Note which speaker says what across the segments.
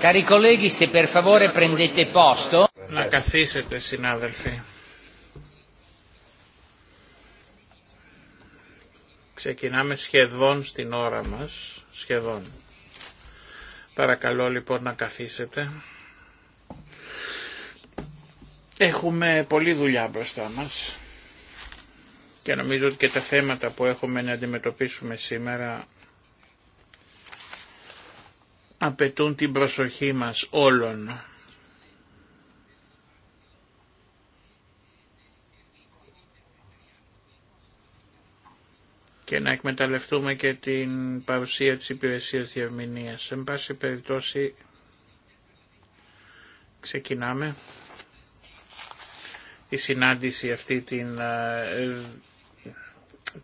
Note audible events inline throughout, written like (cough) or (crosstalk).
Speaker 1: Cari colleghi, se per favore prendete Να
Speaker 2: καθίσετε συνάδελφοι. Ξεκινάμε σχεδόν στην ώρα μας, σχεδόν. Παρακαλώ λοιπόν να καθίσετε. Έχουμε πολλή δουλειά μπροστά μας και νομίζω ότι και τα θέματα που έχουμε να αντιμετωπίσουμε σήμερα απαιτούν την προσοχή μας όλων. και να εκμεταλλευτούμε και την παρουσία της υπηρεσίας διευμηνίας. Σε πάση περιπτώσει ξεκινάμε τη συνάντηση αυτή την, ε,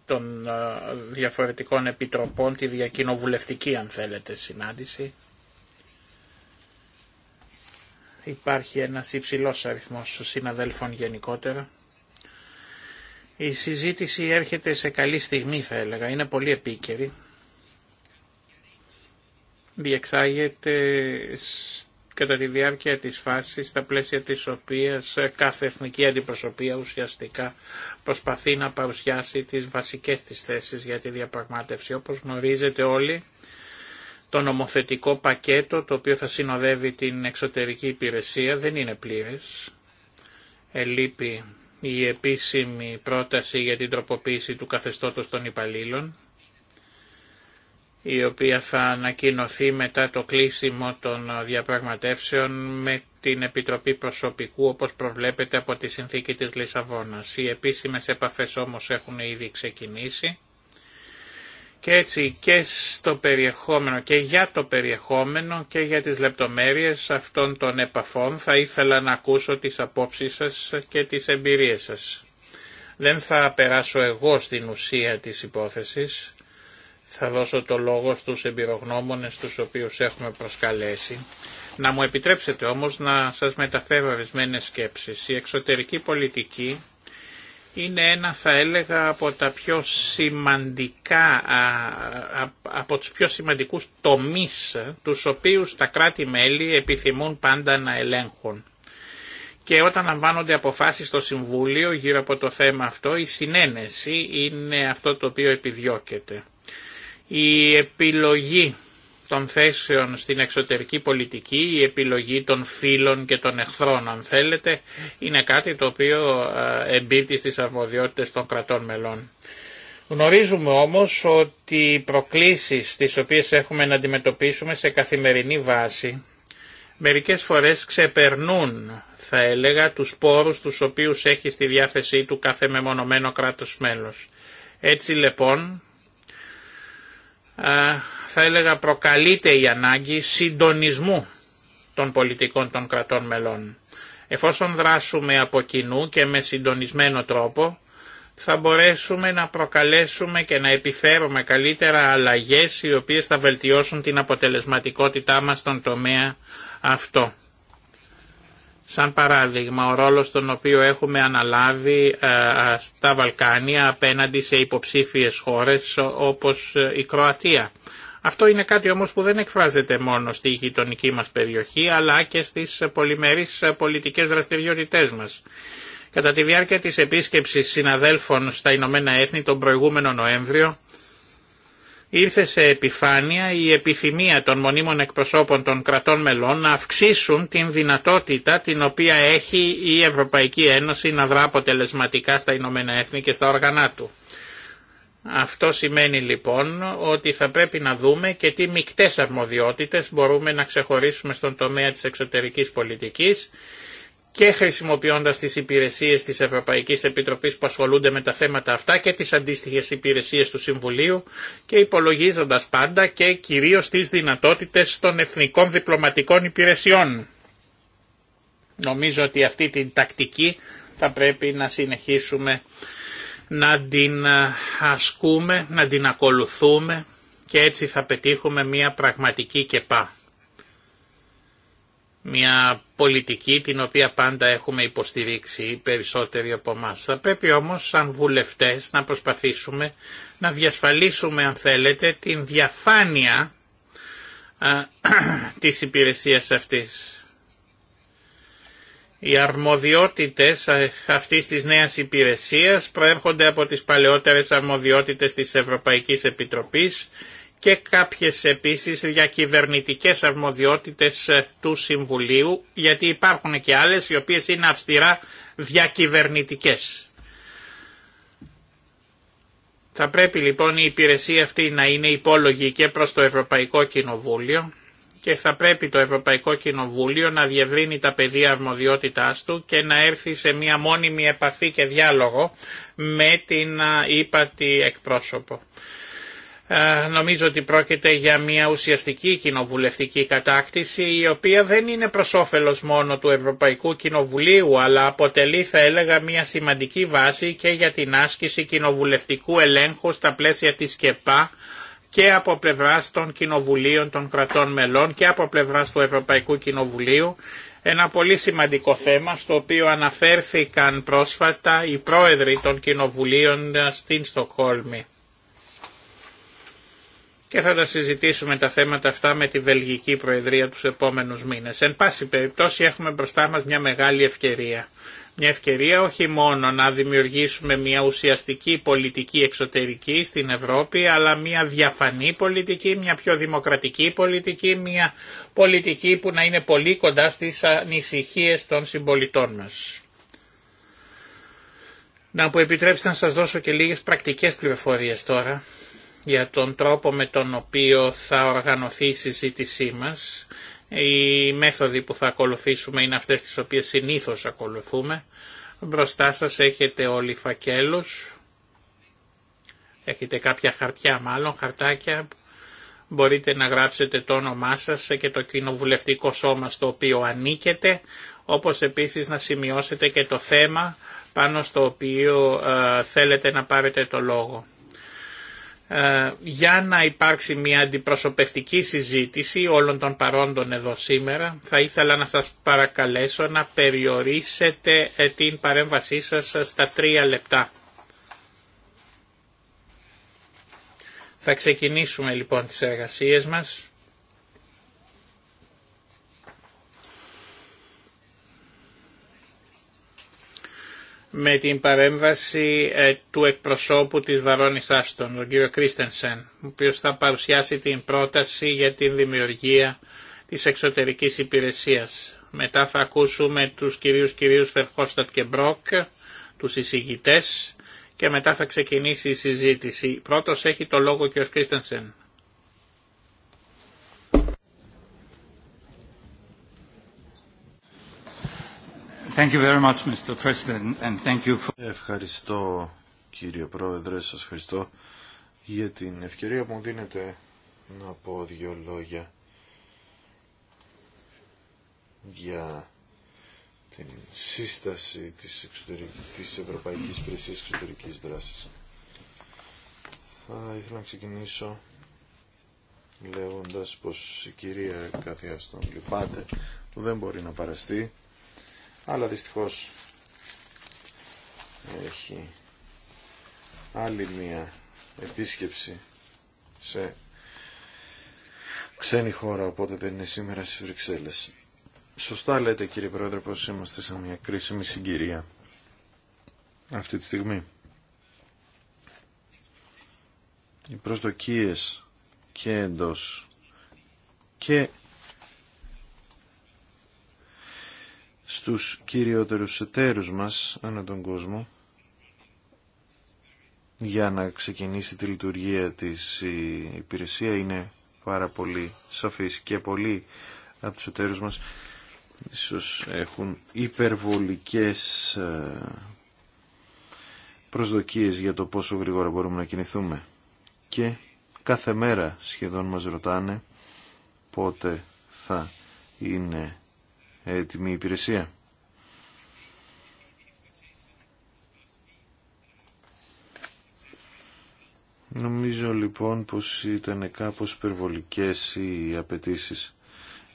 Speaker 2: των ε, διαφορετικών επιτροπών, τη διακοινοβουλευτική αν θέλετε συνάντηση. Υπάρχει ένας υψηλός αριθμός συναδέλφων γενικότερα. Η συζήτηση έρχεται σε καλή στιγμή θα έλεγα, είναι πολύ επίκαιρη. Διεξάγεται κατά τη διάρκεια της φάσης, στα πλαίσια της οποίας κάθε εθνική αντιπροσωπεία ουσιαστικά προσπαθεί να παρουσιάσει τις βασικές της θέσεις για τη διαπραγμάτευση. Όπως γνωρίζετε όλοι, το νομοθετικό πακέτο το οποίο θα συνοδεύει την εξωτερική υπηρεσία δεν είναι πλήρες. Ελείπει η επίσημη πρόταση για την τροποποίηση του καθεστώτος των υπαλλήλων, η οποία θα ανακοινωθεί μετά το κλείσιμο των διαπραγματεύσεων με την Επιτροπή Προσωπικού, όπως προβλέπεται από τη Συνθήκη της Λισαβόνας. Οι επίσημες επαφές όμως έχουν ήδη ξεκινήσει και έτσι και στο περιεχόμενο και για το περιεχόμενο και για τις λεπτομέρειες αυτών των επαφών θα ήθελα να ακούσω τις απόψεις σας και τις εμπειρίες σας. Δεν θα περάσω εγώ στην ουσία της υπόθεσης, θα δώσω το λόγο στους εμπειρογνώμονες τους οποίους έχουμε προσκαλέσει. Να μου επιτρέψετε όμως να σας μεταφέρω ορισμένε σκέψεις. Η εξωτερική πολιτική είναι ένα θα έλεγα από τα πιο σημαντικά, από τους πιο σημαντικούς τομείς ε, τους οποίους τα κράτη-μέλη επιθυμούν πάντα να ελέγχουν. Και όταν λαμβάνονται αποφάσεις στο Συμβούλιο γύρω από το θέμα αυτό, η συνένεση είναι αυτό το οποίο επιδιώκεται. Η επιλογή των θέσεων στην εξωτερική πολιτική, η επιλογή των φίλων και των εχθρών αν θέλετε, είναι κάτι το οποίο ε, εμπίπτει στις αρμοδιότητες των κρατών μελών. Γνωρίζουμε όμως ότι οι προκλήσεις τις οποίες έχουμε να αντιμετωπίσουμε σε καθημερινή βάση μερικές φορές ξεπερνούν, θα έλεγα, τους πόρους τους οποίους έχει στη διάθεσή του κάθε μεμονωμένο κράτος μέλος. Έτσι λοιπόν ε, θα έλεγα προκαλείται η ανάγκη συντονισμού των πολιτικών των κρατών μελών. Εφόσον δράσουμε από κοινού και με συντονισμένο τρόπο, θα μπορέσουμε να προκαλέσουμε και να επιφέρουμε καλύτερα αλλαγές οι οποίες θα βελτιώσουν την αποτελεσματικότητά μας στον τομέα αυτό. Σαν παράδειγμα, ο ρόλος τον οποίο έχουμε αναλάβει ε, ε, στα Βαλκάνια απέναντι σε υποψήφιες χώρες όπως ε, η Κροατία. Αυτό είναι κάτι όμως που δεν εκφράζεται μόνο στη γειτονική μας περιοχή αλλά και στις πολυμερείς πολιτικές δραστηριότητές μας. Κατά τη διάρκεια της επίσκεψης συναδέλφων στα Ηνωμένα Έθνη τον προηγούμενο Νοέμβριο, ήρθε σε επιφάνεια η επιθυμία των μονίμων εκπροσώπων των κρατών μελών να αυξήσουν την δυνατότητα την οποία έχει η Ευρωπαϊκή Ένωση να δρά αποτελεσματικά στα Ηνωμένα Έθνη και στα όργανά του. Αυτό σημαίνει λοιπόν ότι θα πρέπει να δούμε και τι μικτές αρμοδιότητες μπορούμε να ξεχωρίσουμε στον τομέα της εξωτερικής πολιτικής και χρησιμοποιώντας τις υπηρεσίες της Ευρωπαϊκής Επιτροπής που ασχολούνται με τα θέματα αυτά και τις αντίστοιχες υπηρεσίες του Συμβουλίου και υπολογίζοντας πάντα και κυρίως τις δυνατότητες των εθνικών διπλωματικών υπηρεσιών. Νομίζω ότι αυτή την τακτική θα πρέπει να συνεχίσουμε να την ασκούμε, να την ακολουθούμε και έτσι θα πετύχουμε μια πραγματική κεπά μια πολιτική την οποία πάντα έχουμε υποστηρίξει οι περισσότεροι από εμά. Θα πρέπει όμως σαν βουλευτές να προσπαθήσουμε να διασφαλίσουμε αν θέλετε την διαφάνεια α, (clears throat) της υπηρεσίας αυτής. Οι αρμοδιότητες αυτής της νέας υπηρεσίας προέρχονται από τις παλαιότερες αρμοδιότητες της Ευρωπαϊκής Επιτροπής και κάποιες επίσης διακυβερνητικές αρμοδιότητες ε, του Συμβουλίου, γιατί υπάρχουν και άλλες οι οποίες είναι αυστηρά διακυβερνητικές. Θα πρέπει λοιπόν η υπηρεσία αυτή να είναι υπόλογη και προς το Ευρωπαϊκό Κοινοβούλιο και θα πρέπει το Ευρωπαϊκό Κοινοβούλιο να διευρύνει τα πεδία αρμοδιότητάς του και να έρθει σε μια μόνιμη επαφή και διάλογο με την ύπατη εκπρόσωπο. Ε, νομίζω ότι πρόκειται για μια ουσιαστική κοινοβουλευτική κατάκτηση η οποία δεν είναι προς όφελος μόνο του Ευρωπαϊκού Κοινοβουλίου αλλά αποτελεί θα έλεγα μια σημαντική βάση και για την άσκηση κοινοβουλευτικού ελέγχου στα πλαίσια της ΚΕΠΑ και από πλευράς των κοινοβουλίων των κρατών μελών και από πλευράς του Ευρωπαϊκού Κοινοβουλίου ένα πολύ σημαντικό θέμα στο οποίο αναφέρθηκαν πρόσφατα οι πρόεδροι των κοινοβουλίων στην Στοκχόλμη και θα τα συζητήσουμε τα θέματα αυτά με τη Βελγική Προεδρία τους επόμενους μήνες. Εν πάση περιπτώσει έχουμε μπροστά μας μια μεγάλη ευκαιρία. Μια ευκαιρία όχι μόνο να δημιουργήσουμε μια ουσιαστική πολιτική εξωτερική στην Ευρώπη, αλλά μια διαφανή πολιτική, μια πιο δημοκρατική πολιτική, μια πολιτική που να είναι πολύ κοντά στις ανησυχίες των συμπολιτών μας. Να που επιτρέψετε να σας δώσω και λίγες πρακτικές πληροφορίες τώρα για τον τρόπο με τον οποίο θα οργανωθεί η συζήτησή μας. Οι μέθοδοι που θα ακολουθήσουμε είναι αυτές τις οποίες συνήθως ακολουθούμε. Μπροστά σας έχετε όλοι φακέλους, έχετε κάποια χαρτιά μάλλον, χαρτάκια. Μπορείτε να γράψετε το όνομά σας και το κοινοβουλευτικό σώμα στο οποίο ανήκετε, όπως επίσης να σημειώσετε και το θέμα πάνω στο οποίο ε, θέλετε να πάρετε το λόγο. Ε, για να υπάρξει μια αντιπροσωπευτική συζήτηση όλων των παρόντων εδώ σήμερα θα ήθελα να σας παρακαλέσω να περιορίσετε ε, την παρέμβασή σας στα τρία λεπτά. Θα ξεκινήσουμε λοιπόν τις εργασίες μας. με την παρέμβαση ε, του εκπροσώπου της Βαρόνης Άστον, τον κύριο Κρίστενσεν, ο οποίος θα παρουσιάσει την πρόταση για την δημιουργία της εξωτερικής υπηρεσίας. Μετά θα ακούσουμε τους κυρίους κυρίους Φερχόστατ και Μπρόκ, τους εισηγητές, και μετά θα ξεκινήσει η συζήτηση. Πρώτος έχει το λόγο ο κύριος Κρίστενσεν.
Speaker 3: Ευχαριστώ κύριε Πρόεδρε, σας ευχαριστώ για την ευκαιρία που μου δίνετε να πω δύο λόγια για την σύσταση της, Ευρωπαϊκή της Ευρωπαϊκής Υπηρεσίας Εξωτερικής Δράσης. Θα ήθελα να ξεκινήσω λέγοντας πως η κυρία Καθιάστον στον λυπάται που δεν μπορεί να παραστεί αλλά δυστυχώς έχει άλλη μία επίσκεψη σε ξένη χώρα, οπότε δεν είναι σήμερα στις Βρυξέλλες. Σωστά λέτε κύριε Πρόεδρε πως είμαστε σε μια κρίσιμη συγκυρία αυτή τη στιγμή. Οι προσδοκίες και εντός και στους κυριότερους εταίρους μας ανά τον κόσμο για να ξεκινήσει τη λειτουργία της η υπηρεσία είναι πάρα πολύ σαφής και πολλοί από τους εταίρους μας ίσως έχουν υπερβολικές ε, προσδοκίες για το πόσο γρήγορα μπορούμε να κινηθούμε και κάθε μέρα σχεδόν μας ρωτάνε πότε θα είναι έτοιμη υπηρεσία. Νομίζω λοιπόν πως ήταν κάπως υπερβολικές οι απαιτήσεις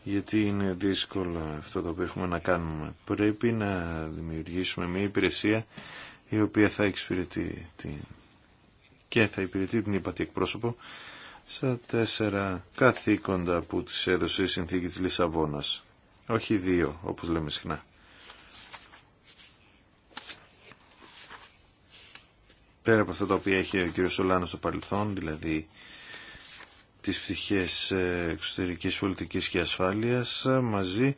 Speaker 3: γιατί είναι δύσκολο αυτό το οποίο έχουμε να κάνουμε. Πρέπει να δημιουργήσουμε μια υπηρεσία η οποία θα εξυπηρετεί την... και θα υπηρετεί την υπατή εκπρόσωπο στα τέσσερα καθήκοντα που της έδωσε η συνθήκη της Λισαβόνας όχι δύο όπως λέμε συχνά. Πέρα από αυτά τα οποία έχει ο κ. Σολάνος στο παρελθόν, δηλαδή τις πτυχές ε, εξωτερικής πολιτικής και ασφάλειας ε, μαζί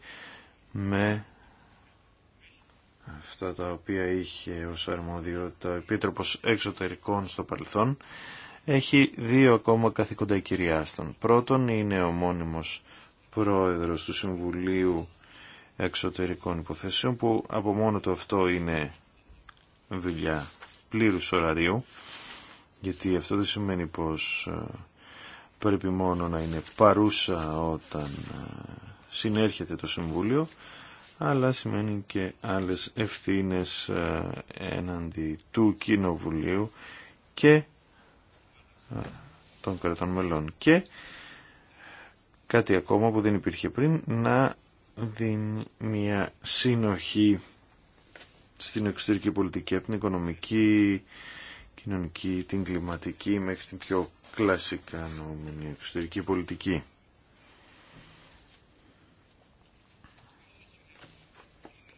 Speaker 3: με αυτά τα οποία είχε ως αρμοδιότητα ο Επίτροπος Εξωτερικών στο παρελθόν έχει δύο ακόμα καθήκοντα κυριάστων. Πρώτον είναι ο μόνιμος πρόεδρος του Συμβουλίου Εξωτερικών Υποθέσεων που από μόνο το αυτό είναι δουλειά πλήρους ωραρίου γιατί αυτό δεν σημαίνει πως ε, πρέπει μόνο να είναι παρούσα όταν ε, συνέρχεται το Συμβούλιο αλλά σημαίνει και άλλες ευθύνες ε, έναντι του Κοινοβουλίου και των κρατών μελών και κάτι ακόμα που δεν υπήρχε πριν, να δίνει μια συνοχή στην εξωτερική πολιτική, από την οικονομική, κοινωνική, την κλιματική μέχρι την πιο κλασικά νομιμή εξωτερική πολιτική.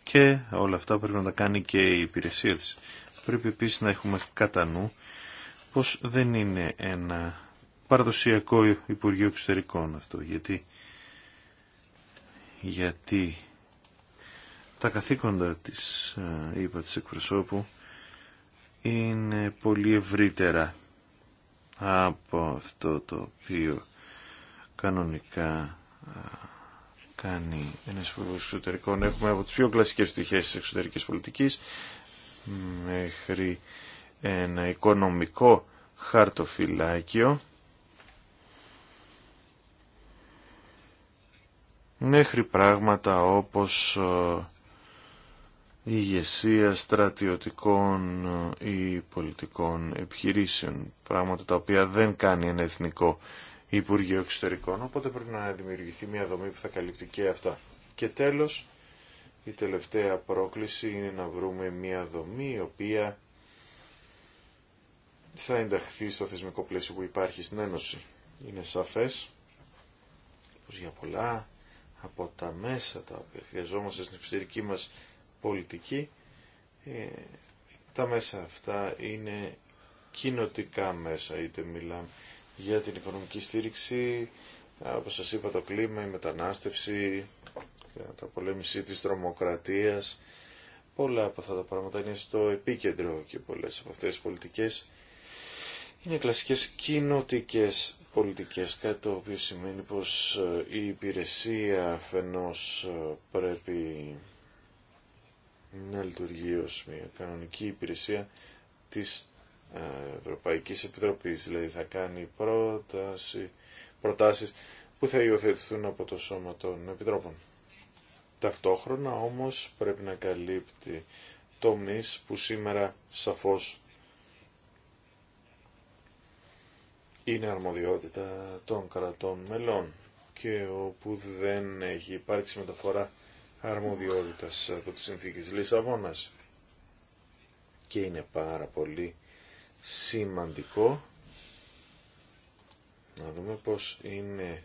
Speaker 3: Και όλα αυτά πρέπει να τα κάνει και η υπηρεσία της. Πρέπει επίσης να έχουμε κατά νου πως δεν είναι ένα παραδοσιακό Υπουργείο Εξωτερικών αυτό. Γιατί, γιατί τα καθήκοντα της ε, είπα της εκπροσώπου είναι πολύ ευρύτερα από αυτό το οποίο κανονικά ε, κάνει ένας υπουργό εξωτερικών. Έχουμε από τις πιο κλασικές πτυχές τη εξωτερικής πολιτικής μέχρι ένα οικονομικό χαρτοφυλάκιο μέχρι πράγματα όπως ε, η ηγεσία στρατιωτικών ε, ή πολιτικών επιχειρήσεων, πράγματα τα οποία δεν κάνει ένα εθνικό Υπουργείο Εξωτερικών, οπότε πρέπει να δημιουργηθεί μια δομή που θα καλύπτει και αυτά. Και τέλος, η τελευταία πρόκληση είναι να βρούμε μια δομή η οποία θα ενταχθεί στο θεσμικό πλαίσιο που υπάρχει στην Ένωση. Είναι σαφές πως για πολλά από τα μέσα τα οποία χρειαζόμαστε στην εξωτερική μας πολιτική, ε, τα μέσα αυτά είναι κοινοτικά μέσα, είτε μιλάμε για την οικονομική στήριξη, ε, όπως σας είπα το κλίμα, η μετανάστευση, ε, τα πολέμησή της τρομοκρατίας, πολλά από αυτά τα πράγματα είναι στο επίκεντρο και πολλές από αυτές τις πολιτικές είναι κλασικές κοινοτικές πολιτικές, κάτι το οποίο σημαίνει πως ε, η υπηρεσία αφενός ε, πρέπει να λειτουργεί ως μια κανονική υπηρεσία της ε, Ευρωπαϊκής Επιτροπής, δηλαδή θα κάνει πρόταση, προτάσεις που θα υιοθετηθούν από το Σώμα των Επιτρόπων. Ταυτόχρονα όμως πρέπει να καλύπτει τομείς που σήμερα σαφώς είναι αρμοδιότητα των κρατών μελών και όπου δεν έχει υπάρξει μεταφορά αρμοδιότητας από τις συνθήκες Λισαβόνας. Και είναι πάρα πολύ σημαντικό να δούμε πως είναι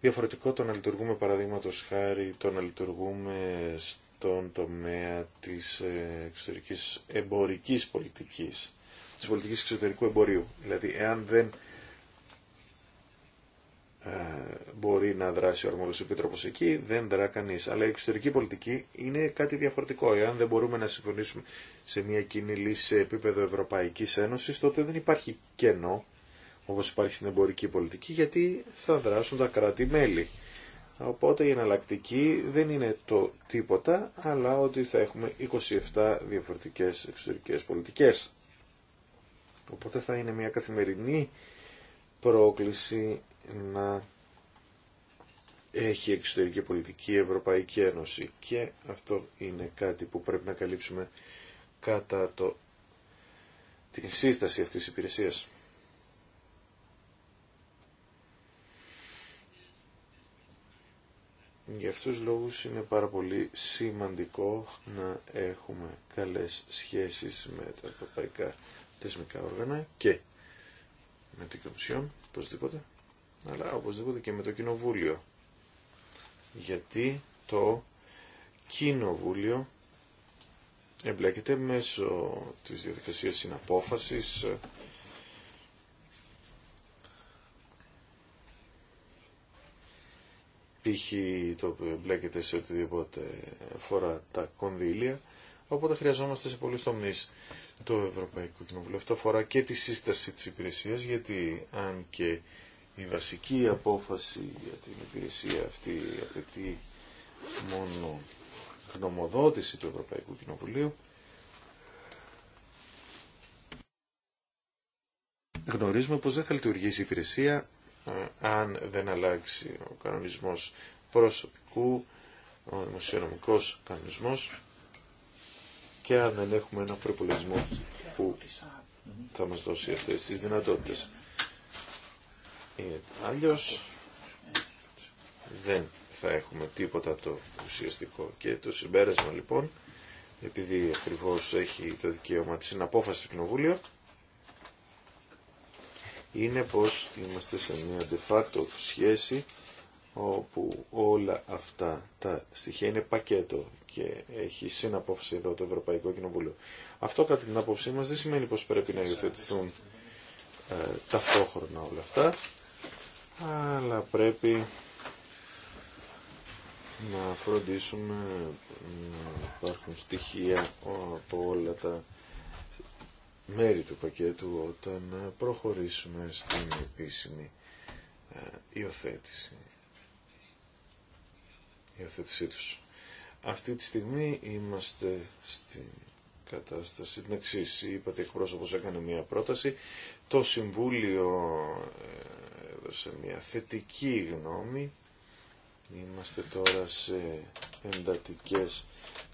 Speaker 3: διαφορετικό το να λειτουργούμε παραδείγματο χάρη, το να λειτουργούμε τον τομέα της ε, εξωτερικής εμπορικής πολιτικής, της πολιτικής εξωτερικού εμπορίου. Δηλαδή, εάν δεν ε, μπορεί να δράσει ο αρμόδιος επίτροπος εκεί, δεν δρά κανείς. Αλλά η εξωτερική πολιτική είναι κάτι διαφορετικό. Εάν δεν μπορούμε να συμφωνήσουμε σε μια κοινή λύση σε επίπεδο Ευρωπαϊκής Ένωσης, τότε δεν υπάρχει κενό, όπως υπάρχει στην εμπορική πολιτική, γιατί θα δράσουν τα κράτη-μέλη. Οπότε η εναλλακτική δεν είναι το τίποτα, αλλά ότι θα έχουμε 27 διαφορετικές εξωτερικές πολιτικές. Οπότε θα είναι μια καθημερινή πρόκληση να έχει εξωτερική πολιτική η Ευρωπαϊκή Ένωση και αυτό είναι κάτι που πρέπει να καλύψουμε κατά το... την σύσταση αυτής της υπηρεσίας. Για αυτούς του λόγους είναι πάρα πολύ σημαντικό να έχουμε καλές σχέσεις με τα ευρωπαϊκά θεσμικά όργανα και με την Κομισιόν, οπωσδήποτε, αλλά οπωσδήποτε και με το Κοινοβούλιο. Γιατί το Κοινοβούλιο εμπλέκεται μέσω της διαδικασίας συναπόφασης π.χ. το οποίο μπλέκεται σε οτιδήποτε φορά τα κονδύλια. Οπότε χρειαζόμαστε σε πολλού τομεί το Ευρωπαϊκό Κοινοβούλιο. Αυτό αφορά και τη σύσταση τη υπηρεσία, γιατί αν και η βασική απόφαση για την υπηρεσία αυτή απαιτεί μόνο γνωμοδότηση του Ευρωπαϊκού Κοινοβουλίου, γνωρίζουμε πως δεν θα λειτουργήσει η υπηρεσία αν δεν αλλάξει ο κανονισμός προσωπικού, ο δημοσιονομικός κανονισμός και αν δεν έχουμε ένα προπολογισμό που θα μας δώσει αυτές τις δυνατότητες. Ε, αλλιώς δεν θα έχουμε τίποτα το ουσιαστικό. Και το συμπέρασμα λοιπόν, επειδή ακριβώς έχει το δικαίωμα της απόφαση του Κοινοβούλιο, είναι πως είμαστε σε μια de facto σχέση όπου όλα αυτά τα στοιχεία είναι πακέτο και έχει συναπόφαση εδώ το Ευρωπαϊκό Κοινοβούλιο. Αυτό κατά την άποψή μας δεν σημαίνει πως πρέπει να υιοθετηθούν ε, ταυτόχρονα όλα αυτά, αλλά πρέπει να φροντίσουμε να υπάρχουν στοιχεία από όλα τα μέρη του πακέτου όταν ε, προχωρήσουμε στην επίσημη ε, υιοθέτηση. Υιοθέτησή τους. Αυτή τη στιγμή είμαστε στην κατάσταση την εξή. Είπατε εκπρόσωπος έκανε μια πρόταση. Το Συμβούλιο ε, έδωσε μια θετική γνώμη Είμαστε τώρα σε εντατικές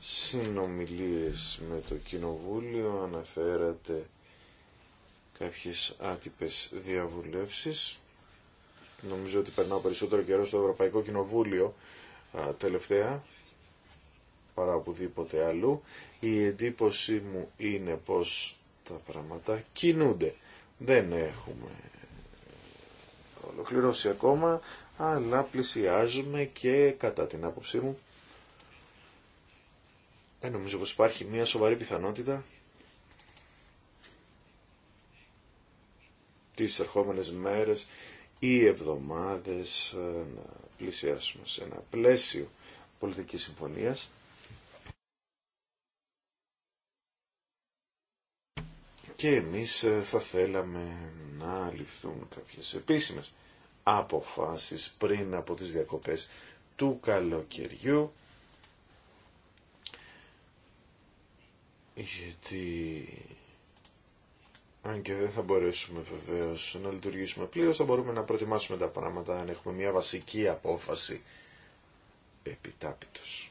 Speaker 3: συνομιλίες με το Κοινοβούλιο. Αναφέρατε κάποιες άτυπες διαβουλεύσεις. Νομίζω ότι περνάω περισσότερο καιρό στο Ευρωπαϊκό Κοινοβούλιο τελευταία παρά οπουδήποτε αλλού. Η εντύπωση μου είναι πως τα πράγματα κινούνται. Δεν έχουμε ολοκληρώσει ακόμα, αλλά πλησιάζουμε και κατά την άποψή μου ε, νομίζω πως υπάρχει μια σοβαρή πιθανότητα τις ερχόμενες μέρες ή εβδομάδες ε, να πλησιάσουμε σε ένα πλαίσιο πολιτικής συμφωνίας και εμείς ε, θα θέλαμε να ληφθούν κάποιες επίσημες αποφάσεις πριν από τις διακοπές του καλοκαιριού γιατί αν και δεν θα μπορέσουμε βεβαίω να λειτουργήσουμε πλήρως θα μπορούμε να προετοιμάσουμε τα πράγματα αν έχουμε μια βασική απόφαση επιτάπητος.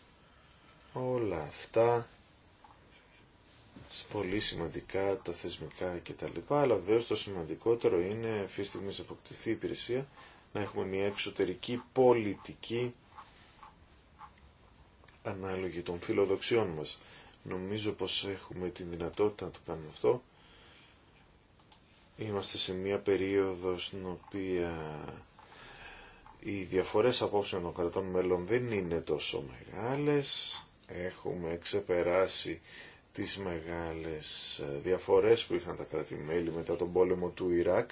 Speaker 3: Όλα αυτά πολύ σημαντικά τα θεσμικά λοιπά Αλλά βεβαίως το σημαντικότερο είναι αυτή τη στιγμή αποκτηθεί η υπηρεσία να έχουμε μια εξωτερική πολιτική ανάλογη των φιλοδοξιών μας. Νομίζω πως έχουμε την δυνατότητα να το κάνουμε αυτό. Είμαστε σε μια περίοδο στην οποία οι διαφορές απόψεων των κρατών μέλων δεν είναι τόσο μεγάλες. Έχουμε ξεπεράσει τις μεγάλες ε, διαφορές που είχαν τα κράτη-μέλη μετά τον πόλεμο του Ιράκ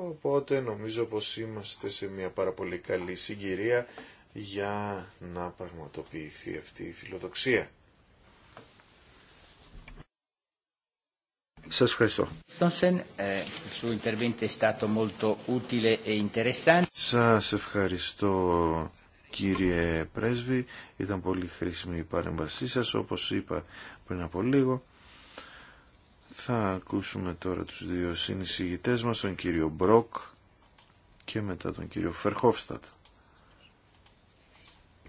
Speaker 3: Οπότε νομίζω πως είμαστε σε μια πάρα πολύ καλή συγκυρία για να πραγματοποιηθεί αυτή η φιλοδοξία. Σας ευχαριστώ.
Speaker 1: Ε, e
Speaker 3: σας ευχαριστώ κύριε Πρέσβη. Ήταν πολύ χρήσιμη η παρέμβασή σας. Όπως είπα πριν από λίγο, θα ακούσουμε τώρα τους δύο συνεισηγητές μας, τον κύριο Μπροκ και μετά τον κύριο Φερχόφστατ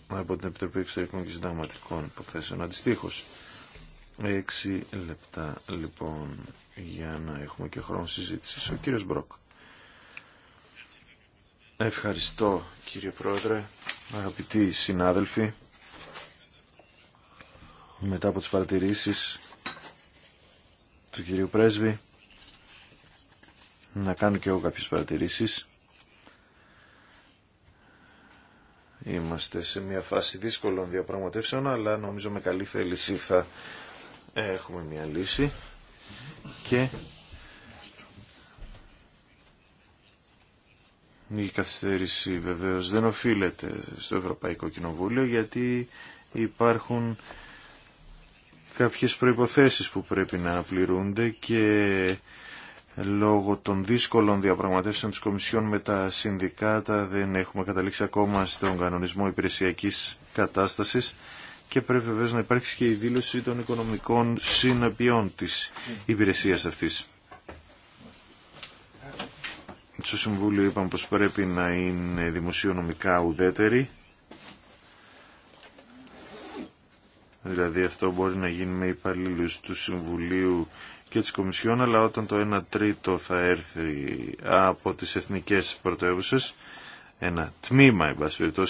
Speaker 3: από την Επιτροπή Εξωτερικών και Συνταγματικών Υποθέσεων. Αντιστοίχως, έξι λεπτά λοιπόν για να έχουμε και χρόνο συζήτησης. Ο κύριος Μπροκ. Ευχαριστώ κύριε Πρόεδρε, αγαπητοί συνάδελφοι. Μετά από τις παρατηρήσεις του κυρίου Πρέσβη να κάνω και εγώ κάποιες παρατηρήσεις. Είμαστε σε μια φάση δύσκολων διαπραγματεύσεων, αλλά νομίζω με καλή θέληση θα έχουμε μια λύση και η καθυστέρηση βεβαίως δεν οφείλεται στο Ευρωπαϊκό Κοινοβούλιο γιατί υπάρχουν κάποιες προϋποθέσεις που πρέπει να πληρούνται και λόγω των δύσκολων διαπραγματεύσεων της Κομισιόν με τα συνδικάτα δεν έχουμε καταλήξει ακόμα στον κανονισμό υπηρεσιακής κατάστασης και πρέπει βεβαίως να υπάρξει και η δήλωση των οικονομικών συναπιών της υπηρεσίας αυτής. Στο Συμβούλιο είπαμε πως πρέπει να είναι δημοσιονομικά ουδέτερη Δηλαδή αυτό μπορεί να γίνει με υπαλλήλους του Συμβουλίου και της Κομισιόν, αλλά όταν το 1 τρίτο θα έρθει από τις εθνικές πρωτεύουσες, ένα τμήμα, εν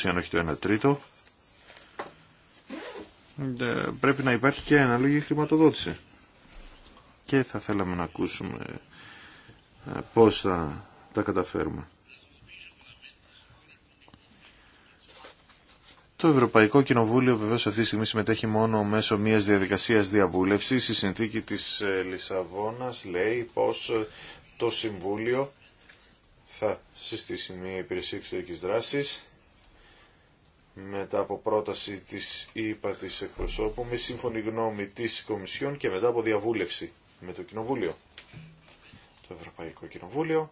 Speaker 3: αν όχι το 1 τρίτο, ε, πρέπει να υπάρχει και αναλογή χρηματοδότηση. Και θα θέλαμε να ακούσουμε ε, πώς θα τα καταφέρουμε. Το Ευρωπαϊκό Κοινοβούλιο βεβαίως αυτή τη στιγμή συμμετέχει μόνο μέσω μιας διαδικασίας διαβούλευσης. Η συνθήκη της ε, Λισαβόνας λέει πως ε, το Συμβούλιο θα συστήσει μια υπηρεσία εξωτερικής δράσης μετά από πρόταση της ΥΠΑ της εκπροσώπου με σύμφωνη γνώμη της Κομισιόν και μετά από διαβούλευση με το Κοινοβούλιο. Το Ευρωπαϊκό Κοινοβούλιο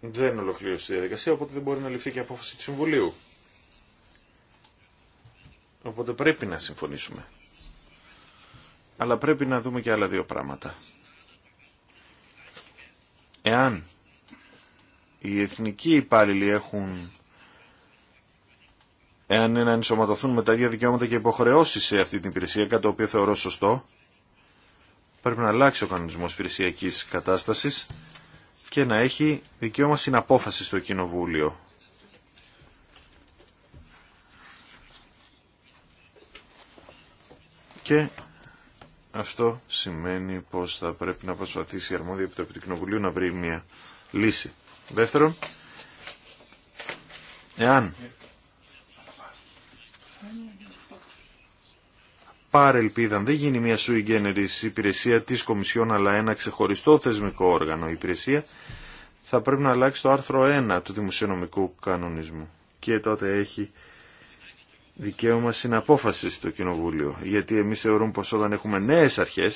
Speaker 3: δεν ολοκλήρωσε η διαδικασία, οπότε δεν μπορεί να ληφθεί και απόφαση του Συμβουλίου. Οπότε πρέπει να συμφωνήσουμε. Αλλά πρέπει να δούμε και άλλα δύο πράγματα. Εάν οι εθνικοί υπάλληλοι έχουν εάν είναι να ενσωματωθούν με τα ίδια δικαιώματα και υποχρεώσεις σε αυτή την υπηρεσία, κάτι το οποίο θεωρώ σωστό, πρέπει να αλλάξει ο κανονισμός υπηρεσιακής κατάστασης και να έχει δικαίωμα συναπόφαση στο Κοινοβούλιο. Και αυτό σημαίνει πως θα πρέπει να προσπαθήσει η αρμόδια επιτροπή του Κοινοβουλίου να βρει μια λύση. Δεύτερον, εάν πάρε δεν γίνει μια sui generis υπηρεσία τη Κομισιόν αλλά ένα ξεχωριστό θεσμικό όργανο υπηρεσία, θα πρέπει να αλλάξει το άρθρο 1 του δημοσιονομικού κανονισμού. Και τότε έχει δικαίωμα συναπόφαση στο Κοινοβούλιο. Γιατί εμεί θεωρούμε πω όταν έχουμε νέε αρχέ,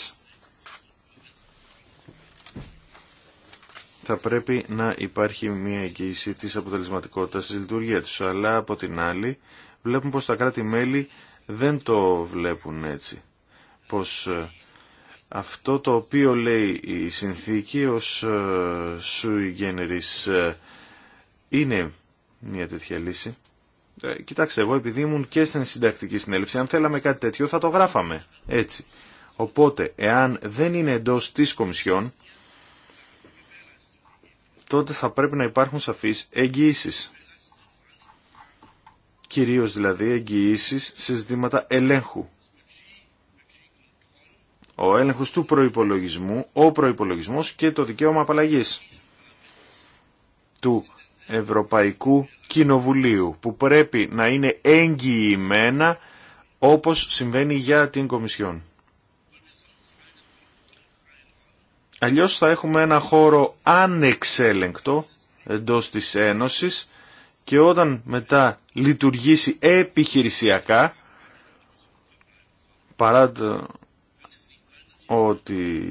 Speaker 3: θα πρέπει να υπάρχει μια εγγύηση της αποτελεσματικότητας της λειτουργίας τους. Αλλά από την άλλη, βλέπουμε πως τα κράτη-μέλη δεν το βλέπουν έτσι. Πως ε, αυτό το οποίο λέει η συνθήκη ως ε, sui generis ε, είναι μια τέτοια λύση. Κοιτάξτε, εγώ επειδή ήμουν και στην συντακτική συνέλευση, αν θέλαμε κάτι τέτοιο θα το γράφαμε έτσι. Οπότε, εάν δεν είναι εντός της Κομισιόν, τότε θα πρέπει να υπάρχουν σαφείς εγγύησεις κυρίως δηλαδή εγγυήσει σε ζητήματα ελέγχου. Ο έλεγχος του προϋπολογισμού, ο προϋπολογισμός και το δικαίωμα απαλλαγής του Ευρωπαϊκού Κοινοβουλίου που πρέπει να είναι εγγυημένα όπως συμβαίνει για την Κομισιόν. Αλλιώς θα έχουμε ένα χώρο ανεξέλεγκτο εντός της Ένωσης και όταν μετά λειτουργήσει επιχειρησιακά παρά το ότι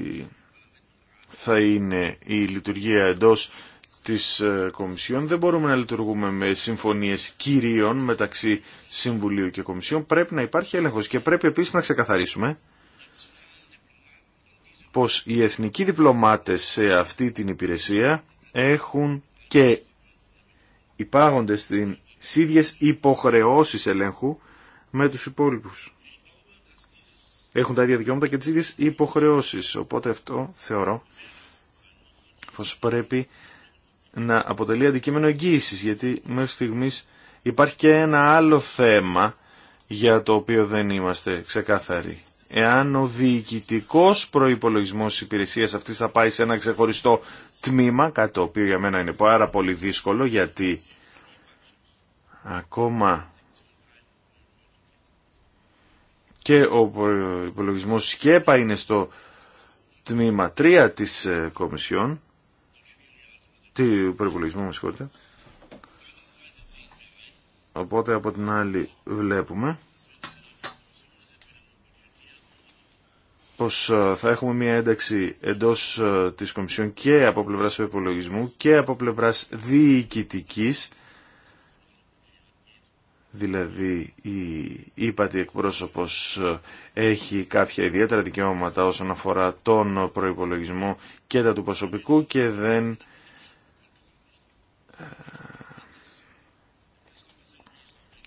Speaker 3: θα είναι η λειτουργία εντός της ε, Κομισιόν δεν μπορούμε να λειτουργούμε με συμφωνίες κυρίων μεταξύ Συμβουλίου και Κομισιόν πρέπει να υπάρχει έλεγχος και πρέπει επίσης να ξεκαθαρίσουμε πως οι εθνικοί διπλωμάτες σε αυτή την υπηρεσία έχουν και υπάγονται στην ίδιες υποχρεώσεις ελέγχου με τους υπόλοιπους. Έχουν τα ίδια δικαιώματα και τις ίδιες υποχρεώσεις, οπότε αυτό θεωρώ πως πρέπει να αποτελεί αντικείμενο εγγύησης, γιατί μέχρι στιγμής υπάρχει και ένα άλλο θέμα για το οποίο δεν είμαστε ξεκάθαροι. Εάν ο διοικητικό προϋπολογισμός τη υπηρεσία αυτή θα πάει σε ένα ξεχωριστό τμήμα, κάτι το οποίο για μένα είναι πάρα πολύ δύσκολο γιατί ακόμα και ο υπολογισμό ΣΚΕΠΑ είναι στο τμήμα 3 της ε, Κομισιόν, τι προπολογισμού, με συγχωρείτε. Οπότε από την άλλη βλέπουμε Ε, θα έχουμε μια ένταξη εντός ε, της Κομισιόν και από πλευράς του υπολογισμού και από πλευράς διοικητικής, δηλαδή η ύπατη εκπρόσωπος ε, έχει κάποια ιδιαίτερα δικαιώματα όσον αφορά τον προϋπολογισμό και τα του προσωπικού και δεν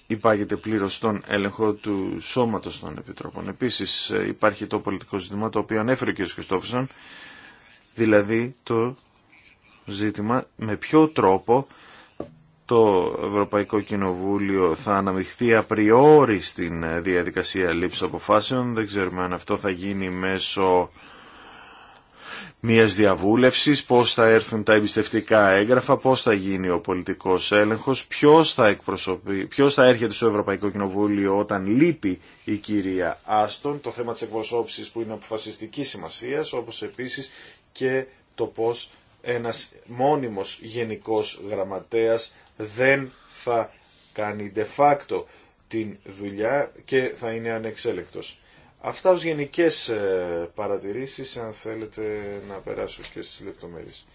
Speaker 3: υπάγεται πλήρως στον έλεγχο του σώματος των επιτρόπων. Επίσης ε, υπάρχει το πολιτικό ζήτημα το οποίο ανέφερε ο κ. δηλαδή το ζήτημα με ποιο τρόπο το Ευρωπαϊκό Κοινοβούλιο θα αναμειχθεί απριόρι στην ε, διαδικασία λήψη αποφάσεων. Δεν ξέρουμε αν αυτό θα γίνει μέσω μιας διαβούλευσης, πώς θα έρθουν τα εμπιστευτικά έγγραφα, πώς θα γίνει ο πολιτικός έλεγχος, ποιος θα, εκπροσωπεί, ποιος θα έρχεται στο Ευρωπαϊκό Κοινοβούλιο όταν λείπει η κυρία Άστον, το θέμα της εκπροσώψης που είναι αποφασιστική σημασίας, όπως επίσης και το πώς ένας μόνιμος γενικός γραμματέας δεν θα κάνει de facto την δουλειά και θα είναι ανεξέλεκτος. Αυτά ως γενικές ε, παρατηρήσεις, αν θέλετε να περάσω και στις λεπτομέρειες.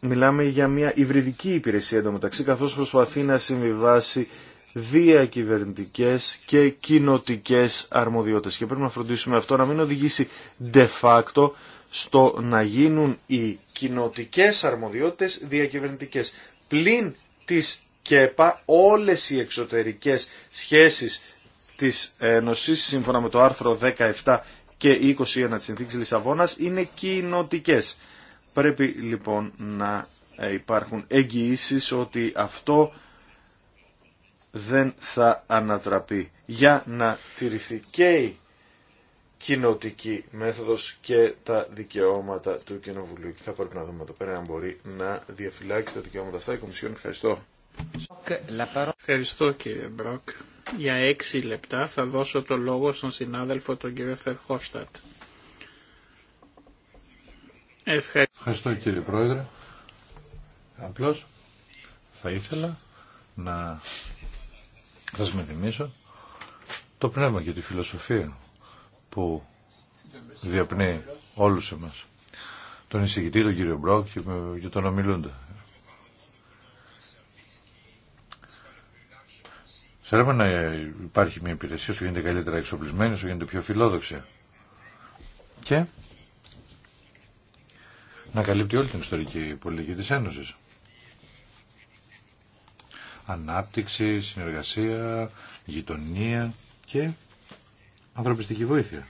Speaker 3: Μιλάμε για μια υβριδική υπηρεσία εντωμεταξύ, καθώς προσπαθεί να συμβιβάσει διακυβερνητικές και κοινοτικέ αρμοδιότητες. Και πρέπει να φροντίσουμε αυτό να μην οδηγήσει de facto στο να γίνουν οι κοινοτικέ αρμοδιότητες διακυβερνητικές. Πλην τις ΚΕΠΑ όλες οι εξωτερικές σχέσεις της Ένωσης σύμφωνα με το άρθρο 17 και 21 της Συνθήκης Λισαβόνας είναι κοινοτικέ. Πρέπει λοιπόν να ε, υπάρχουν εγγυήσει ότι αυτό δεν θα ανατραπεί για να τηρηθεί και η κοινοτική μέθοδος και τα δικαιώματα του Κοινοβουλίου. Και θα πρέπει να δούμε εδώ πέρα αν μπορεί να διαφυλάξει τα δικαιώματα αυτά η Κομισιόν. Ευχαριστώ.
Speaker 2: Ευχαριστώ κύριε Μπροκ. Για έξι λεπτά θα δώσω το λόγο στον συνάδελφο τον κύριο Φερχόφστατ.
Speaker 4: Ευχαριστώ. κύριε Πρόεδρε. Απλώς θα ήθελα να σας μεθυμίσω το πνεύμα και τη φιλοσοφία που διαπνέει όλους εμάς. Τον εισηγητή, τον κύριο Μπρόκ και τον ομιλούντα. Θέλουμε να υπάρχει μια υπηρεσία, όσο γίνεται καλύτερα εξοπλισμένη, όσο γίνεται πιο φιλόδοξη. Και να καλύπτει όλη την ιστορική πολιτική της Ένωσης. Ανάπτυξη, συνεργασία, γειτονία και ανθρωπιστική βοήθεια.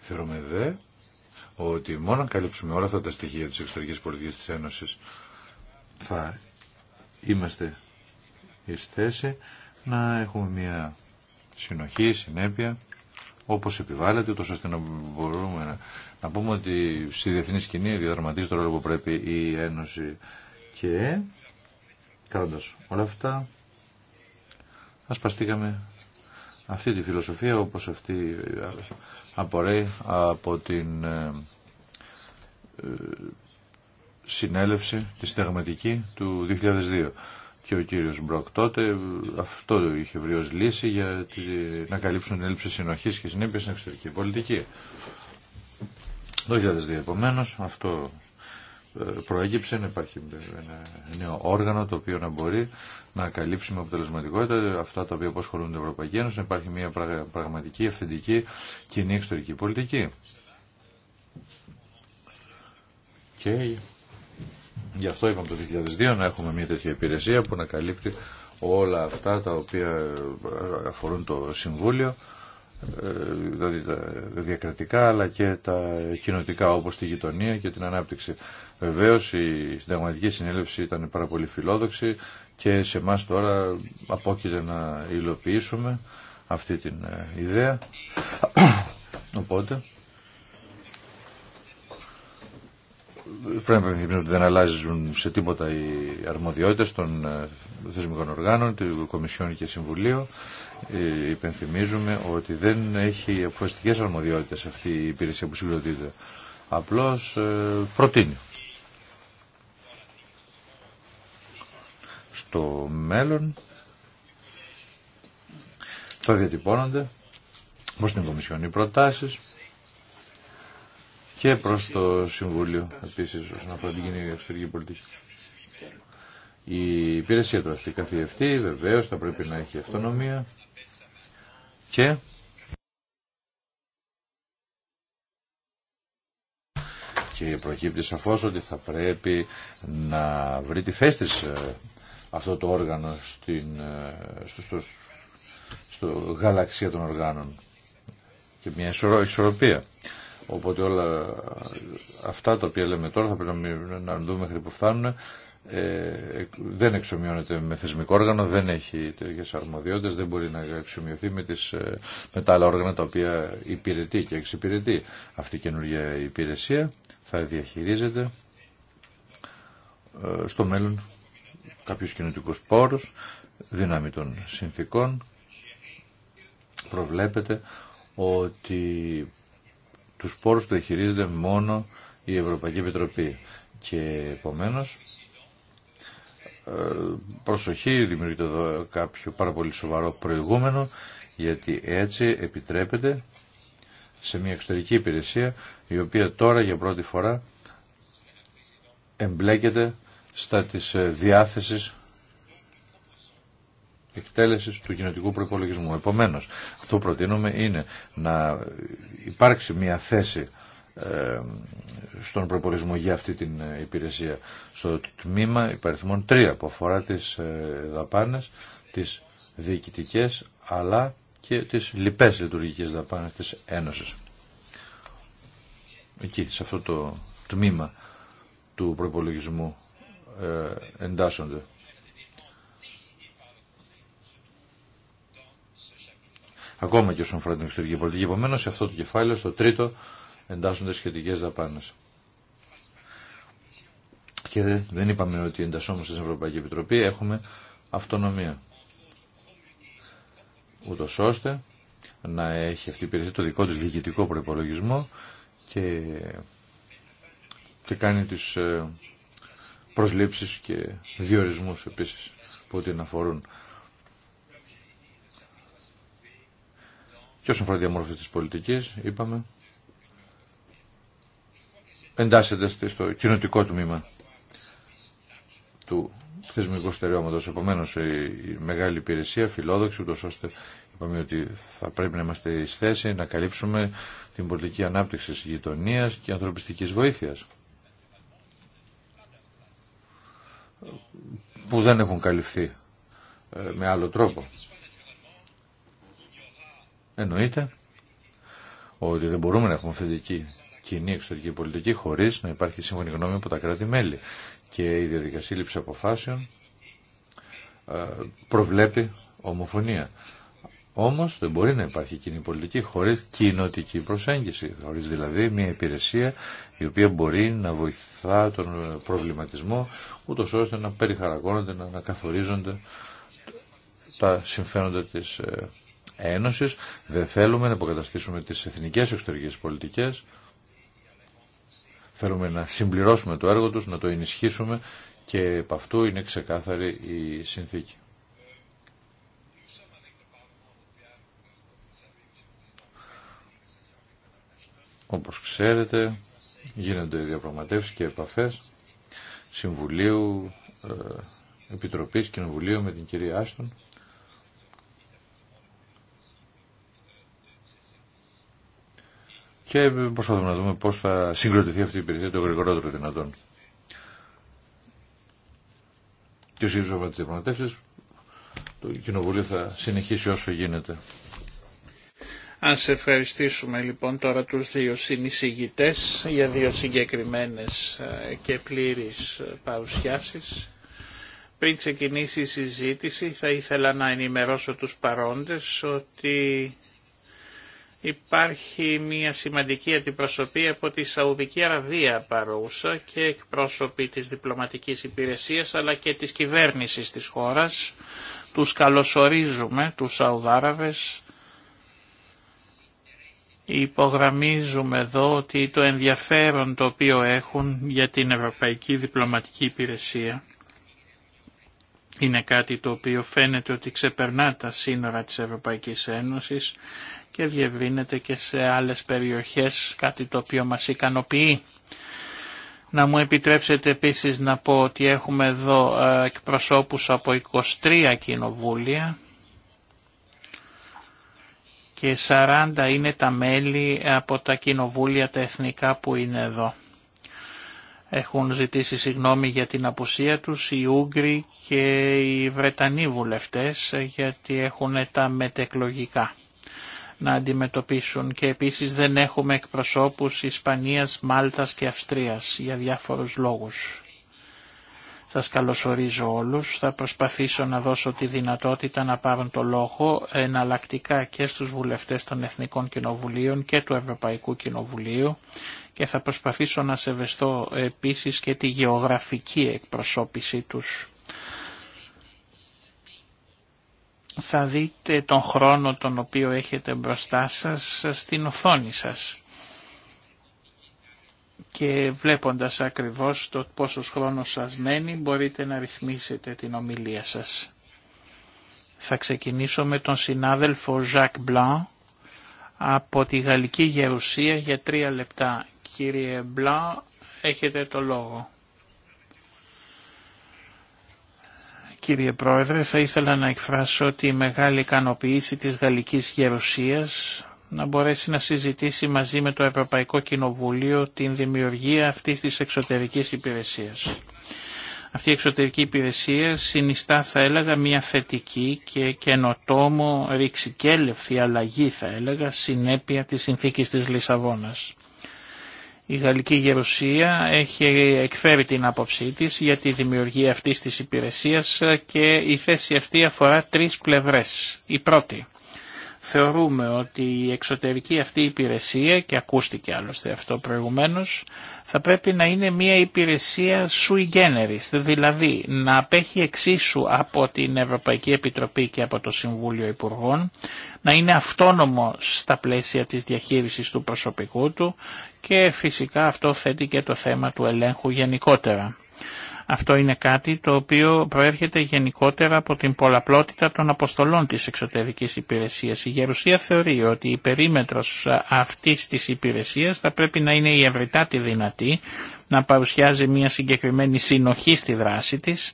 Speaker 4: Θεωρούμε δε ότι μόνο αν καλύψουμε όλα αυτά τα στοιχεία της εξωτερικής πολιτικής της Ένωσης θα είμαστε εις θέση να έχουμε μια συνοχή, συνέπεια, όπως επιβάλλεται, τόσο ώστε να μπορούμε να, πούμε ότι στη διεθνή σκηνή διαδραματίζει το ρόλο που πρέπει η Ένωση και κάνοντας όλα αυτά ασπαστήκαμε αυτή τη φιλοσοφία όπως αυτή απορρέει από την ε, ε, συνέλευση τη στεγματική του 2002 και ο κύριος Μπροκ τότε αυτό είχε βρει ως λύση για να καλύψουν την έλλειψη συνοχής και συνέπειες στην εξωτερική πολιτική. Το 2002 επομένω, αυτό ε, προέγυψε να υπάρχει ένα νέο όργανο το οποίο να μπορεί να καλύψει με αποτελεσματικότητα αυτά τα οποία απασχολούν την Ευρωπαϊκή Ένωση, να υπάρχει μια πραγματική, αυθεντική κοινή εξωτερική πολιτική. Και Γι' αυτό είπαμε το 2002 να έχουμε μια τέτοια υπηρεσία που να καλύπτει όλα αυτά τα οποία ε, αφορούν το Συμβούλιο, ε, δηλαδή τα διακρατικά αλλά και τα κοινοτικά όπως τη γειτονία και την ανάπτυξη. Βεβαίως η συνταγματική συνέλευση ήταν πάρα πολύ φιλόδοξη και σε εμά τώρα απόκειται να υλοποιήσουμε αυτή την ε, ιδέα. Οπότε πρέπει να υπενθυμίσουμε ότι δεν αλλάζουν σε τίποτα οι αρμοδιότητες των ε, θεσμικών οργάνων, του Κομισιόν και Συμβουλίου. Ε, υπενθυμίζουμε ότι δεν έχει αποφασιστικές αρμοδιότητες αυτή η υπηρεσία που συγκροτείται. Απλώς ε, προτείνει. Στο μέλλον θα διατυπώνονται προς την Κομισιόν οι προτάσεις και προ το Συμβούλιο επίση όσον αφορά την κοινή εξωτερική πολιτική. Η υπηρεσία του αυτή καθιευτεί, βεβαίω, θα πρέπει να έχει αυτονομία και και προκύπτει σαφώ ότι θα πρέπει να βρει τη θέση της ε, αυτό το όργανο στην, ε, στο, στο, στο γαλαξία των οργάνων και μια ισορροπία. Οπότε όλα αυτά τα οποία λέμε τώρα θα πρέπει να δούμε μέχρι που φτάνουν. Ε, δεν εξομοιώνεται με θεσμικό όργανο, δεν έχει τέτοιε αρμοδιότητε, δεν μπορεί να εξομοιωθεί με, τις, ε, με τα άλλα όργανα τα οποία υπηρετεί και εξυπηρετεί. Αυτή η καινούργια υπηρεσία θα διαχειρίζεται ε, στο μέλλον κάποιους κοινωτικούς πόρους, δύναμη των συνθήκων. Προβλέπεται ότι τους πόρους του χειρίζεται μόνο η Ευρωπαϊκή Επιτροπή. Και επομένως ε, προσοχή δημιουργείται εδώ κάποιο πάρα πολύ σοβαρό προηγούμενο γιατί έτσι επιτρέπεται σε μια εξωτερική υπηρεσία η οποία τώρα για πρώτη φορά εμπλέκεται στα της ε, διάθεσης εκτέλεσης του κοινοτικού προϋπολογισμού. Επομένως, αυτό που προτείνουμε είναι να υπάρξει μια θέση ε, στον προπολογισμό για αυτή την ε, υπηρεσία στο τμήμα υπαριθμών 3 που αφορά τις ε, δαπάνες, τις διοικητικές αλλά και τις λοιπές λειτουργικές δαπάνες της Ένωσης. Εκεί, σε αυτό το τμήμα του προπολογισμού εντάσσονται ακόμα και όσον αφορά την εξωτερική πολιτική. Επομένω, σε αυτό το κεφάλαιο, στο τρίτο, εντάσσονται σχετικέ δαπάνε. Και δεν είπαμε ότι εντασσόμαστε στην Ευρωπαϊκή Επιτροπή, έχουμε αυτονομία. Ούτω ώστε να έχει αυτή η υπηρεσία το δικό τη διοικητικό προπολογισμό και, και κάνει τι ε, προσλήψεις και διορισμούς επίσης που την αφορούν. Και όσον αφορά τη διαμόρφωση τη πολιτική, είπαμε, εντάσσεται στο κοινοτικό τμήμα του θεσμικού στερεώματο. Επομένω, η μεγάλη υπηρεσία, φιλόδοξη, ούτω ώστε είπαμε ότι θα πρέπει να είμαστε ει θέση να καλύψουμε την πολιτική ανάπτυξη γειτονία και ανθρωπιστική βοήθεια. που δεν έχουν καλυφθεί ε, με άλλο τρόπο. Εννοείται ότι δεν μπορούμε να έχουμε θετική κοινή εξωτερική πολιτική χωρίς να υπάρχει σύμφωνη γνώμη από τα κράτη-μέλη. Και η διαδικασία λήψη αποφάσεων ε, προβλέπει ομοφωνία. Όμως δεν μπορεί να υπάρχει κοινή πολιτική χωρίς κοινοτική προσέγγιση, χωρίς δηλαδή μια υπηρεσία η οποία μπορεί να βοηθά τον προβληματισμό ούτω ώστε να περιχαρακώνονται, να καθορίζονται τα συμφέροντα της ε, Ένωση, Δεν θέλουμε να υποκαταστήσουμε τις εθνικέ εξωτερικέ πολιτικές. Θέλουμε να συμπληρώσουμε το έργο τους, να το ενισχύσουμε και από αυτού είναι ξεκάθαρη η συνθήκη. Όπως ξέρετε, γίνονται διαπραγματεύσεις και επαφές Συμβουλίου, ε, Επιτροπής Κοινοβουλίου με την κυρία Άστον. και προσπαθούμε να δούμε πώς θα συγκροτηθεί αυτή η υπηρεσία το γρηγορότερο δυνατόν. Και ο με από τις διαπραγματεύσεις το Κοινοβούλιο θα συνεχίσει όσο γίνεται. Ας
Speaker 2: ευχαριστήσουμε λοιπόν τώρα τους δύο συνεισηγητές για δύο συγκεκριμένες ε, και πλήρεις ε, παρουσιάσεις. Πριν ξεκινήσει η συζήτηση θα ήθελα να ενημερώσω τους παρόντες ότι Υπάρχει μια σημαντική αντιπροσωπή από τη Σαουδική Αραβία παρούσα και εκπρόσωποι της διπλωματικής υπηρεσίας αλλά και της κυβέρνησης της χώρας. Τους καλωσορίζουμε, τους Σαουδάραβες. Υπογραμμίζουμε εδώ ότι το ενδιαφέρον το οποίο έχουν για την Ευρωπαϊκή Διπλωματική Υπηρεσία είναι κάτι το οποίο φαίνεται ότι ξεπερνά τα σύνορα της Ευρωπαϊκής Ένωσης και διευρύνεται και σε άλλες περιοχές, κάτι το οποίο μας ικανοποιεί. Να μου επιτρέψετε επίσης να πω ότι έχουμε εδώ ε, εκπροσώπους από 23 κοινοβούλια και 40 είναι τα μέλη από τα κοινοβούλια τα εθνικά που είναι εδώ. Έχουν ζητήσει συγγνώμη για την απουσία τους οι Ούγγροι και οι Βρετανοί βουλευτές ε, γιατί έχουν τα μετεκλογικά να αντιμετωπίσουν και επίσης δεν έχουμε εκπροσώπους Ισπανίας, Μάλτας και Αυστρίας για διάφορους λόγους. Σας καλωσορίζω όλους, θα προσπαθήσω να δώσω τη δυνατότητα να πάρουν το λόγο εναλλακτικά και στους βουλευτές των Εθνικών Κοινοβουλίων και του Ευρωπαϊκού Κοινοβουλίου και θα προσπαθήσω να σεβεστώ επίσης και τη γεωγραφική εκπροσώπησή τους. θα δείτε τον χρόνο τον οποίο έχετε μπροστά σας στην οθόνη σας και βλέποντας ακριβώς το πόσο χρόνος σας μένει μπορείτε να ρυθμίσετε την ομιλία σας. Θα ξεκινήσω με τον συνάδελφο Ζακ Μπλαν από τη Γαλλική Γερουσία για τρία λεπτά. Κύριε Μπλαν, έχετε το λόγο.
Speaker 3: κύριε Πρόεδρε, θα
Speaker 2: ήθελα να εκφράσω τη μεγάλη ικανοποίηση της Γαλλικής Γερουσίας να μπορέσει να συζητήσει μαζί με το Ευρωπαϊκό Κοινοβούλιο την δημιουργία αυτής της εξωτερικής υπηρεσίας. Αυτή η εξωτερική υπηρεσία συνιστά θα έλεγα μια θετική και καινοτόμο ρηξικέλευθη αλλαγή θα έλεγα συνέπεια της συνθήκης της Λισαβόνας. Η Γαλλική Γερουσία έχει εκφέρει την άποψή της για τη δημιουργία αυτής της υπηρεσίας και η θέση αυτή αφορά τρεις πλευρές. Η πρώτη, Θεωρούμε ότι η εξωτερική αυτή υπηρεσία, και ακούστηκε άλλωστε αυτό προηγουμένως, θα πρέπει να είναι μια υπηρεσία sui generis, δηλαδή να απέχει εξίσου από την Ευρωπαϊκή Επιτροπή και από το Συμβούλιο Υπουργών, να είναι αυτόνομο στα πλαίσια της διαχείρισης του προσωπικού του και φυσικά αυτό θέτει και το θέμα του ελέγχου γενικότερα. Αυτό είναι κάτι το οποίο προέρχεται γενικότερα από την πολλαπλότητα των αποστολών της εξωτερικής υπηρεσίας. Η Γερουσία θεωρεί ότι η περίμετρος αυτής της υπηρεσίας θα πρέπει να είναι η ευρυτάτη δυνατή, να παρουσιάζει μια συγκεκριμένη συνοχή στη δράση της,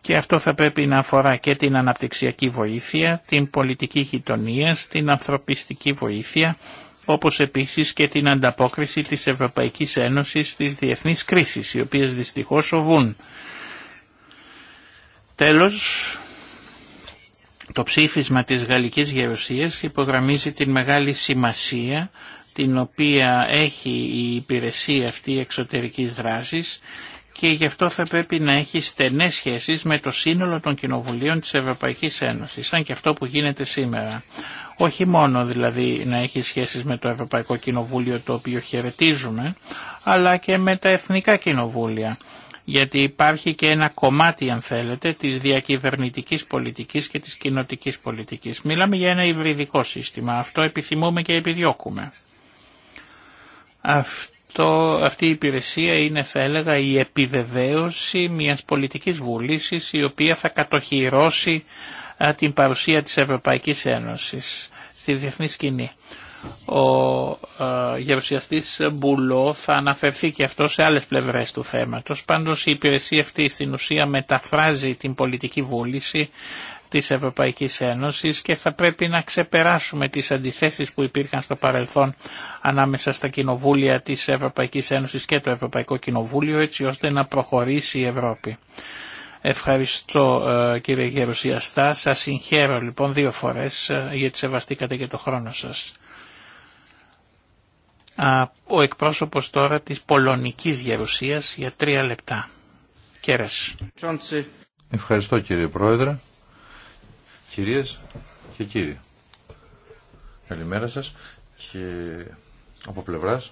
Speaker 2: και αυτό θα πρέπει να αφορά και την αναπτυξιακή βοήθεια, την πολιτική γειτονία, την ανθρωπιστική βοήθεια όπως επίσης και την ανταπόκριση της Ευρωπαϊκής Ένωσης στις διεθνείς κρίσεις, οι οποίες δυστυχώς σοβούν. Τέλος, το ψήφισμα της Γαλλικής Γερουσίας υπογραμμίζει την μεγάλη σημασία την οποία έχει η υπηρεσία αυτή εξωτερικής δράσης και γι' αυτό θα πρέπει να έχει στενές σχέσεις με το σύνολο των κοινοβουλίων της Ευρωπαϊκής Ένωσης, σαν και αυτό που γίνεται σήμερα όχι μόνο δηλαδή να έχει σχέσεις με το Ευρωπαϊκό Κοινοβούλιο το οποίο χαιρετίζουμε, αλλά και με τα Εθνικά Κοινοβούλια. Γιατί υπάρχει και ένα κομμάτι, αν θέλετε, της διακυβερνητικής πολιτικής και της κοινοτικής πολιτικής. Μιλάμε για ένα υβριδικό σύστημα. Αυτό επιθυμούμε και επιδιώκουμε. Αυτό, αυτή η υπηρεσία είναι, θα έλεγα, η επιβεβαίωση μιας πολιτικής βουλήσης η οποία θα κατοχυρώσει την παρουσία της Ευρωπαϊκής Ένωσης στη διεθνή σκηνή. Ο ε, γερουσιαστής Μπουλό θα αναφερθεί και αυτό σε άλλες πλευρές του θέματος. Πάντως η υπηρεσία αυτή στην ουσία μεταφράζει την πολιτική βούληση της Ευρωπαϊκής Ένωσης και θα πρέπει να ξεπεράσουμε τις αντιθέσεις που υπήρχαν στο παρελθόν ανάμεσα στα κοινοβούλια της Ευρωπαϊκής Ένωσης και το Ευρωπαϊκό Κοινοβούλιο έτσι ώστε να προχωρήσει η Ευρώπη. Ευχαριστώ ε, κύριε Γερουσιαστά. Σας συγχαίρω λοιπόν δύο φορές ε, γιατί σεβαστήκατε και το χρόνο σας. Ο εκπρόσωπος τώρα της Πολωνικής Γερουσίας για τρία λεπτά. Κέρας.
Speaker 4: Ευχαριστώ κύριε Πρόεδρε. Κυρίες και κύριοι. Καλημέρα σας και από πλευράς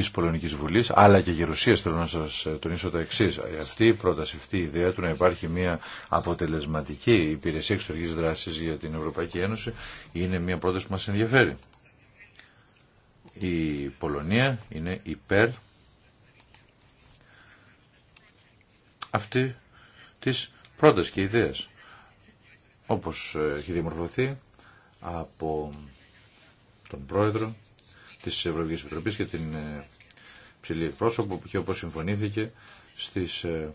Speaker 4: της Πολωνικής Βουλής αλλά και Γερουσία, θέλω να σα ε, τονίσω τα εξή. Αυτή η πρόταση, αυτή η ιδέα του να υπάρχει μια αποτελεσματική υπηρεσία εξωτερική δράση για την Ευρωπαϊκή Ένωση είναι μια πρόταση που μας ενδιαφέρει. Η Πολωνία είναι υπέρ αυτή της πρόταση και ιδέας όπως ε, έχει δημορφωθεί από τον πρόεδρο Τη Ευρωπαϊκή Επιτροπή και την ε, ψηλή εκπρόσωπο που και όπω συμφωνήθηκε στις 26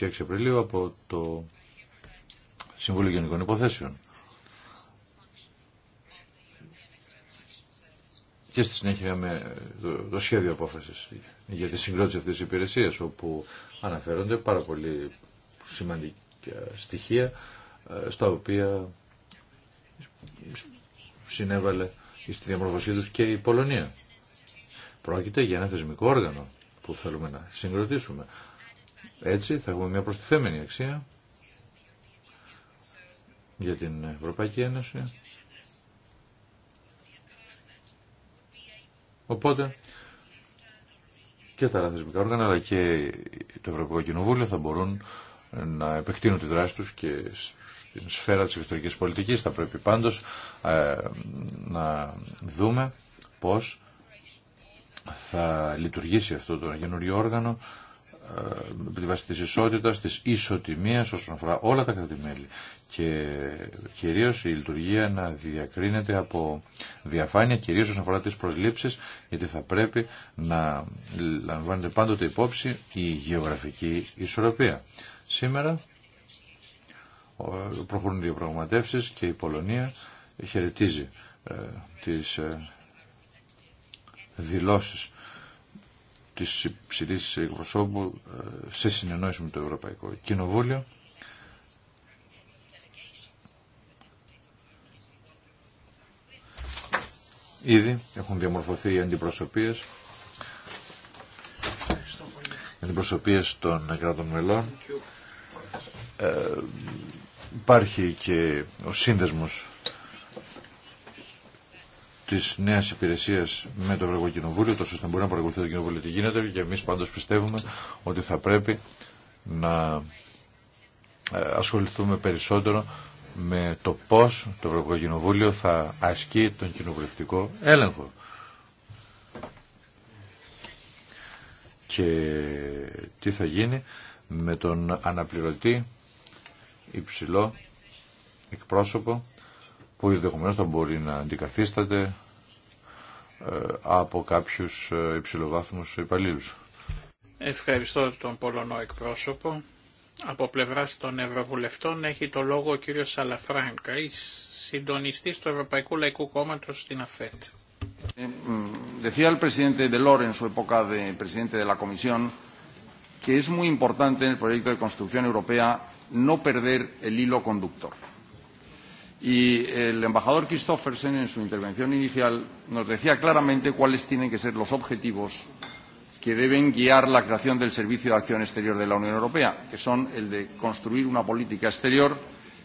Speaker 4: ε, Απριλίου από το Συμβούλιο Γενικών Υποθέσεων. Και στη συνέχεια με ε, το, σχέδιο απόφαση για τη συγκρότηση αυτής τη υπηρεσία, όπου αναφέρονται πάρα πολύ σημαντικά στοιχεία στα οποία συνέβαλε στη διαμορφωσή του και η Πολωνία. Πρόκειται για ένα θεσμικό όργανο που θέλουμε να συγκροτήσουμε. Έτσι θα έχουμε μια προστιθέμενη αξία για την Ευρωπαϊκή Ένωση. Οπότε και τα θεσμικά όργανα αλλά και το Ευρωπαϊκό Κοινοβούλιο θα μπορούν να επεκτείνουν τη δράση τους και στην σφαίρα της εξωτερικής πολιτικής. Θα πρέπει πάντως ε, να δούμε πώς θα λειτουργήσει αυτό το καινούριο όργανο ε, με τη βάση της ισότητας, της ισοτιμίας όσον αφορά όλα τα κρατημέλη και κυρίως η λειτουργία να διακρίνεται από διαφάνεια κυρίως όσον αφορά τις προσλήψεις γιατί θα πρέπει να λαμβάνεται πάντοτε υπόψη η γεωγραφική ισορροπία. Σήμερα προχωρούν διαπραγματεύσει και η Πολωνία χαιρετίζει ε, τις ε, δηλώσεις της υψηλής εκπροσώπου ε, σε συνεννόηση με το Ευρωπαϊκό Κοινοβούλιο Ήδη έχουν διαμορφωθεί οι αντιπροσωπείες αντιπροσωπείες των κρατών μελών υπάρχει και ο σύνδεσμος της νέας υπηρεσίας με το Ευρωπαϊκό Κοινοβούλιο, τόσο ώστε να μπορεί να παρακολουθεί το Κοινοβούλιο τι γίνεται και εμείς πάντως πιστεύουμε ότι θα πρέπει να ε, ασχοληθούμε περισσότερο με το πώς το Ευρωπαϊκό Κοινοβούλιο θα ασκεί τον κοινοβουλευτικό έλεγχο. Και τι θα γίνει με τον αναπληρωτή υψηλό εκπρόσωπο που ενδεχομένω θα μπορεί να αντικαθίσταται ε, από κάποιους ε, υψηλοβάθμους υπαλλήλους.
Speaker 2: Ευχαριστώ τον Πολωνό εκπρόσωπο. Από πλευράς των Ευρωβουλευτών έχει το λόγο ο κύριος Σαλαφράνκα, συντονιστής του Ευρωπαϊκού Λαϊκού Κόμματος στην ΑΦΕΤ.
Speaker 5: Ε, decía el presidente de en su época de presidente de la Comisión que es muy importante en el proyecto de construcción europea no perder el hilo conductor. Y el embajador Christoffersen, en su intervención inicial, nos decía claramente cuáles tienen que ser los objetivos que deben guiar la creación del Servicio de Acción Exterior de la Unión Europea, que son el de construir una política exterior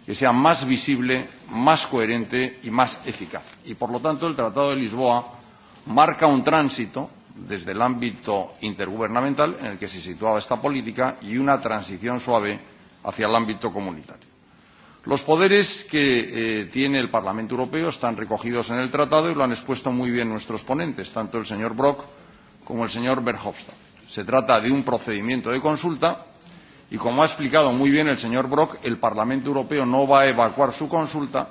Speaker 5: que sea más visible, más coherente y más eficaz. Y, por lo tanto, el Tratado de Lisboa marca un tránsito desde el ámbito intergubernamental en el que se situaba esta política y una transición suave hacia el ámbito comunitario. Los poderes que tiene el Parlamento Europeo están recogidos en el tratado y lo han expuesto muy bien nuestros ponentes, tanto el señor Brok como el señor Verhofstadt. Se trata de un procedimiento de consulta y, como ha explicado muy bien el señor Brok, el Parlamento Europeo no va a evacuar su consulta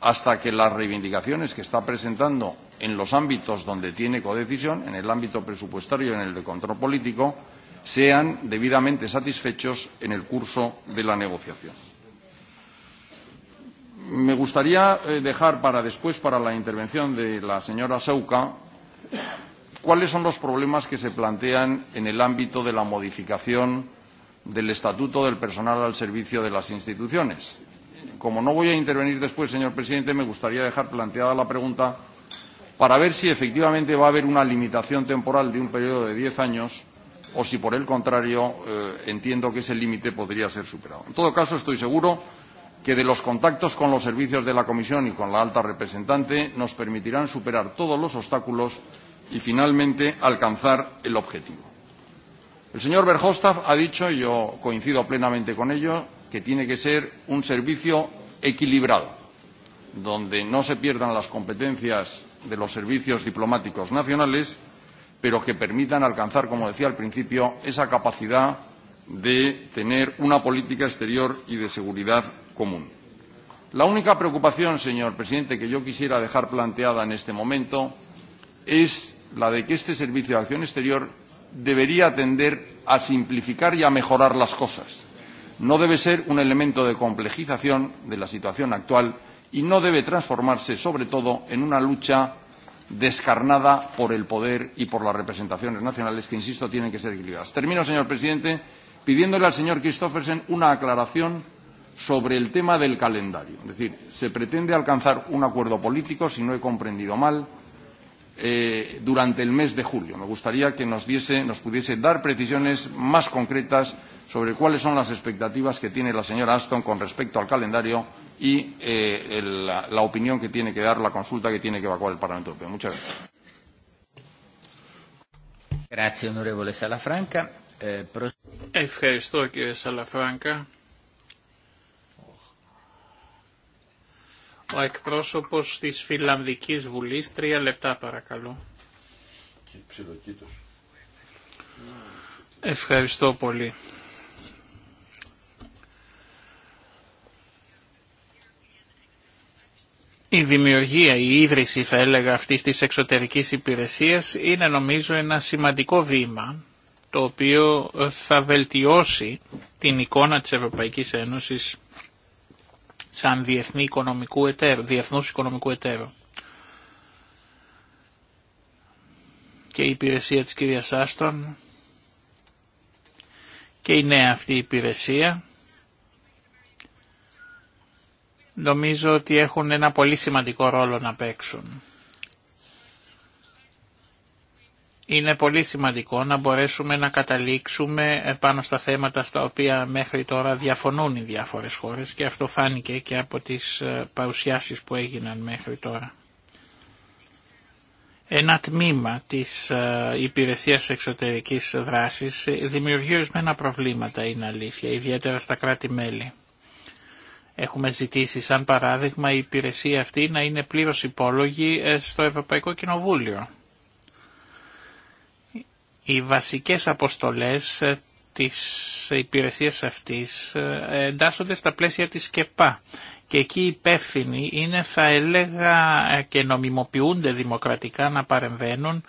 Speaker 5: hasta que las reivindicaciones que está presentando en los ámbitos donde tiene codecisión, en el ámbito presupuestario y en el de control político, sean debidamente satisfechos en el curso de la negociación. Me gustaría dejar para después, para la intervención de la señora Seuca, cuáles son los problemas que se plantean en el ámbito de la modificación del Estatuto del Personal al servicio de las instituciones. Como no voy a intervenir después, señor presidente, me gustaría dejar planteada la pregunta para ver si efectivamente va a haber una limitación temporal de un periodo de diez años o si por el contrario entiendo que ese límite podría ser superado. En todo caso, estoy seguro que de los contactos con los servicios de la Comisión y con la alta representante nos permitirán superar todos los obstáculos y finalmente alcanzar el objetivo. El señor Verhofstadt ha dicho, y yo coincido plenamente con ello, que tiene que ser un servicio equilibrado, donde no se pierdan las competencias de los servicios diplomáticos nacionales pero que permitan alcanzar, como decía al principio, esa capacidad de tener una política exterior y de seguridad común. La única preocupación, señor presidente, que yo quisiera dejar planteada en este momento es la de que este Servicio de Acción Exterior debería atender a simplificar y a mejorar las cosas. No debe ser un elemento de complejización de la situación actual y no debe transformarse, sobre todo, en una lucha descarnada por el poder y por las representaciones nacionales que, insisto, tienen que ser equilibradas. Termino, señor presidente, pidiéndole al señor Christoffersen una aclaración sobre el tema del calendario. Es decir, se pretende alcanzar un acuerdo político, si no he comprendido mal, durante el mes de julio. Me gustaría que nos, nos pudiese dar precisiones más concretas sobre cuáles son las expectativas que tiene la señora Ashton con respecto al calendario y eh, el, la, la opinión que tiene que dar, la consulta que tiene que evacuar el Parlamento Europeo. Muchas gracias.
Speaker 1: Gracias, honorable Salafranca. Eh, pro...
Speaker 2: Ευχαριστώ κύριε Σαλαφράγκα. Ο εκπρόσωπος της Φιλανδικής Βουλής, τρία λεπτά παρακαλώ. Ευχαριστώ πολύ. Η δημιουργία, η ίδρυση θα έλεγα αυτής της εξωτερικής υπηρεσίας είναι νομίζω ένα σημαντικό βήμα το οποίο θα βελτιώσει την εικόνα της Ευρωπαϊκής Ένωσης σαν διεθνή οικονομικού εταίρου, διεθνούς οικονομικού εταίρου. Και η υπηρεσία της κυρίας Άστον και η νέα αυτή υπηρεσία νομίζω ότι έχουν ένα πολύ σημαντικό ρόλο να παίξουν. Είναι πολύ σημαντικό να μπορέσουμε να καταλήξουμε πάνω στα θέματα στα οποία μέχρι τώρα διαφωνούν οι διάφορες χώρες και αυτό φάνηκε και από τις ε, παρουσιάσεις που έγιναν μέχρι τώρα. Ένα τμήμα της ε, υπηρεσίας εξωτερικής δράσης δημιουργεί ορισμένα προβλήματα είναι αλήθεια, ιδιαίτερα στα κράτη-μέλη. Έχουμε ζητήσει σαν παράδειγμα η υπηρεσία αυτή να είναι πλήρως υπόλογη ε, στο Ευρωπαϊκό Κοινοβούλιο. Οι βασικές αποστολές ε, της υπηρεσίας αυτής ε, εντάσσονται στα πλαίσια της ΚΕΠΑ και εκεί οι υπεύθυνοι είναι θα έλεγα και νομιμοποιούνται δημοκρατικά να παρεμβαίνουν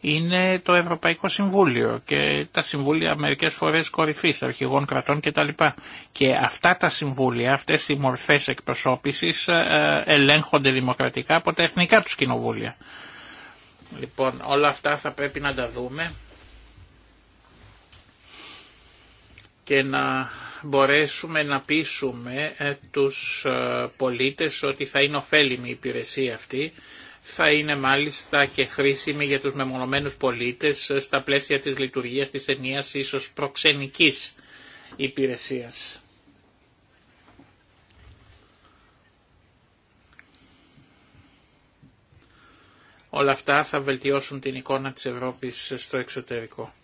Speaker 2: είναι το Ευρωπαϊκό Συμβούλιο και τα συμβούλια μερικές φορές κορυφής αρχηγών κρατών κτλ. Και αυτά τα συμβούλια, αυτές οι μορφές εκπροσώπησης ε, ελέγχονται δημοκρατικά από τα εθνικά τους κοινοβούλια. Λοιπόν, όλα αυτά θα πρέπει να τα δούμε και να μπορέσουμε να πείσουμε ε, τους ε, πολίτες ότι θα είναι ωφέλιμη η υπηρεσία αυτή, θα είναι μάλιστα και χρήσιμη για τους μεμονωμένους πολίτες ε, στα πλαίσια της λειτουργίας της ενίας ίσως προξενικής υπηρεσίας. Όλα αυτά θα βελτιώσουν την εικόνα της Ευρώπης στο εξωτερικό.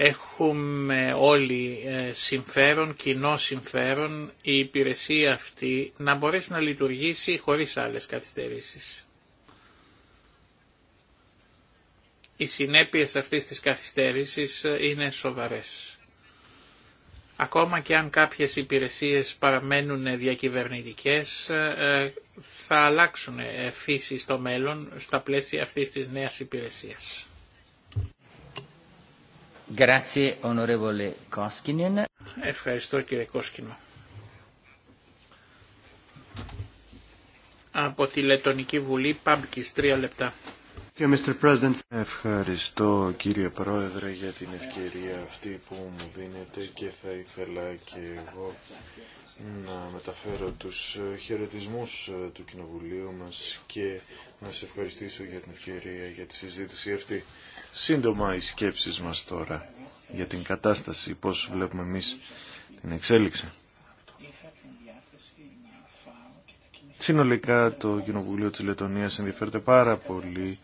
Speaker 2: Έχουμε όλοι ε, συμφέρον, κοινό συμφέρον, η υπηρεσία αυτή να μπορέσει να λειτουργήσει χωρίς άλλες καθυστερήσεις. Οι συνέπειες αυτής της καθυστέρησης ε, είναι σοβαρές. Ακόμα και αν κάποιες υπηρεσίες παραμένουν διακυβερνητικές, ε, θα αλλάξουν φύση στο μέλλον στα πλαίσια αυτής της νέας υπηρεσίας. Ευχαριστώ κύριε Κόσκινο. Από τη Λετωνική Βουλή, Πάμπκης, τρία λεπτά.
Speaker 3: Ευχαριστώ κύριε Πρόεδρε για την ευκαιρία αυτή που μου δίνετε και θα ήθελα και εγώ να μεταφέρω τους χαιρετισμούς του Κοινοβουλίου μας και να σε ευχαριστήσω για την ευκαιρία για τη συζήτηση αυτή. Σύντομα οι σκέψεις μας τώρα για την κατάσταση, πώς βλέπουμε εμείς την εξέλιξη. Συνολικά το Κοινοβουλίο της Λετωνίας ενδιαφέρεται πάρα πολύ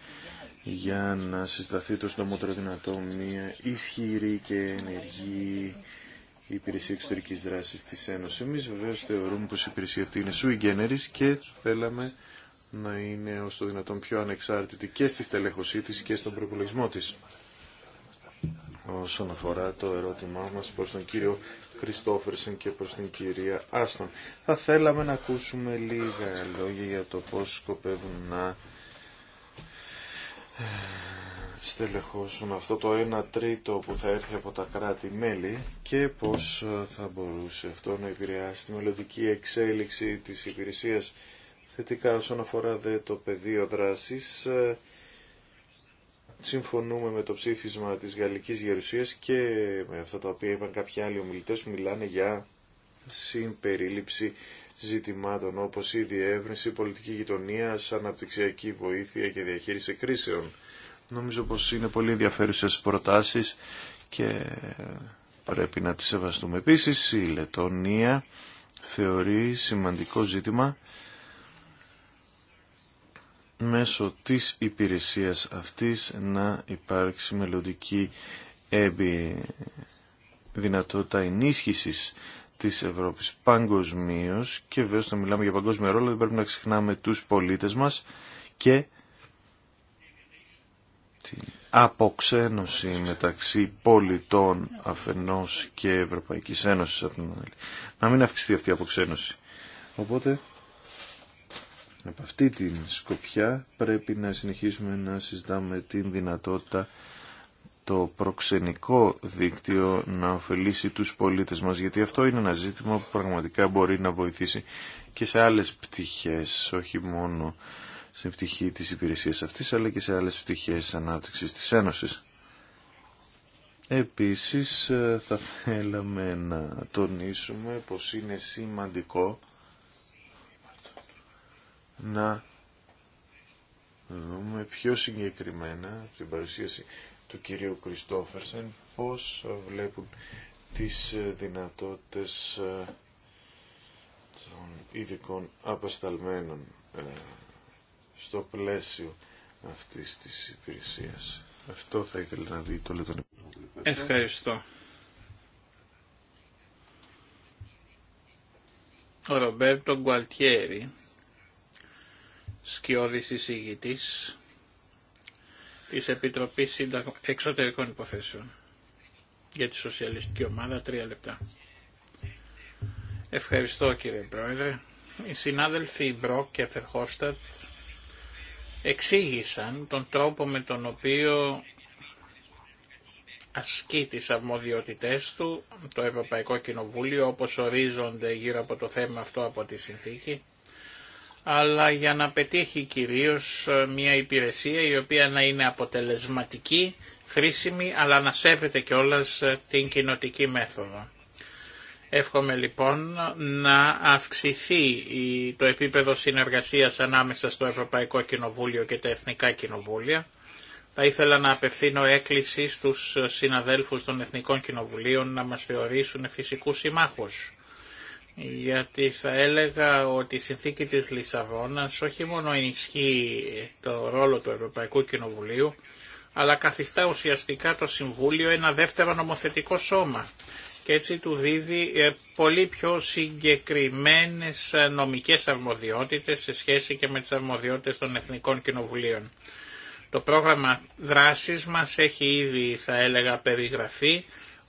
Speaker 3: για να συσταθεί το συντομότερο δυνατό μια ισχυρή και ενεργή υπηρεσία εξωτερικής δράση της Ένωσης. Εμείς βεβαίως θεωρούμε πως η υπηρεσία αυτή είναι sui και θέλαμε να είναι ως το δυνατόν πιο ανεξάρτητη και στη στελέχωσή της και στον προπολογισμό της. Όσον αφορά το ερώτημά μας προς τον κύριο Κριστόφερσεν και προς την κυρία Άστον. Θα θέλαμε να ακούσουμε λίγα λόγια για το πώς σκοπεύουν να ε, στελεχώσουν αυτό το 1 τρίτο που θα έρθει από τα κράτη-μέλη και πώς θα μπορούσε αυτό να επηρεάσει τη μελλοντική εξέλιξη της υπηρεσίας Θετικά όσον αφορά δε το πεδίο δράσης, ε, συμφωνούμε με το ψήφισμα της Γαλλικής Γερουσίας και με αυτά τα οποία είπαν κάποιοι άλλοι ομιλητές που μιλάνε για συμπερίληψη ζητημάτων όπως η διεύρυνση, πολιτική γειτονία, αναπτυξιακή βοήθεια και διαχείριση κρίσεων. Νομίζω πως είναι πολύ ενδιαφέρουσες προτάσεις και πρέπει να τις σεβαστούμε. Επίσης η Λετωνία θεωρεί σημαντικό ζήτημα μέσω της υπηρεσίας αυτής να υπάρξει μελλοντική δυνατότητα ενίσχυσης της Ευρώπης παγκοσμίω και βέβαια όταν μιλάμε για παγκόσμιο ρόλο δεν πρέπει να ξεχνάμε τους πολίτες μας και την αποξένωση μεταξύ πολιτών αφενός και Ευρωπαϊκής Ένωσης Να μην αυξηθεί αυτή η αποξένωση. Οπότε από αυτή την σκοπιά πρέπει να συνεχίσουμε να συζητάμε την δυνατότητα το προξενικό δίκτυο να ωφελήσει τους πολίτες μας, γιατί αυτό είναι ένα ζήτημα που πραγματικά μπορεί να βοηθήσει και σε άλλες πτυχές, όχι μόνο στην πτυχή της υπηρεσίας αυτής, αλλά και σε άλλες πτυχές της ανάπτυξης της Ένωσης. Επίσης, θα θέλαμε να τονίσουμε πως είναι σημαντικό να δούμε πιο συγκεκριμένα από την παρουσίαση του κυρίου Κριστόφερσεν πώς βλέπουν τις δυνατότητες ε, των ειδικών απεσταλμένων ε, στο πλαίσιο αυτής της υπηρεσίας. Αυτό θα ήθελα να δει το λεπτό. Ευχαριστώ.
Speaker 2: Ο Ρομπέρτο Γκουαλτιέρη σκιώδης εισηγητής της Επιτροπής Εξωτερικών Υποθέσεων για τη Σοσιαλιστική Ομάδα. Τρία λεπτά. Ευχαριστώ κύριε Πρόεδρε. Οι συνάδελφοι Μπροκ και Φερχόστατ εξήγησαν τον τρόπο με τον οποίο ασκεί τις αρμοδιότητές του το Ευρωπαϊκό Κοινοβούλιο όπως ορίζονται γύρω από το θέμα αυτό από τη συνθήκη αλλά για να πετύχει κυρίως ε, μια υπηρεσία η οποία να είναι αποτελεσματική, χρήσιμη, αλλά να σέβεται κιόλας ε, την κοινοτική μέθοδο. Εύχομαι λοιπόν να αυξηθεί το επίπεδο συνεργασίας ανάμεσα στο Ευρωπαϊκό Κοινοβούλιο και τα Εθνικά Κοινοβούλια. Θα ήθελα να απευθύνω έκκληση στους συναδέλφους των Εθνικών Κοινοβουλίων να μας θεωρήσουν φυσικούς συμμάχους γιατί θα έλεγα ότι η συνθήκη της Λισαβόνας όχι μόνο ενισχύει το ρόλο του Ευρωπαϊκού Κοινοβουλίου, αλλά καθιστά ουσιαστικά το Συμβούλιο ένα δεύτερο νομοθετικό σώμα και έτσι του δίδει ε, πολύ πιο συγκεκριμένες ε, νομικές αρμοδιότητες σε σχέση και με τις αρμοδιότητες των Εθνικών Κοινοβουλίων. Το πρόγραμμα δράσης μας έχει ήδη, θα έλεγα, περιγραφεί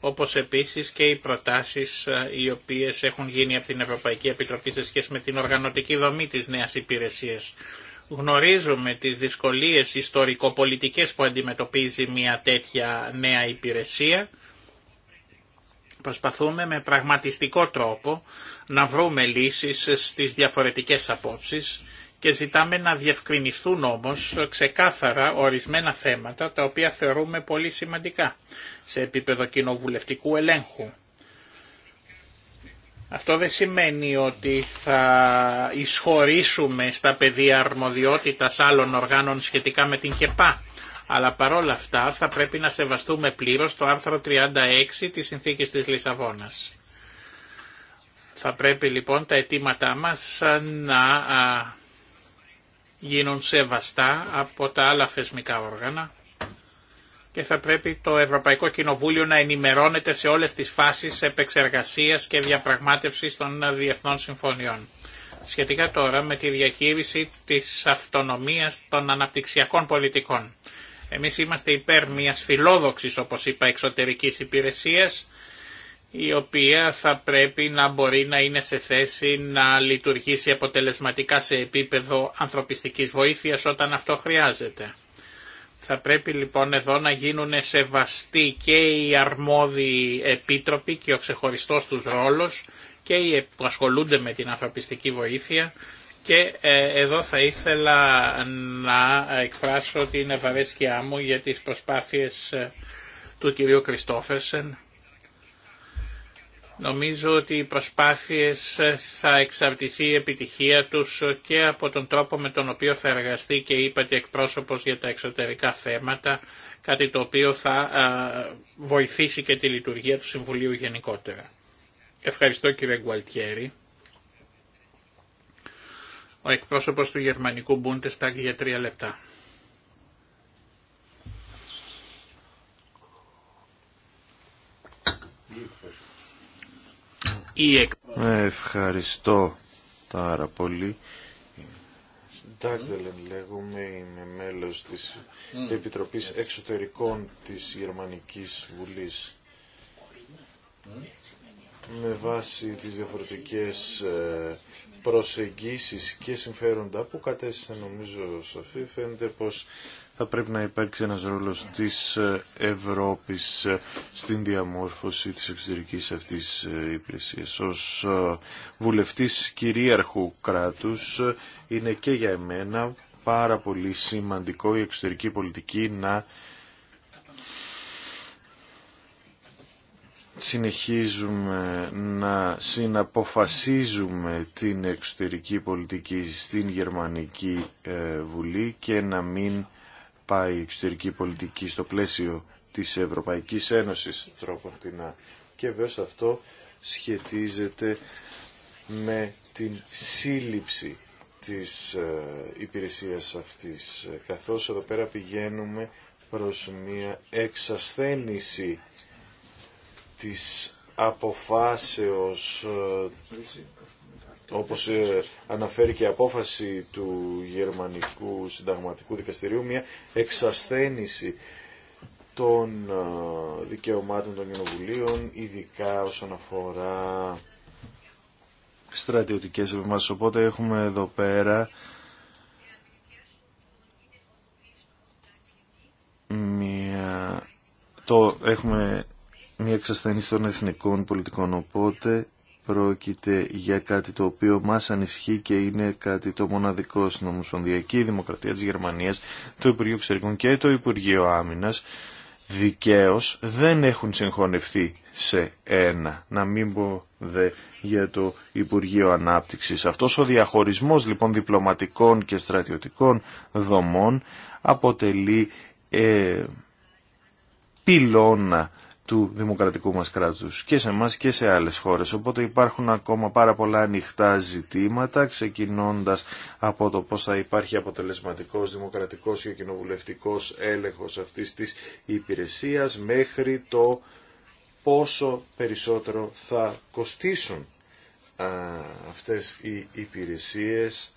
Speaker 2: όπως επίσης και οι προτάσεις ε, οι οποίες έχουν γίνει από την Ευρωπαϊκή Επιτροπή σε σχέση με την οργανωτική δομή της νέας υπηρεσίας. Γνωρίζουμε τις δυσκολίες ιστορικοπολιτικές που αντιμετωπίζει μια τέτοια νέα υπηρεσία. Προσπαθούμε με πραγματιστικό τρόπο να βρούμε λύσεις στις διαφορετικές απόψεις και ζητάμε να διευκρινιστούν όμως ξεκάθαρα ορισμένα θέματα τα οποία θεωρούμε πολύ σημαντικά σε επίπεδο κοινοβουλευτικού ελέγχου. Αυτό δεν σημαίνει ότι θα εισχωρήσουμε στα πεδία αρμοδιότητας άλλων οργάνων σχετικά με την ΚΕΠΑ, αλλά παρόλα αυτά θα πρέπει να σεβαστούμε πλήρως το άρθρο 36 της Συνθήκης της Λισαβόνας. Θα πρέπει λοιπόν τα αιτήματά μας να γίνουν σεβαστά από τα άλλα θεσμικά όργανα και θα πρέπει το Ευρωπαϊκό Κοινοβούλιο να ενημερώνεται σε όλες τις φάσεις επεξεργασίας και διαπραγμάτευσης των διεθνών συμφωνιών. Σχετικά τώρα με τη διαχείριση της αυτονομίας των αναπτυξιακών πολιτικών. Εμείς είμαστε υπέρ μιας φιλόδοξης, όπως είπα, εξωτερικής υπηρεσίας, η οποία θα πρέπει να μπορεί να είναι σε θέση να λειτουργήσει αποτελεσματικά σε επίπεδο ανθρωπιστικής βοήθειας όταν αυτό χρειάζεται. Θα πρέπει λοιπόν εδώ να γίνουν σεβαστοί και οι αρμόδιοι επίτροποι και ο ξεχωριστός τους ρόλος και οι που ασχολούνται με την ανθρωπιστική βοήθεια και ε, εδώ θα ήθελα να εκφράσω την ευαρέσκειά μου για τις προσπάθειες ε, του κυρίου Κριστόφερσεν Νομίζω ότι οι προσπάθειες θα εξαρτηθεί η επιτυχία τους και από τον τρόπο με τον οποίο θα εργαστεί και είπατε εκπρόσωπος για τα εξωτερικά θέματα, κάτι το οποίο θα βοηθήσει και τη λειτουργία του Συμβουλίου γενικότερα. Ευχαριστώ κύριε Γκουαλτιέρη. Ο εκπρόσωπος του Γερμανικού Bundestag για τρία λεπτά.
Speaker 3: Ευχαριστώ πάρα πολύ. Ντάγδελεν λέγουμε, είμαι μέλος της Επιτροπής Εξωτερικών της Γερμανικής Βουλής. Με βάση τις διαφορετικές ε, προσεγγίσεις και συμφέροντα που κατέστησαν, νομίζω σαφή, φαίνεται πως θα πρέπει να υπάρξει ένας ρόλος της ε, Ευρώπης ε, στην διαμόρφωση της εξωτερικής αυτής ε, υπηρεσίας. Ως βουλευτής κυρίαρχου κράτους είναι και για εμένα πάρα πολύ σημαντικό η εξωτερική πολιτική να συνεχίζουμε να συναποφασίζουμε την εξωτερική πολιτική στην Γερμανική Βουλή και να μην πάει η εξωτερική πολιτική στο πλαίσιο της Ευρωπαϊκής Ένωσης τρόπον την Και βέβαια αυτό σχετίζεται με την σύλληψη της ε, υπηρεσίας αυτής, καθώς εδώ πέρα πηγαίνουμε προς μια εξασθένηση της αποφάσεως ε, όπως ε, αναφέρει και η απόφαση του Γερμανικού Συνταγματικού Δικαστηρίου, μια εξασθένηση των ε, δικαιωμάτων των κοινοβουλίων, ειδικά όσον αφορά στρατιωτικές επιμάσεις. Οπότε έχουμε εδώ πέρα μια... Το έχουμε μια εξασθένηση των εθνικών πολιτικών, οπότε πρόκειται για κάτι το οποίο μας ανισχύει και είναι κάτι το μοναδικό στην Ομοσπονδιακή Δημοκρατία της Γερμανίας, το Υπουργείο Εξωτερικών και το Υπουργείο Άμυνας δικαίως δεν έχουν συγχωνευτεί σε ένα. Να μην πω δε για το Υπουργείο Ανάπτυξης. Αυτός ο διαχωρισμός λοιπόν διπλωματικών και στρατιωτικών δομών αποτελεί ε, πυλώνα του δημοκρατικού μας κράτους και σε εμά και σε άλλες χώρες. Οπότε υπάρχουν ακόμα πάρα πολλά ανοιχτά ζητήματα, ξεκινώντας από το πώς θα υπάρχει αποτελεσματικός δημοκρατικός και κοινοβουλευτικός έλεγχος αυτής της υπηρεσίας, μέχρι το πόσο περισσότερο θα κοστίσουν αυτές οι υπηρεσίες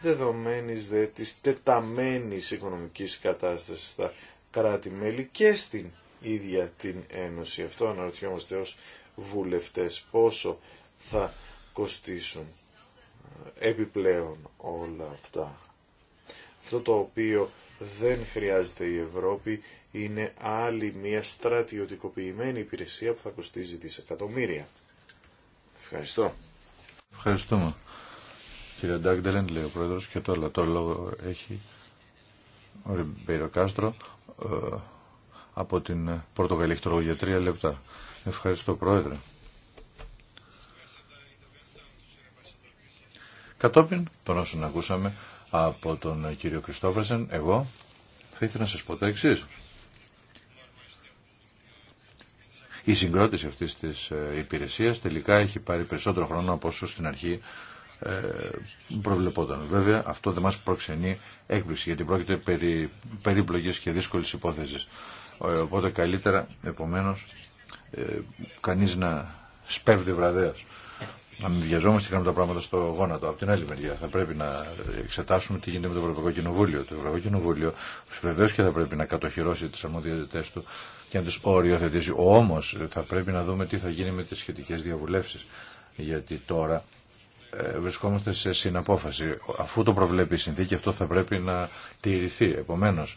Speaker 3: δεδομένης δε της τεταμένης οικονομικής κατάστασης στα κράτη-μέλη και στην ίδια την Ένωση. Αυτό αναρωτιόμαστε ως βουλευτές πόσο θα κοστίσουν ε, επιπλέον όλα αυτά. Αυτό το οποίο δεν χρειάζεται η Ευρώπη είναι άλλη μια στρατιωτικοποιημένη υπηρεσία που θα κοστίζει δισεκατομμύρια. Ευχαριστώ.
Speaker 4: Ευχαριστούμε. Κύριε Ντάγκ λέει ο Πρόεδρος και τώρα το λόγο έχει ο Ριμπέιρο Κάστρο, ε, από την Πορτογαλία. Έχει για τρία λεπτά. Ευχαριστώ Πρόεδρε. Κατόπιν των όσων ακούσαμε από τον κύριο Κριστόφρασεν, εγώ θα ήθελα να σας πω το εξή. Η συγκρότηση αυτής της ε, υπηρεσίας τελικά έχει πάρει περισσότερο χρόνο από όσο στην αρχή ε, προβλεπόταν. Βέβαια αυτό δεν μας προξενεί έκπληξη γιατί πρόκειται περί περίπλογης και δύσκολης υπόθεσης. Ε, οπότε καλύτερα, επομένως, ε, κανείς να σπέβδει βραδέας. Να μην βιαζόμαστε και κάνουμε τα πράγματα στο γόνατο. Από την άλλη μεριά, θα πρέπει να εξετάσουμε τι γίνεται με το Ευρωπαϊκό Κοινοβούλιο. Το Ευρωπαϊκό Κοινοβούλιο βεβαίω και θα πρέπει να κατοχυρώσει τι αρμοδιότητέ του και να τι οριοθετήσει. Όμω, θα πρέπει να δούμε τι θα γίνει με τι σχετικέ διαβουλεύσει. Γιατί τώρα ε, βρισκόμαστε σε συναπόφαση. Αφού το προβλέπει η συνθήκη, αυτό θα πρέπει να τηρηθεί. Επομένως,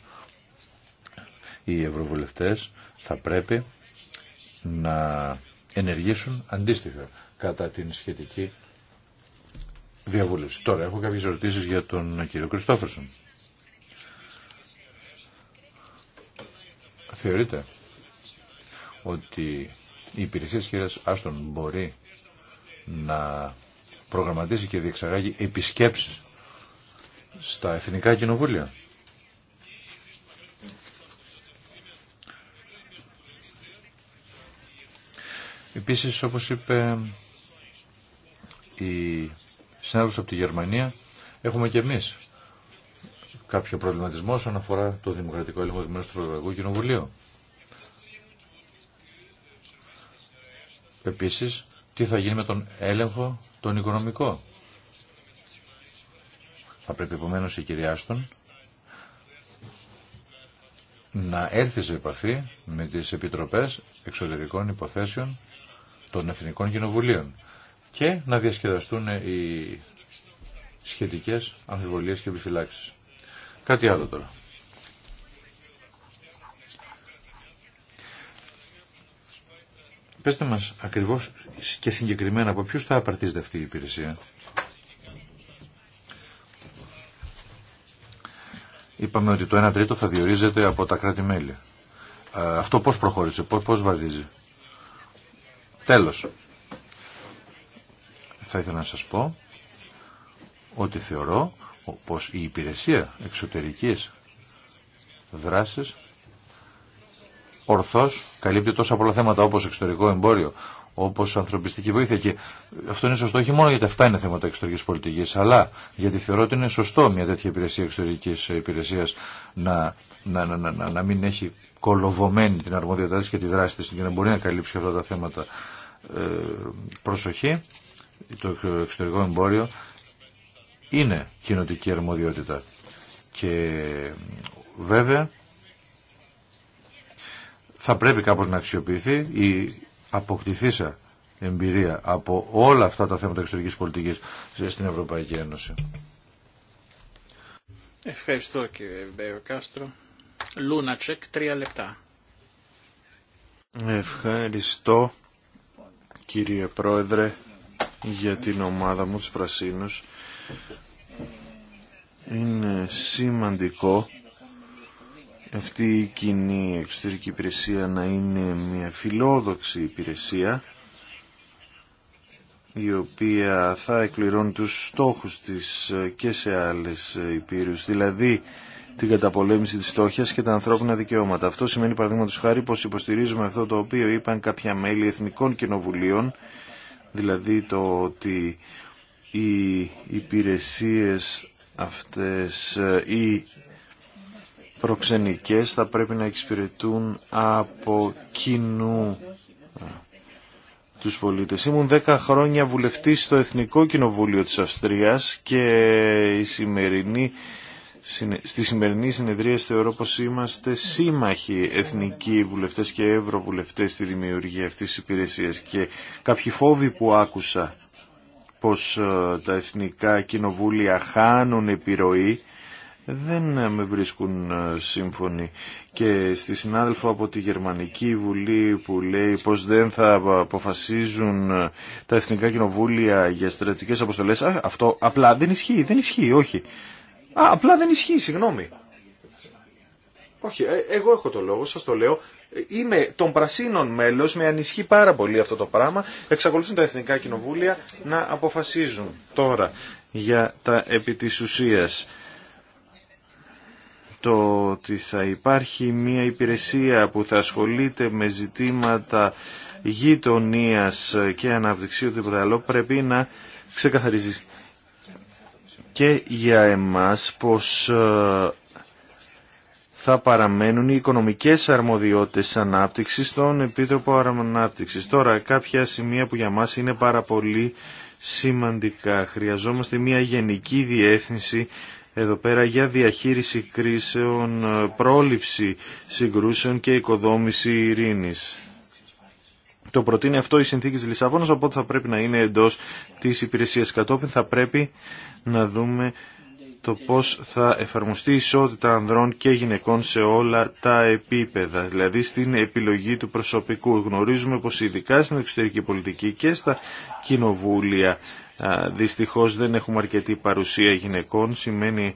Speaker 4: οι ευρωβουλευτές θα πρέπει να ενεργήσουν αντίστοιχα κατά την σχετική διαβούλευση. Τώρα έχω κάποιες ερωτήσεις για τον κύριο Κριστόφερσον. Θεωρείτε ότι η υπηρεσία της κυρίας Άστον μπορεί να προγραμματίσει και διεξαγάγει επισκέψεις στα εθνικά κοινοβούλια. Επίσης, όπως είπε η συνάδελφος από τη Γερμανία, έχουμε και εμείς κάποιο προβληματισμό όσον αφορά το δημοκρατικό έλεγχο του του Ευρωπαϊκού Κοινοβουλίου. Επίσης, τι θα γίνει με τον έλεγχο τον οικονομικό. Θα πρέπει επομένω η κυρία να έρθει σε επαφή με τις επιτροπές εξωτερικών υποθέσεων των Εθνικών Κοινοβουλίων και να διασκεδαστούν οι σχετικές αμφιβολίες και επιφυλάξεις. Κάτι άλλο τώρα. Πεςτε μας ακριβώς και συγκεκριμένα από ποιους θα απαρτίζεται αυτή η υπηρεσία. Είπαμε ότι το 1 τρίτο θα διορίζεται από τα κράτη-μέλη. Αυτό πώς προχώρησε, πώς, πώς βαδίζει. Τέλος. Θα ήθελα να σας πω ότι θεωρώ πως η υπηρεσία εξωτερικής δράσης ορθώς καλύπτει τόσα πολλά θέματα όπως εξωτερικό εμπόριο, όπως ανθρωπιστική βοήθεια και αυτό είναι σωστό όχι μόνο γιατί αυτά είναι θέματα εξωτερικής πολιτικής αλλά γιατί θεωρώ ότι είναι σωστό μια τέτοια υπηρεσία εξωτερικής υπηρεσίας να, να, να, να, να μην έχει κολοβωμένη την αρμοδιότητά της και τη δράση της για να μπορεί να καλύψει αυτά τα θέματα ε, προσοχή το εξωτερικό εμπόριο είναι κοινοτική αρμοδιότητα και βέβαια θα πρέπει κάπως να αξιοποιηθεί η αποκτηθήσα εμπειρία από όλα αυτά τα θέματα εξωτερικής πολιτικής στην Ευρωπαϊκή Ένωση.
Speaker 2: Ευχαριστώ κύριε Μπέο Κάστρο.
Speaker 3: Ευχαριστώ κύριε Πρόεδρε για την ομάδα μου τους Πρασίνους. Είναι σημαντικό αυτή η κοινή εξωτερική υπηρεσία να είναι μια φιλόδοξη υπηρεσία η οποία θα εκπληρώνει τους στόχους της και σε άλλες υπήρους. Δηλαδή την καταπολέμηση της φτώχειας και τα ανθρώπινα δικαιώματα. Αυτό σημαίνει του χάρη πως υποστηρίζουμε αυτό το οποίο είπαν κάποια μέλη εθνικών κοινοβουλίων, δηλαδή το ότι οι υπηρεσίες αυτές ή προξενικές θα πρέπει να εξυπηρετούν από κοινού τους πολίτες. Ήμουν 10 χρόνια βουλευτής στο Εθνικό Κοινοβούλιο της Αυστρίας και η σημερινή στη σημερινή συνεδρία θεωρώ πως είμαστε σύμμαχοι εθνικοί βουλευτές και ευρωβουλευτές στη δημιουργία αυτής της υπηρεσίας και κάποιοι φόβοι που άκουσα πως ε, τα εθνικά κοινοβούλια χάνουν επιρροή δεν ε, με βρίσκουν ε, σύμφωνοι και στη συνάδελφο από τη Γερμανική Βουλή που λέει πως δεν θα αποφασίζουν τα εθνικά κοινοβούλια για στρατικές αποστολές αυτό απλά δεν ισχύει, δεν ισχύει, όχι Α, απλά δεν ισχύει, συγγνώμη. Όχι, ε, εγώ έχω το λόγο, σας το λέω. Είμαι των πρασίνων μέλος, με ανισχύει πάρα πολύ αυτό το πράγμα. Εξακολουθούν τα εθνικά κοινοβούλια να αποφασίζουν τώρα για τα επί Το ότι θα υπάρχει μια υπηρεσία που θα ασχολείται με ζητήματα γειτονίας και αναπτυξίου τίποτα άλλο πρέπει να ξεκαθαρίζει και για εμάς πως ε, θα παραμένουν οι οικονομικές αρμοδιότητες ανάπτυξης στον Επίτροπο Ανάπτυξης. Τώρα κάποια σημεία που για μας είναι πάρα πολύ σημαντικά. Χρειαζόμαστε μια γενική διεύθυνση εδώ πέρα για διαχείριση κρίσεων, ε, πρόληψη συγκρούσεων και οικοδόμηση ειρήνης. Το προτείνει αυτό η συνθήκη της Λισαβόνας, οπότε θα πρέπει να είναι εντός της υπηρεσίας κατόπιν. Θα πρέπει να δούμε το πώς θα εφαρμοστεί η ισότητα ανδρών και γυναικών σε όλα τα επίπεδα, δηλαδή στην επιλογή του προσωπικού. Γνωρίζουμε πως ειδικά στην εξωτερική πολιτική και στα κοινοβούλια δυστυχώς δεν έχουμε αρκετή παρουσία γυναικών, σημαίνει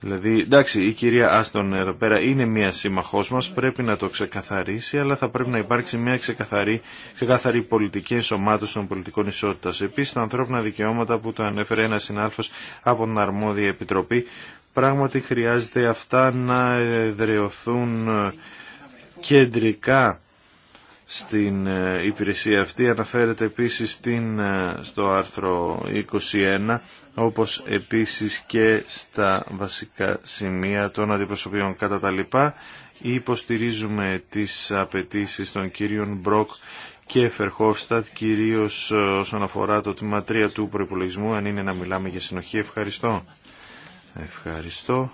Speaker 3: Δηλαδή, εντάξει, η κυρία Άστον εδώ πέρα είναι μία σύμμαχός μας, πρέπει να το ξεκαθαρίσει, αλλά θα πρέπει να υπάρξει μία ξεκαθαρή, ξεκαθαρή πολιτική ενσωμάτωση των πολιτικών ισότητας. Επίσης, τα ανθρώπινα δικαιώματα που το ανέφερε ένα συνάλφος από την αρμόδια επιτροπή, πράγματι χρειάζεται αυτά να εδρεωθούν ε, κεντρικά στην ε, υπηρεσία αυτή. Αναφέρεται επίσης στην, ε, στο άρθρο 21 όπως επίσης και στα βασικά σημεία των αντιπροσωπείων κατά τα λοιπά. Υποστηρίζουμε τις απαιτήσεις των κυρίων Μπροκ και Φερχόφστατ, κυρίως ε, όσον αφορά το τμήμα 3 του προϋπολογισμού, αν είναι να μιλάμε για συνοχή. Ευχαριστώ. Ευχαριστώ.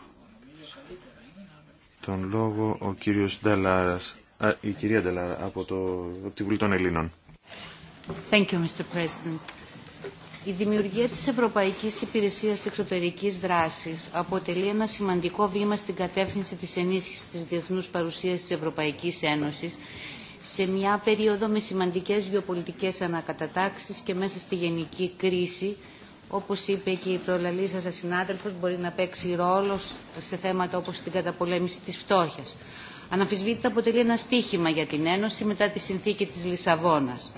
Speaker 3: Τον λόγο ο κύριος Νταλάρας, η κυρία Ντελάρα από, το, τη Βουλή των Ελλήνων.
Speaker 6: Η δημιουργία της Ευρωπαϊκής Υπηρεσίας Εξωτερικής Δράσης αποτελεί ένα σημαντικό βήμα στην κατεύθυνση της ενίσχυσης της διεθνούς παρουσίας της Ευρωπαϊκής Ένωσης σε μια περίοδο με σημαντικές γεωπολιτικές ανακατατάξεις και μέσα στη γενική κρίση, όπως είπε και η προλαλή σας συνάδελφος, μπορεί να παίξει ρόλο σε θέματα όπως την καταπολέμηση της φτώχειας. Αναφυσβήτητα αποτελεί ένα στίχημα για την Ένωση μετά τη συνθήκη της Λισαβόνας.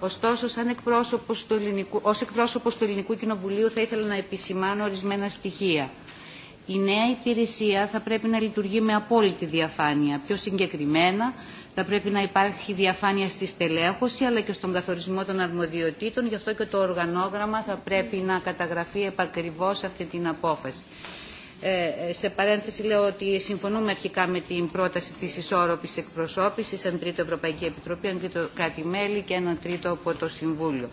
Speaker 6: Ωστόσο, σαν εκπρόσωπος του ελληνικού, ως εκπρόσωπος του Ελληνικού Κοινοβουλίου θα ήθελα να επισημάνω ορισμένα στοιχεία. Η νέα υπηρεσία θα πρέπει να λειτουργεί με απόλυτη διαφάνεια. Πιο συγκεκριμένα, θα πρέπει να υπάρχει διαφάνεια στη στελέχωση αλλά και στον καθορισμό των αρμοδιοτήτων. Γι' αυτό και το οργανόγραμμα θα πρέπει να καταγραφεί επακριβώς αυτή την απόφαση. Ε, ε, σε παρένθεση λέω ότι συμφωνούμε αρχικά με την πρόταση της ισόρροπης εκπροσώπησης, αν τρίτο Ευρωπαϊκή Επιτροπή, αν τρίτο κράτη-μέλη και ένα τρίτο από το Συμβούλιο.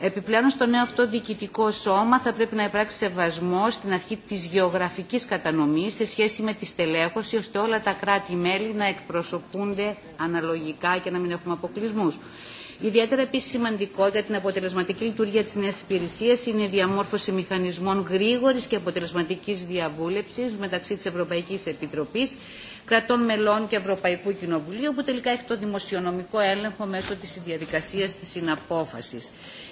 Speaker 6: Επιπλέον στο νέο αυτό διοικητικό σώμα θα πρέπει να υπάρξει σεβασμό στην αρχή της γεωγραφικής κατανομής σε σχέση με τη στελέχωση ώστε όλα τα κράτη-μέλη να εκπροσωπούνται αναλογικά και να μην έχουμε αποκλεισμού. Ιδιαίτερα επίση σημαντικό για την αποτελεσματική λειτουργία τη νέα υπηρεσία είναι η διαμόρφωση μηχανισμών γρήγορη και αποτελεσματική διαβούλευση μεταξύ τη Ευρωπαϊκή Επιτροπή, κρατών μελών και Ευρωπαϊκού Κοινοβουλίου, που τελικά έχει το δημοσιονομικό έλεγχο μέσω τη διαδικασία τη συναπόφαση.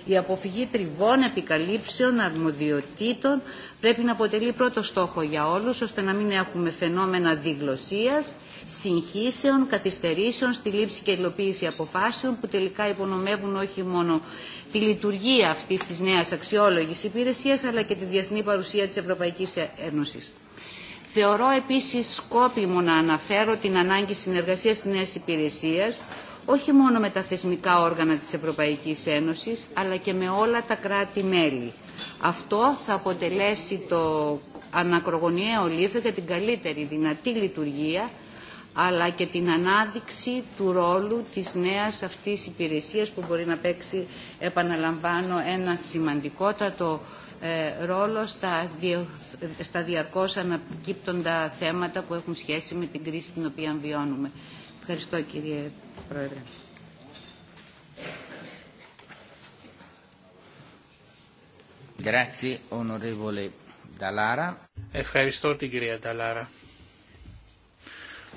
Speaker 6: Η αποφυγή τριβών, επικαλύψεων, αρμοδιοτήτων πρέπει να αποτελεί πρώτο στόχο για όλου, ώστε να μην έχουμε φαινόμενα διγλωσία συγχύσεων, καθυστερήσεων στη λήψη και υλοποίηση αποφάσεων που τελικά υπονομεύουν όχι μόνο τη λειτουργία αυτή τη νέα αξιόλογη υπηρεσίας αλλά και τη διεθνή παρουσία τη Ευρωπαϊκή Ένωση. Θεωρώ επίσης σκόπιμο να αναφέρω την ανάγκη συνεργασία τη νέα Υπηρεσία, όχι μόνο με τα θεσμικά όργανα της Ευρωπαϊκής Ένωσης αλλά και με όλα τα κράτη-μέλη. Αυτό θα αποτελέσει το ανακρογωνιαίο λίθο για την καλύτερη δυνατή λειτουργία αλλά και την ανάδειξη του ρόλου της νέας αυτής υπηρεσίας που μπορεί να παίξει, επαναλαμβάνω, ένα σημαντικότατο ε, ρόλο στα, στα διαρκώς ανακύπτοντα θέματα που έχουν σχέση με την κρίση την οποία βιώνουμε. Ευχαριστώ κύριε Πρόεδρε.
Speaker 2: Ευχαριστώ την κυρία Νταλάρα.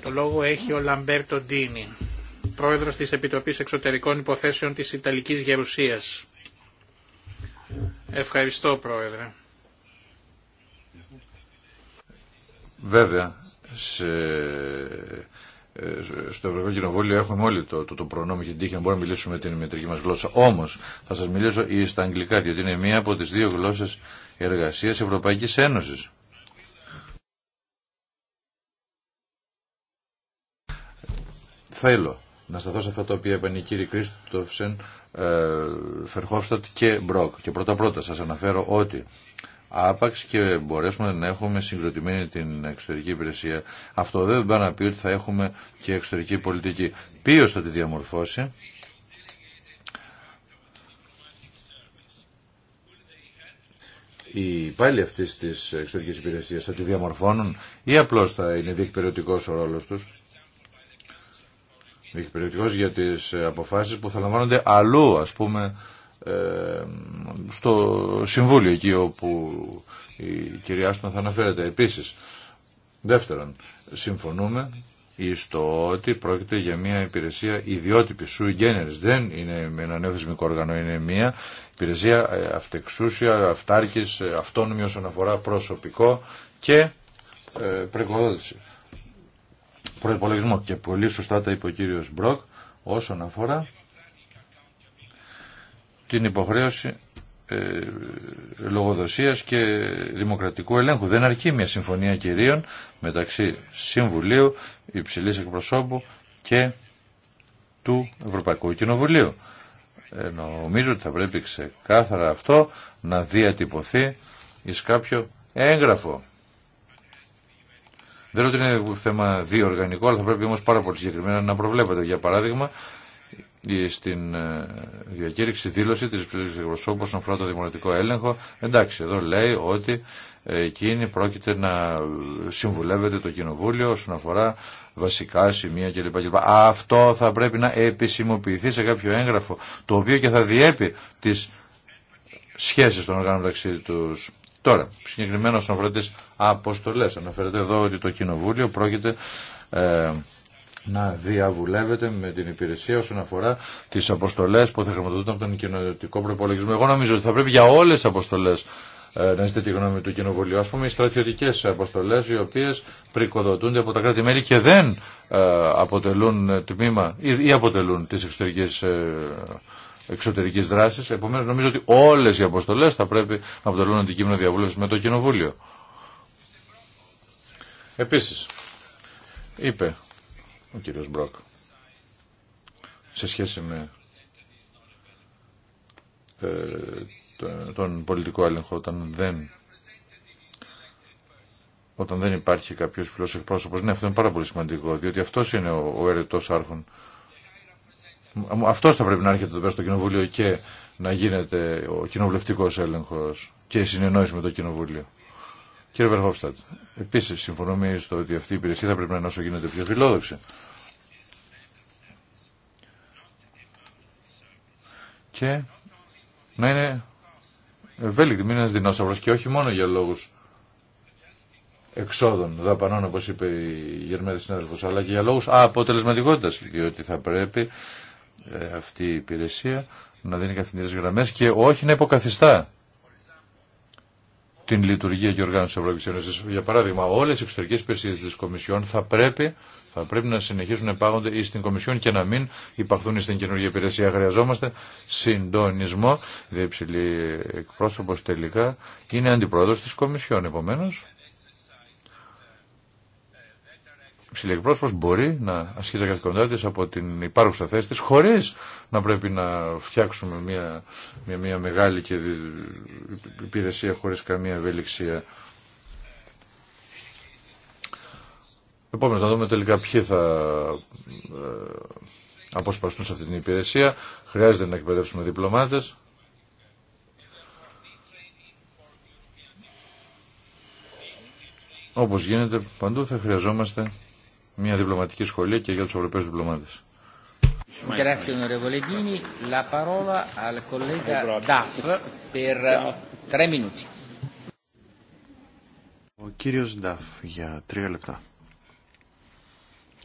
Speaker 2: Το λόγο έχει ο Λαμπέρτο Ντίνι, πρόεδρος της Επιτροπής Εξωτερικών Υποθέσεων της Ιταλικής Γερουσίας. Ευχαριστώ, πρόεδρε.
Speaker 4: Βέβαια, ε, στο Ευρωπαϊκό Κοινοβούλιο έχουμε όλοι το, το, το προνόμιο και την τύχη να μπορούμε να μιλήσουμε με την μετρική μας γλώσσα. Όμως, θα σας μιλήσω στα αγγλικά, διότι είναι μία από τις δύο γλώσσες εργασίας Ευρωπαϊκής Ένωσης. θέλω να σταθώ σε αυτά τα οποία είπαν οι κύριοι Κρίστοφσεν, ε, Φερχόφστατ και Μπροκ. Και πρώτα-πρώτα σας αναφέρω ότι άπαξ και μπορέσουμε να έχουμε συγκροτημένη την εξωτερική υπηρεσία. Αυτό δεν πάει να πει ότι θα έχουμε και εξωτερική πολιτική. Ποιος θα τη διαμορφώσει. οι υπάλληλοι αυτή τη εξωτερική υπηρεσία θα τη διαμορφώνουν ή απλώ θα είναι διεκπαιρεωτικό ο ρόλο του περιπτικός για τις ε, αποφάσεις που θα λαμβάνονται αλλού, ας πούμε, ε, στο Συμβούλιο, εκεί όπου η κυρία Άστον θα αναφέρεται. Επίσης, δεύτερον, συμφωνούμε εις το ότι πρόκειται για μια υπηρεσία ιδιότυπη σου γένερης. Δεν είναι ένα νέο θεσμικό όργανο, είναι μια υπηρεσία ε, αυτεξούσια, αυτάρκης, αυτόνομη όσον αφορά προσωπικό και πρεκοδότηση προπολογισμό. Και πολύ σωστά τα είπε ο κύριο Μπροκ όσον αφορά την υποχρέωση ε, λογοδοσίας και δημοκρατικού ελέγχου. Δεν αρκεί μια συμφωνία κυρίων μεταξύ Συμβουλίου, υψηλή εκπροσώπου και του Ευρωπαϊκού Κοινοβουλίου. Ε, νομίζω ότι θα πρέπει ξεκάθαρα αυτό να διατυπωθεί εις κάποιο έγγραφο. Δεν λέω ότι είναι θέμα διοργανικό, αλλά θα πρέπει όμως πάρα πολύ συγκεκριμένα να προβλέπετε. Για παράδειγμα, στην ε, διακήρυξη δήλωση της ψηφιακής εκπροσώπου όσον αφορά το δημοκρατικό έλεγχο, εντάξει, εδώ λέει ότι ε, εκείνη πρόκειται να συμβουλεύεται το κοινοβούλιο όσον αφορά βασικά σημεία κλπ. Αυτό θα πρέπει να επισημοποιηθεί σε κάποιο έγγραφο, το οποίο και θα διέπει τις σχέσεις των οργάνων μεταξύ Τώρα, συγκεκριμένα όσον αφορά αποστολές. Αναφέρεται εδώ ότι το Κοινοβούλιο πρόκειται ε, να διαβουλεύεται με την υπηρεσία όσον αφορά τις αποστολές που θα χρηματοδοτούν από τον κοινοτικό προπολογισμό. Εγώ νομίζω ότι θα πρέπει για όλες τις αποστολές ε, να είστε τη γνώμη του Κοινοβουλίου. Ας πούμε, οι στρατιωτικέ αποστολέ, οι οποίες πρικοδοτούνται από τα κράτη-μέλη και δεν ε, αποτελούν τμήμα ή, αποτελούν τις εξωτερικές ε, εξωτερική δράση. Επομένω, νομίζω ότι όλε οι αποστολέ θα πρέπει να αποτελούν αντικείμενο διαβούλευση με το Κοινοβούλιο. Επίσης, είπε ο κύριος Μπρόκ, σε σχέση με ε, τον πολιτικό έλεγχο, όταν δεν, όταν δεν υπάρχει κάποιος φιλός εκπρόσωπος, ναι, αυτό είναι πάρα πολύ σημαντικό, διότι αυτός είναι ο, ο αιρετός άρχον. Αυτός θα πρέπει να έρχεται εδώ πέρα στο Κοινοβούλιο και να γίνεται ο κοινοβουλευτικός έλεγχος και η συνεννόηση με το Κοινοβούλιο. Κύριε Βερχόφστατ, επίση συμφωνούμε στο ότι αυτή η υπηρεσία θα πρέπει να είναι όσο γίνεται πιο φιλόδοξη. Και να είναι ευέλικτη, μην είναι ένα και όχι μόνο για λόγου εξόδων δαπανών, όπω είπε η Γερμανία συνάδελφο, αλλά και για λόγου αποτελεσματικότητα. Διότι θα πρέπει ε, αυτή η υπηρεσία να δίνει καθημερινέ γραμμέ και όχι να υποκαθιστά την λειτουργία και οργάνωση τη Ευρωπαϊκή Ένωση. Για παράδειγμα, όλε οι εξωτερικέ υπηρεσίε τη Κομισιόν θα πρέπει, θα πρέπει να συνεχίσουν να υπάγονται ή στην Κομισιόν και να μην υπαχθούν στην καινούργια υπηρεσία. Χρειαζόμαστε συντονισμό. Η εκπρόσωπο τελικά είναι αντιπρόεδρο τη Κομισιόν. Επομένω, ψηλή εκπρόσωπος μπορεί να ασχεί τα καθηκοντά από την υπάρχουσα θέση τη, χωρίς να πρέπει να φτιάξουμε μια, μια, μια μεγάλη και υπηρεσία χωρίς καμία ευελιξία. Επόμενος, να δούμε τελικά ποιοι θα ε, αποσπαστούν σε αυτή την υπηρεσία. Χρειάζεται να εκπαιδεύσουμε διπλωμάτες. Όπως γίνεται παντού θα χρειαζόμαστε μια διπλωματική σχολή και για του Ευρωπαίου διπλωμάτε.
Speaker 3: Ο κύριος Νταφ για τρία λεπτά.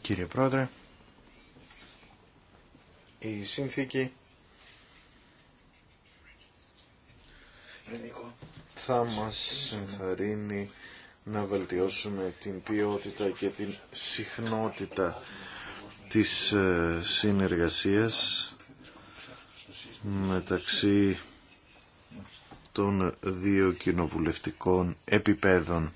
Speaker 3: Κύριε Πρόεδρε, η συνθήκη θα μας ενθαρρύνει να βελτιώσουμε την ποιότητα και την συχνότητα της ε, συνεργασίας μεταξύ των δύο κοινοβουλευτικών επιπέδων.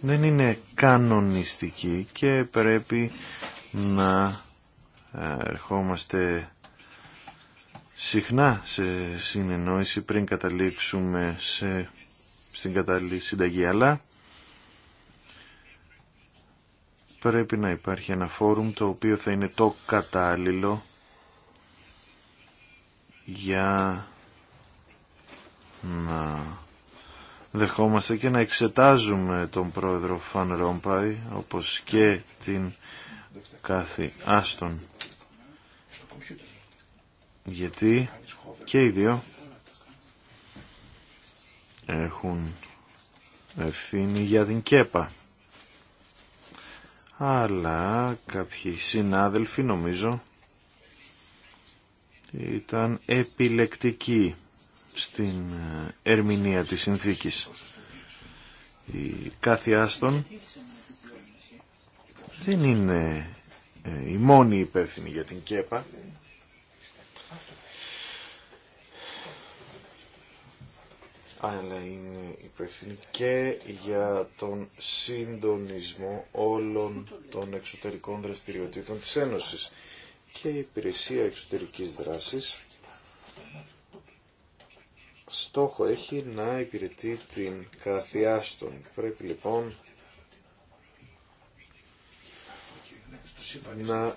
Speaker 3: Δεν είναι κανονιστική και πρέπει να ε, ερχόμαστε συχνά σε συνεννόηση πριν καταλήξουμε σε, στην κατάλληλη συνταγή, αλλά πρέπει να υπάρχει ένα φόρουμ το οποίο θα είναι το κατάλληλο για να δεχόμαστε και να εξετάζουμε τον πρόεδρο Φαν Ρόμπαϊ όπως και την κάθε Άστον γιατί και οι δύο έχουν ευθύνη για την ΚΕΠΑ. Αλλά κάποιοι συνάδελφοι νομίζω ήταν επιλεκτικοί στην ερμηνεία της συνθήκης. Η κάθε άστον δεν είναι ε, η μόνη υπεύθυνη για την ΚΕΠΑ αλλά είναι υπεύθυνη και για τον συντονισμό όλων των εξωτερικών δραστηριοτήτων της Ένωσης και η υπηρεσία εξωτερικής δράσης στόχο έχει να υπηρετεί την καθιάστον. Πρέπει λοιπόν να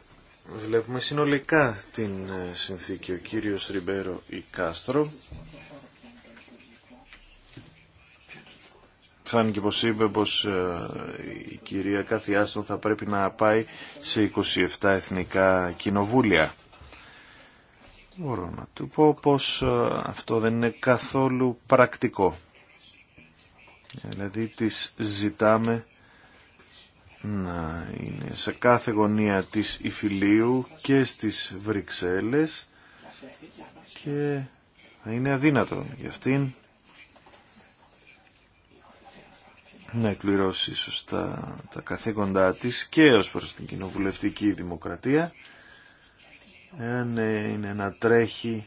Speaker 3: βλέπουμε συνολικά την συνθήκη. Ο κύριος Ριμπέρο Ικάστρο Φάνηκε είπε πως ε, η κυρία Καθιάστον θα πρέπει να πάει σε 27 εθνικά κοινοβούλια. Μπορώ να του πω πως ε, αυτό δεν είναι καθόλου πρακτικό. Δηλαδή τις ζητάμε να είναι σε κάθε γωνία της Ιφιλίου και στις Βρυξέλλες και είναι αδύνατο για αυτήν να εκπληρώσει σωστά τα καθήκοντά της και ως προς την κοινοβουλευτική δημοκρατία εάν ε, είναι να τρέχει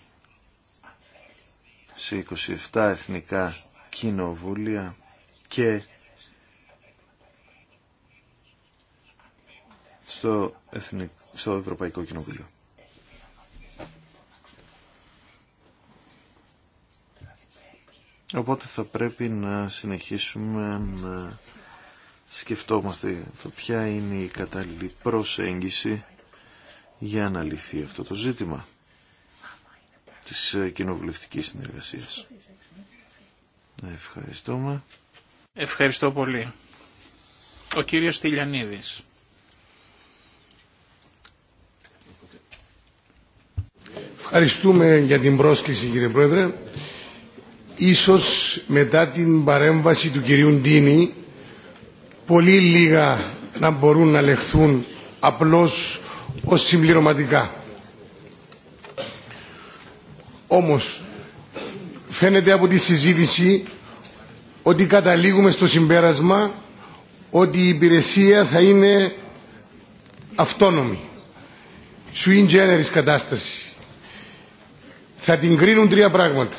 Speaker 3: σε 27 εθνικά κοινοβούλια και στο, Εθνικό, στο Ευρωπαϊκό Κοινοβούλιο. Οπότε θα πρέπει να συνεχίσουμε να σκεφτόμαστε το ποια είναι η κατάλληλη προσέγγιση για να λυθεί αυτό το ζήτημα της κοινοβουλευτικής συνεργασίας. Ευχαριστούμε.
Speaker 2: Ευχαριστώ πολύ. Ο κύριος Τηλιανίδης.
Speaker 7: Ευχαριστούμε για την πρόσκληση κύριε Πρόεδρε. Ίσως μετά την παρέμβαση του κυρίου Ντίνη πολύ λίγα να μπορούν να λεχθούν απλώς ως συμπληρωματικά. Όμως φαίνεται από τη συζήτηση ότι καταλήγουμε στο συμπέρασμα ότι η υπηρεσία θα είναι αυτόνομη, σου generis κατάσταση. Θα την κρίνουν τρία πράγματα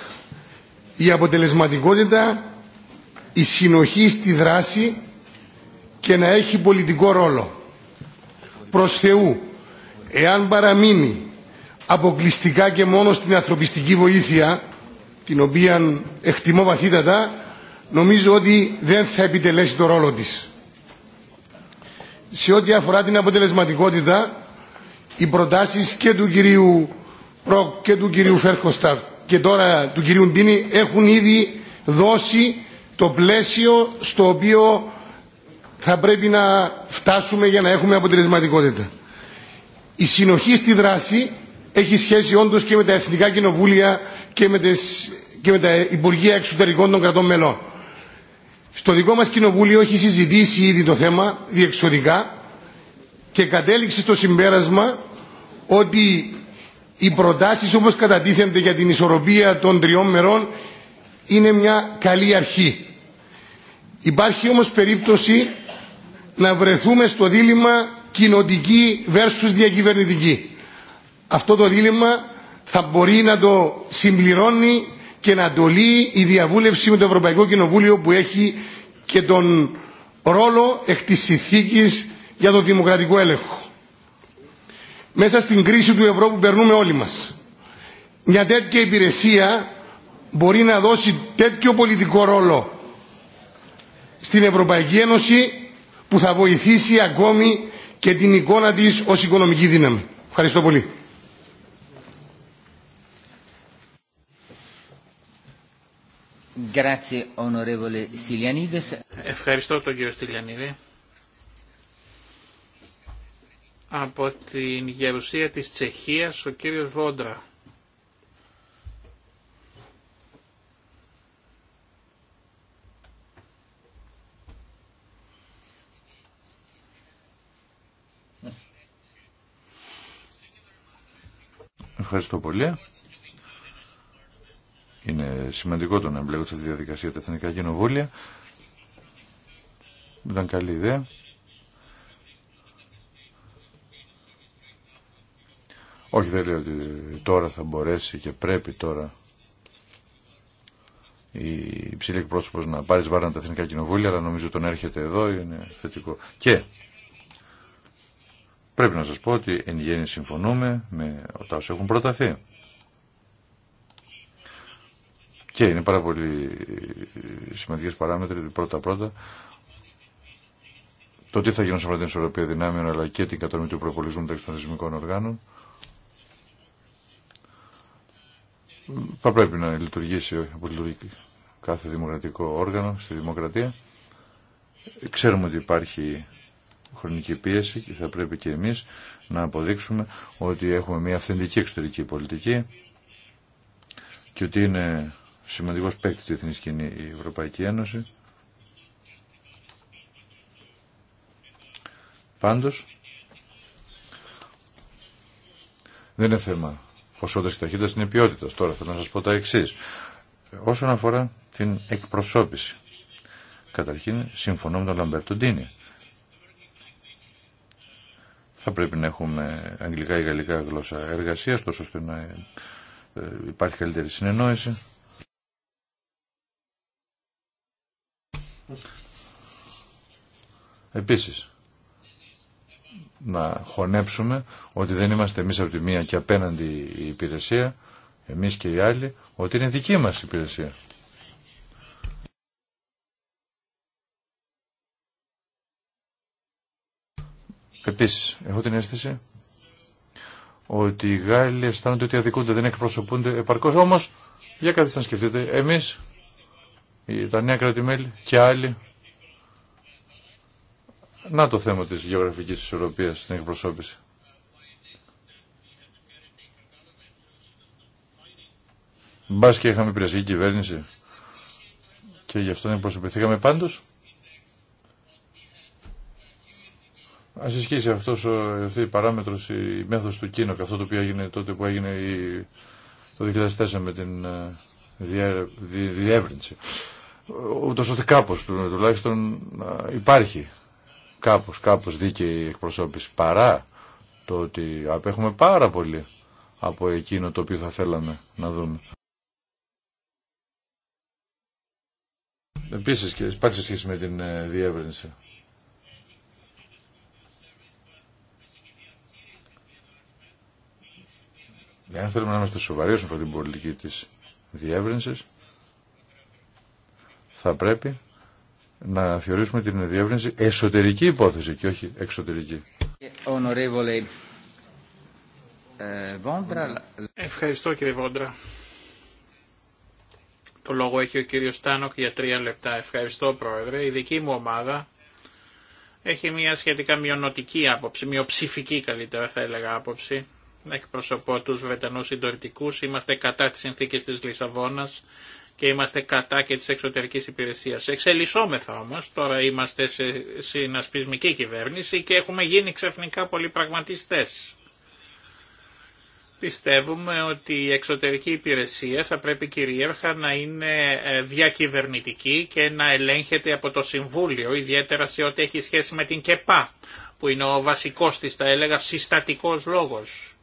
Speaker 7: η αποτελεσματικότητα, η συνοχή στη δράση και να έχει πολιτικό ρόλο. Προς Θεού, εάν παραμείνει αποκλειστικά και μόνο στην ανθρωπιστική βοήθεια, την οποία εκτιμώ βαθύτατα, νομίζω ότι δεν θα επιτελέσει το ρόλο της. Σε ό,τι αφορά την αποτελεσματικότητα, οι προτάσεις και του κυρίου Προκ και του κυρίου Φέρχοσταρτ και τώρα του κυρίου Ντίνη έχουν ήδη δώσει το πλαίσιο στο οποίο θα πρέπει να φτάσουμε για να έχουμε αποτελεσματικότητα. Η συνοχή στη δράση έχει σχέση όντως και με τα εθνικά κοινοβούλια και με, τις, και με τα Υπουργεία Εξωτερικών των κρατών μελών. Στο δικό μας κοινοβούλιο έχει συζητήσει ήδη το θέμα διεξοδικά και κατέληξε στο συμπέρασμα ότι οι προτάσεις όπως κατατίθενται για την ισορροπία των τριών μερών είναι μια καλή αρχή. Υπάρχει όμως περίπτωση να βρεθούμε στο δίλημα κοινοτική versus διακυβερνητική. Αυτό το δίλημα θα μπορεί να το συμπληρώνει και να το λύει η διαβούλευση με το Ευρωπαϊκό Κοινοβούλιο που έχει και τον ρόλο εκ για το δημοκρατικό έλεγχο μέσα στην κρίση του ευρώ που περνούμε όλοι μας. Μια τέτοια υπηρεσία μπορεί να δώσει τέτοιο πολιτικό ρόλο στην Ευρωπαϊκή Ένωση που θα βοηθήσει ακόμη και την εικόνα της ως οικονομική δύναμη. Ευχαριστώ πολύ.
Speaker 2: Ευχαριστώ τον κύριο Στυλιανίδη από την γερουσία της Τσεχίας ο κύριος Βόντρα.
Speaker 4: Ευχαριστώ πολύ. Είναι σημαντικό το να εμπλέγω σε αυτή τη διαδικασία τα εθνικά κοινοβούλια. Ήταν καλή ιδέα. Όχι δεν λέω ότι τώρα θα μπορέσει και πρέπει τώρα η υψηλή εκπρόσωπος να πάρει βάρνα τα εθνικά κοινοβούλια, αλλά νομίζω τον έρχεται εδώ, είναι θετικό. Και πρέπει να σας πω ότι εν γέννη συμφωνούμε με τα όσα έχουν προταθεί. Και είναι πάρα πολύ σημαντικές παράμετροι, πρώτα-πρώτα, το τι θα γίνει σε αυτήν την ισορροπία δυνάμεων, αλλά και την κατανομή του προπολισμού των εξωτερικών οργάνων. θα πρέπει να λειτουργήσει όπως λειτουργεί κάθε δημοκρατικό όργανο στη δημοκρατία. Ξέρουμε ότι υπάρχει χρονική πίεση και θα πρέπει και εμείς να αποδείξουμε ότι έχουμε μια αυθεντική εξωτερική πολιτική και ότι είναι σημαντικός παίκτη τη εθνική Κοινή η Ευρωπαϊκή Ένωση. Πάντως, δεν είναι θέμα ποσότητας και ταχύτητα είναι ποιότητα. Τώρα θέλω να σας πω τα εξή. Όσον αφορά την εκπροσώπηση, καταρχήν συμφωνώ με τον Λαμπέρτο Θα πρέπει να έχουμε αγγλικά ή γαλλικά γλώσσα εργασία, τόσο ώστε να ε, υπάρχει καλύτερη συνεννόηση. Επίσης, να χωνέψουμε ότι δεν είμαστε εμείς από τη μία και απέναντι η υπηρεσία, εμείς και οι άλλοι, ότι είναι δική μας η υπηρεσία. Επίσης, έχω την αίσθηση ότι οι Γάλλοι αισθάνονται ότι αδικούνται, δεν εκπροσωπούνται επαρκώς. Όμως, για κάτι να σκεφτείτε, εμείς, τα νέα κράτη-μέλη και άλλοι, να το θέμα της γεωγραφικής ισορροπίας στην εκπροσώπηση. Μπα και είχαμε πειρασική κυβέρνηση και γι' αυτό δεν προσωπηθήκαμε πάντως. Ας ισχύσει αυτός, αυτή η παράμετρος, η μέθοδος του Κίνοκ, αυτό το οποίο έγινε τότε που έγινε η, το 2004 με την ε, διεύρυνση. Ούτως ώστε κάπως τουλάχιστον ε, υπάρχει κάπως, κάπως δίκαιη εκπροσώπηση παρά το ότι απέχουμε πάρα πολύ από εκείνο το οποίο θα θέλαμε να δούμε. Επίσης και πάλι σχέση με την ε, διεύρυνση. Εάν θέλουμε να είμαστε σοβαροί όσον την πολιτική της διεύρυνσης, θα πρέπει να θεωρήσουμε την διεύρυνση εσωτερική υπόθεση και όχι εξωτερική.
Speaker 1: Ε,
Speaker 2: mm. ε, Ευχαριστώ κύριε Βόντρα. Το λόγο έχει ο κύριος Τάνοκ για τρία λεπτά. Ευχαριστώ πρόεδρε. Η δική μου ομάδα έχει μια σχετικά μειονοτική άποψη, μειοψηφική καλύτερα θα έλεγα άποψη. Εκπροσωπώ τους Βρετανούς συντορητικούς. είμαστε κατά τις συνθήκες της Λισαβόνας και είμαστε κατά και της εξωτερικής υπηρεσίας. Εξελισσόμεθα όμως, τώρα είμαστε σε συνασπισμική κυβέρνηση και έχουμε γίνει ξαφνικά πολυπραγματιστές. Πιστεύουμε ότι η εξωτερική υπηρεσία θα πρέπει κυρίαρχα να είναι ε, διακυβερνητική και να ελέγχεται από το Συμβούλιο, ιδιαίτερα σε ό,τι έχει σχέση με την ΚΕΠΑ, που είναι ο βασικός της, θα έλεγα, συστατικός λόγος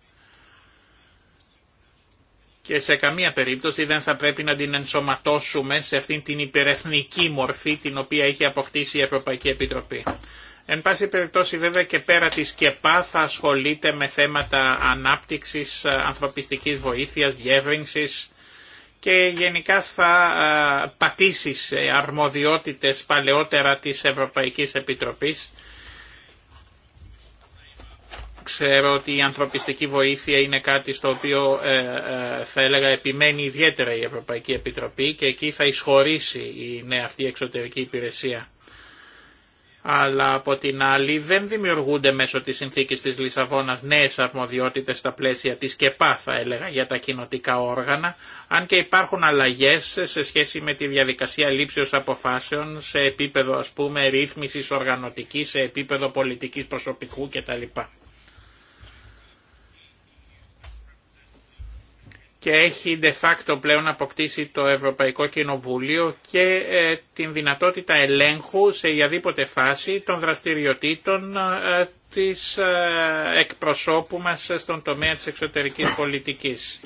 Speaker 2: και σε καμία περίπτωση δεν θα πρέπει να την ενσωματώσουμε σε αυτήν την υπερεθνική μορφή την οποία έχει αποκτήσει η Ευρωπαϊκή Επιτροπή. Εν πάση περιπτώσει βέβαια και πέρα της ΚΕΠΑ θα ασχολείται με θέματα ανάπτυξης, ανθρωπιστικής βοήθειας, διεύρυνσης και γενικά θα πατήσει σε αρμοδιότητες παλαιότερα της Ευρωπαϊκής Επιτροπής Ξέρω ότι η ανθρωπιστική βοήθεια είναι κάτι στο οποίο ε, ε, θα έλεγα επιμένει ιδιαίτερα η Ευρωπαϊκή Επιτροπή και εκεί θα εισχωρήσει η νέα αυτή εξωτερική υπηρεσία. Αλλά από την άλλη δεν δημιουργούνται μέσω της συνθήκης της Λισαβόνας νέες αρμοδιότητες στα πλαίσια της ΚΕΠΑ θα έλεγα για τα κοινοτικά όργανα, αν και υπάρχουν αλλαγές σε σχέση με τη διαδικασία λήψεως αποφάσεων σε επίπεδο ας πούμε ρύθμισης οργανωτικής, σε επίπεδο πολιτικής προσωπικού κτλ. και έχει de facto πλέον αποκτήσει το Ευρωπαϊκό Κοινοβούλιο και ε, την δυνατότητα ελέγχου σε οποιαδήποτε φάση των δραστηριοτήτων ε, της ε, εκπροσώπου μας στον τομέα της εξωτερικής πολιτικής.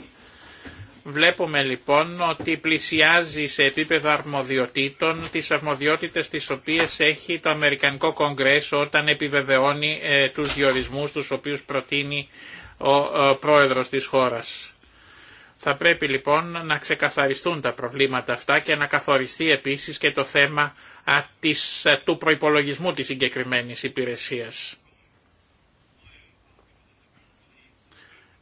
Speaker 2: Βλέπουμε λοιπόν ότι πλησιάζει σε επίπεδο αρμοδιοτήτων τις αρμοδιότητες τις οποίες έχει το Αμερικανικό Κογκρέσο όταν επιβεβαιώνει τους διορισμούς τους οποίους προτείνει ο πρόεδρος της χώρας. Θα πρέπει λοιπόν να ξεκαθαριστούν τα προβλήματα αυτά και να καθοριστεί επίσης και το θέμα του προϋπολογισμού της συγκεκριμένης υπηρεσίας.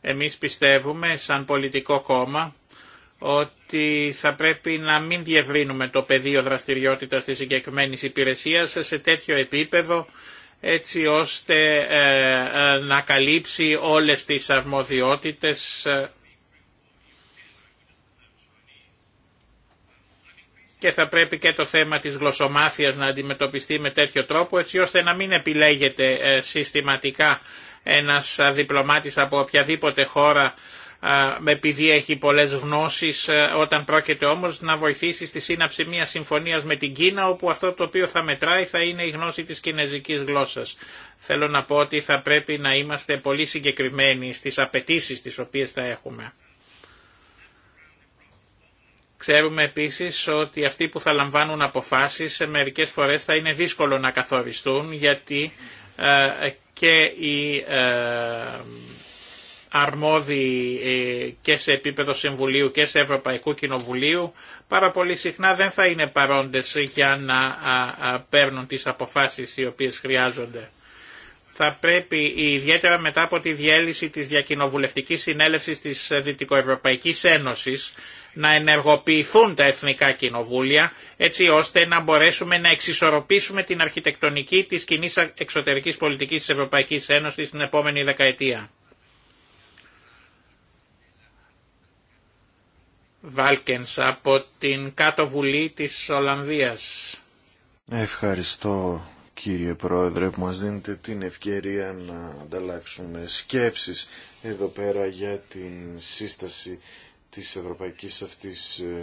Speaker 2: Εμείς πιστεύουμε σαν πολιτικό κόμμα ότι θα πρέπει να μην διευρύνουμε το πεδίο δραστηριότητας της συγκεκριμένης υπηρεσίας σε τέτοιο επίπεδο έτσι ώστε ε, ε, να καλύψει όλες τις αρμοδιότητες ε, και θα πρέπει και το θέμα της γλωσσομάθειας να αντιμετωπιστεί με τέτοιο τρόπο έτσι ώστε να μην επιλέγεται ε, συστηματικά ένας ε, διπλωμάτης από οποιαδήποτε χώρα ε, επειδή έχει πολλές γνώσεις όταν πρόκειται όμως να βοηθήσει στη σύναψη μιας συμφωνίας με την Κίνα όπου αυτό το οποίο θα μετράει θα είναι η γνώση της κινέζικης γλώσσας. Θέλω να πω ότι θα πρέπει να είμαστε πολύ συγκεκριμένοι στις απαιτήσει τις οποίες θα έχουμε. Ξέρουμε επίσης ότι αυτοί που θα λαμβάνουν αποφάσεις μερικές φορές θα είναι δύσκολο να καθοριστούν γιατί ε, και οι ε, αρμόδιοι ε, και σε επίπεδο Συμβουλίου και σε Ευρωπαϊκού Κοινοβουλίου πάρα πολύ συχνά δεν θα είναι παρόντες για να παίρνουν τις αποφάσεις οι οποίες χρειάζονται. Θα πρέπει ιδιαίτερα μετά από τη διέλυση της διακοινοβουλευτικής συνέλευσης της Δυτικοευρωπαϊκής Ένωσης να ενεργοποιηθούν τα εθνικά κοινοβούλια έτσι ώστε να μπορέσουμε να εξισορροπήσουμε την αρχιτεκτονική της κοινή εξωτερικής πολιτικής της Ευρωπαϊκής Ένωσης την επόμενη δεκαετία. Βάλκενς από την κάτω βουλή της Ολλανδίας.
Speaker 3: Ευχαριστώ κύριε Πρόεδρε που μας δίνετε την ευκαιρία να ανταλλάξουμε σκέψεις εδώ πέρα για την σύσταση της ευρωπαϊκής αυτής ε,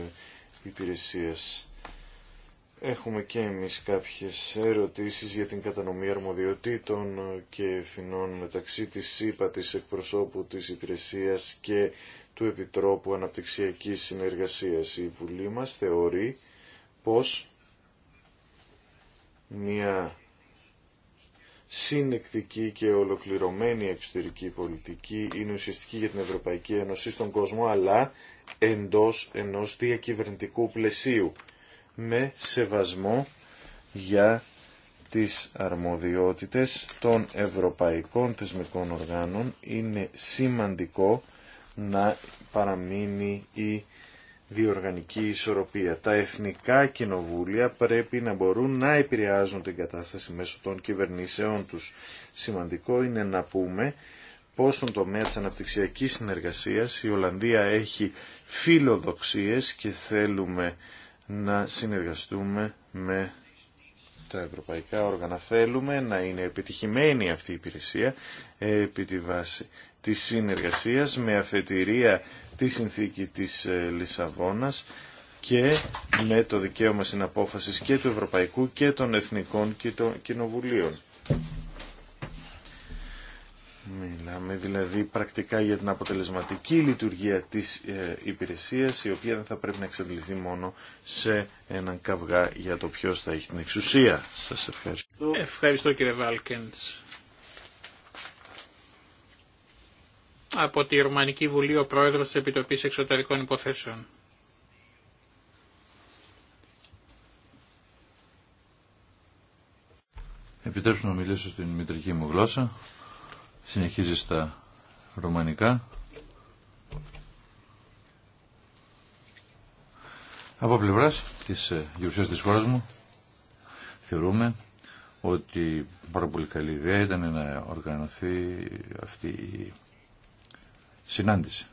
Speaker 3: υπηρεσίας. Έχουμε και εμείς κάποιες ερωτήσεις για την κατανομή αρμοδιοτήτων και ευθυνών μεταξύ της ΣΥΠΑ, της εκπροσώπου της υπηρεσίας και του Επιτρόπου Αναπτυξιακής Συνεργασίας. Η Βουλή μας θεωρεί πως μια συνεκτική και ολοκληρωμένη εξωτερική πολιτική είναι ουσιαστική για την Ευρωπαϊκή Ένωση στον κόσμο, αλλά εντός ενός διακυβερνητικού πλαισίου, με σεβασμό για τις αρμοδιότητες των ευρωπαϊκών θεσμικών οργάνων. Είναι σημαντικό να παραμείνει η διοργανική ισορροπία. Τα εθνικά κοινοβούλια πρέπει να μπορούν να επηρεάζουν την κατάσταση μέσω των κυβερνήσεών τους. Σημαντικό είναι να πούμε πως στον τομέα της αναπτυξιακής συνεργασίας η Ολλανδία έχει φιλοδοξίες και θέλουμε να συνεργαστούμε με τα ευρωπαϊκά όργανα. Θέλουμε να είναι επιτυχημένη αυτή η υπηρεσία επί τη βάση της συνεργασίας με αφετηρία τη συνθήκη της ε, Λισαβόνας και με το δικαίωμα συναπόφασης και του Ευρωπαϊκού και των Εθνικών και των Κοινοβουλίων. Μιλάμε δηλαδή πρακτικά για την αποτελεσματική λειτουργία της ε, υπηρεσίας η οποία δεν θα πρέπει να εξαντληθεί μόνο σε έναν καυγά για το ποιος θα έχει την εξουσία. Σας ευχαριστώ.
Speaker 2: Ευχαριστώ κύριε Βάλκεντς. από τη Ρουμανική Βουλή ο πρόεδρος της Επιτροπής Εξωτερικών Υποθέσεων.
Speaker 4: Επιτρέψτε να μιλήσω στην μητρική μου γλώσσα. Συνεχίζει στα ρουμανικά. Από πλευράς της ε, γερουσίας τη χώρα μου θεωρούμε ότι πάρα πολύ καλή ιδέα ήταν να οργανωθεί αυτή η συνάντηση.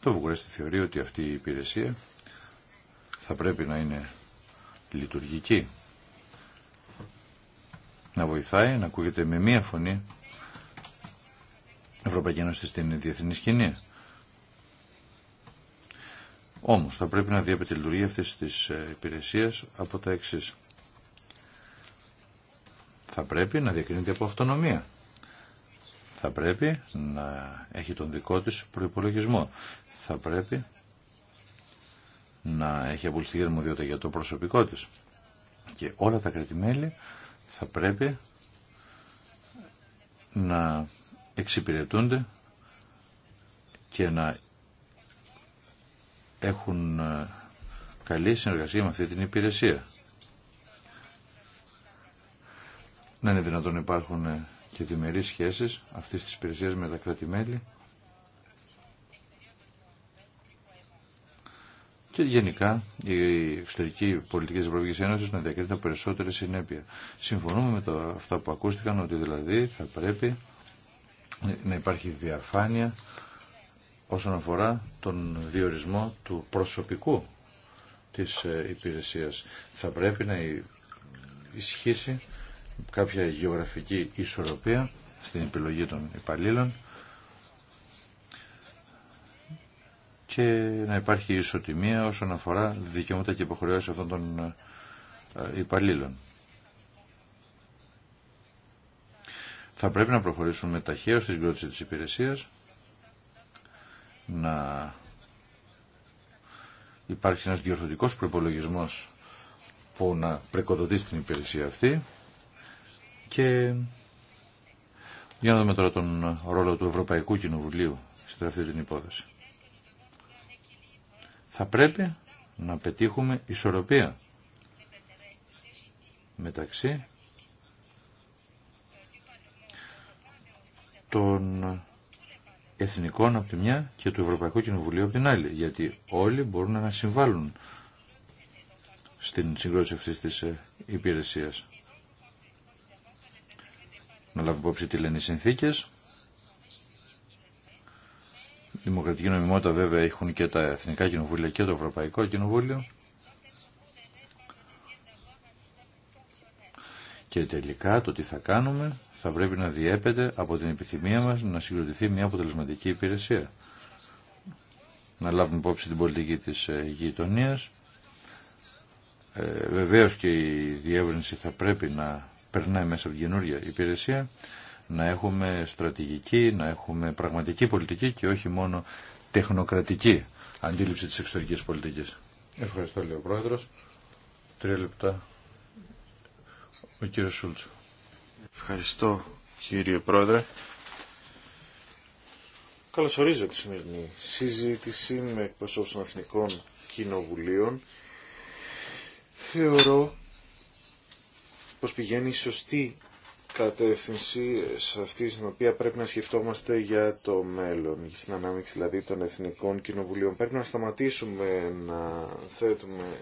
Speaker 4: Το Βουγουρέστη θεωρεί ότι αυτή η υπηρεσία θα πρέπει να είναι λειτουργική. Να βοηθάει, να ακούγεται με μία φωνή Ευρωπαϊκή Ένωση στην διεθνή σκηνή. Όμως θα πρέπει να διέπεται η λειτουργία αυτής της ε, υπηρεσίας από τα εξή. Θα πρέπει να διακρίνεται από αυτονομία θα πρέπει να έχει τον δικό της προϋπολογισμό. Θα πρέπει να έχει απολυστική αρμοδιότητα για το προσωπικό της. Και όλα τα κρατημέλη θα πρέπει να εξυπηρετούνται και να έχουν ε, καλή συνεργασία με αυτή την υπηρεσία. Να είναι δυνατόν να υπάρχουν ε, και διμερείς σχέσεις αυτής της υπηρεσία με τα κράτη-μέλη και γενικά η εξωτερική πολιτική της Ευρωπαϊκής Ένωσης να διακρίνεται περισσότερη συνέπεια. Συμφωνούμε με το, αυτά που ακούστηκαν ότι δηλαδή θα πρέπει να υπάρχει διαφάνεια όσον αφορά τον διορισμό του προσωπικού της ε, υπηρεσίας. Θα πρέπει να ισχύσει κάποια γεωγραφική ισορροπία στην επιλογή των υπαλλήλων και να υπάρχει ισοτιμία όσον αφορά δικαιώματα και υποχρεώσεις αυτών των ε, υπαλλήλων. Θα πρέπει να προχωρήσουμε ταχαίως στην συγκρότηση της υπηρεσίας, να υπάρχει ένας διορθωτικός προπολογισμός που να πρεκοδοτεί στην υπηρεσία αυτή και για να δούμε τώρα τον ρόλο του Ευρωπαϊκού Κοινοβουλίου σε αυτή την υπόθεση. Θα πρέπει να πετύχουμε ισορροπία μεταξύ των εθνικών από τη μια και του Ευρωπαϊκού Κοινοβουλίου από την άλλη. Γιατί όλοι μπορούν να συμβάλλουν στην συγκρότηση αυτής της ε, υπηρεσίας να λάβει υπόψη τι λένε οι συνθήκε. Δημοκρατική νομιμότητα βέβαια έχουν και τα Εθνικά Κοινοβούλια και το Ευρωπαϊκό Κοινοβούλιο. Και τελικά το τι θα κάνουμε θα πρέπει να διέπεται από την επιθυμία μας να συγκροτηθεί μια αποτελεσματική υπηρεσία. Να λάβουμε υπόψη την πολιτική της ε, γειτονίας. Ε, βεβαίως και η διεύρυνση θα πρέπει να περνάει μέσα από την καινούργια υπηρεσία, να έχουμε στρατηγική, να έχουμε πραγματική πολιτική και όχι μόνο τεχνοκρατική αντίληψη της εξωτερικής πολιτικής. Ευχαριστώ, λέει ο Πρόεδρος. Τρία λεπτά. Ο κύριος Σούλτσο. Ευχαριστώ, κύριε Πρόεδρε.
Speaker 3: Καλωσορίζω τη σημερινή συζήτηση με εκπροσώπους των Εθνικών Κοινοβουλίων. Θεωρώ πως πηγαίνει η σωστή κατεύθυνση σε αυτή στην οποία πρέπει να σκεφτόμαστε για το μέλλον, στην ανάμειξη δηλαδή των εθνικών κοινοβουλίων. Πρέπει να σταματήσουμε να θέτουμε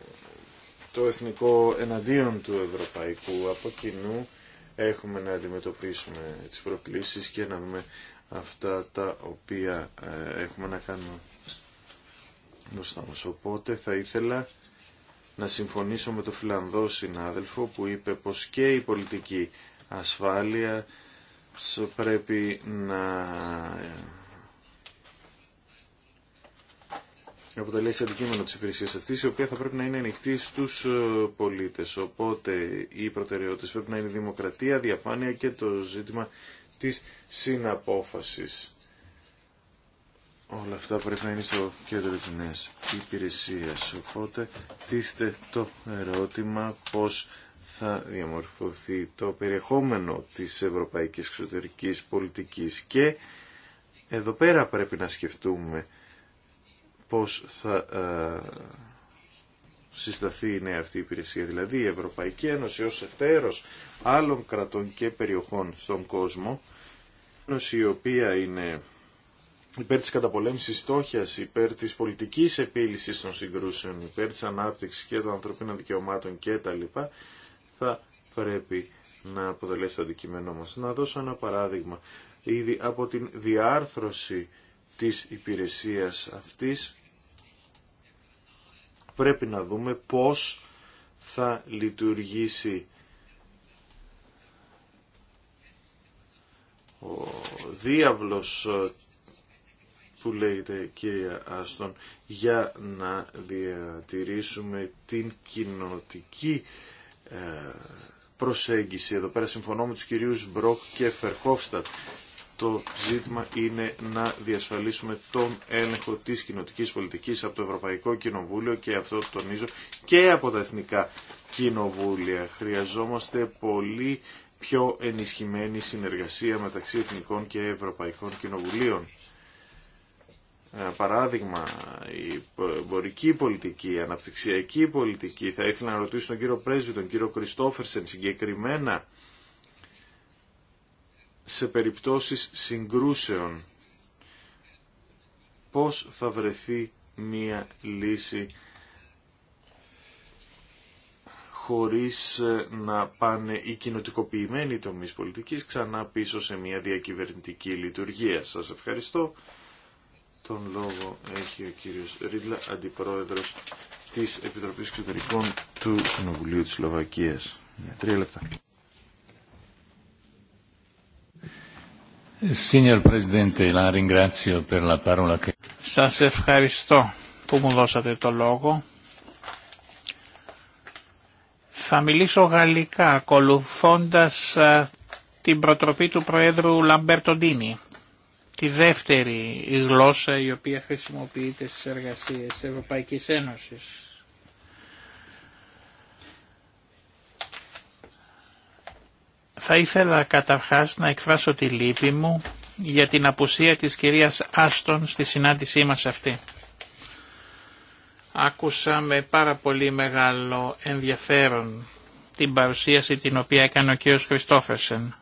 Speaker 3: το εθνικό εναντίον του ευρωπαϊκού. Από κοινού έχουμε να αντιμετωπίσουμε τις προκλήσεις και να δούμε αυτά τα οποία ε, έχουμε να κάνουμε Οπότε θα ήθελα να συμφωνήσω με τον Φιλανδό συνάδελφο που είπε πως και η πολιτική ασφάλεια πρέπει ε, να αποτελέσει αντικείμενο της υπηρεσία αυτής, η οποία θα πρέπει να είναι ανοιχτή στους ε, πολίτες. Οπότε οι προτεραιότητες πρέπει να είναι η δημοκρατία, διαφάνεια και το ζήτημα της συναπόφασης όλα αυτά πρέπει να είναι στο κέντρο της νέας υπηρεσίας. Οπότε τίθεται το ερώτημα πώς θα διαμορφωθεί το περιεχόμενο της ευρωπαϊκής εξωτερικής πολιτικής και εδώ πέρα πρέπει να σκεφτούμε πώς θα ε, συσταθεί η νέα αυτή υπηρεσία. Δηλαδή η Ευρωπαϊκή Ένωση ως εταίρος άλλων κρατών και περιοχών στον κόσμο, η οποία είναι υπέρ της καταπολέμησης στόχιας, υπέρ της πολιτικής επίλυσης των συγκρούσεων, υπέρ της ανάπτυξης και των ανθρωπίνων δικαιωμάτων κτλ. θα πρέπει να αποτελέσει το αντικείμενό μας. Να δώσω ένα παράδειγμα. Ήδη από την διάρθρωση της υπηρεσίας αυτής πρέπει να δούμε πώς θα λειτουργήσει ο διάβλος που λέγεται κυρία Άστον για να διατηρήσουμε την κοινοτική ε, προσέγγιση. Εδώ πέρα συμφωνώ με τους κυρίους Μπροκ και Φερχόφστατ. Το ζήτημα είναι να διασφαλίσουμε τον έλεγχο της κοινοτικής πολιτικής από το Ευρωπαϊκό Κοινοβούλιο και αυτό το τονίζω και από τα Εθνικά Κοινοβούλια. Χρειαζόμαστε πολύ πιο ενισχυμένη συνεργασία μεταξύ Εθνικών και Ευρωπαϊκών Κοινοβουλίων παράδειγμα η εμπορική πολιτική, η αναπτυξιακή πολιτική. Θα ήθελα να ρωτήσω τον κύριο Πρέσβη, τον κύριο Κριστόφερσεν συγκεκριμένα σε περιπτώσεις συγκρούσεων πώς θα βρεθεί μία λύση χωρίς να πάνε οι κοινοτικοποιημένοι τομείς πολιτικής ξανά πίσω σε μια διακυβερνητική λειτουργία. Σας ευχαριστώ. Τον λόγο έχει ο κύριος Ρίτλα, αντιπρόεδρος της Επιτροπής Εξωτερικών του Κοινοβουλίου της Σλοβακίας. Για ναι, τρία λεπτά.
Speaker 2: Σας ευχαριστώ που μου δώσατε το λόγο. Θα μιλήσω γαλλικά ακολουθώντας ε, την προτροπή του Προέδρου Λαμπέρτοντίνη τη δεύτερη γλώσσα η οποία χρησιμοποιείται στις εργασίες της Ευρωπαϊκής Ένωσης. Θα ήθελα καταρχάς να εκφράσω τη λύπη μου για την απουσία της κυρίας Άστον στη συνάντησή μας αυτή. Άκουσα με πάρα πολύ μεγάλο ενδιαφέρον την παρουσίαση την οποία έκανε ο κύριος Χριστόφερσεν.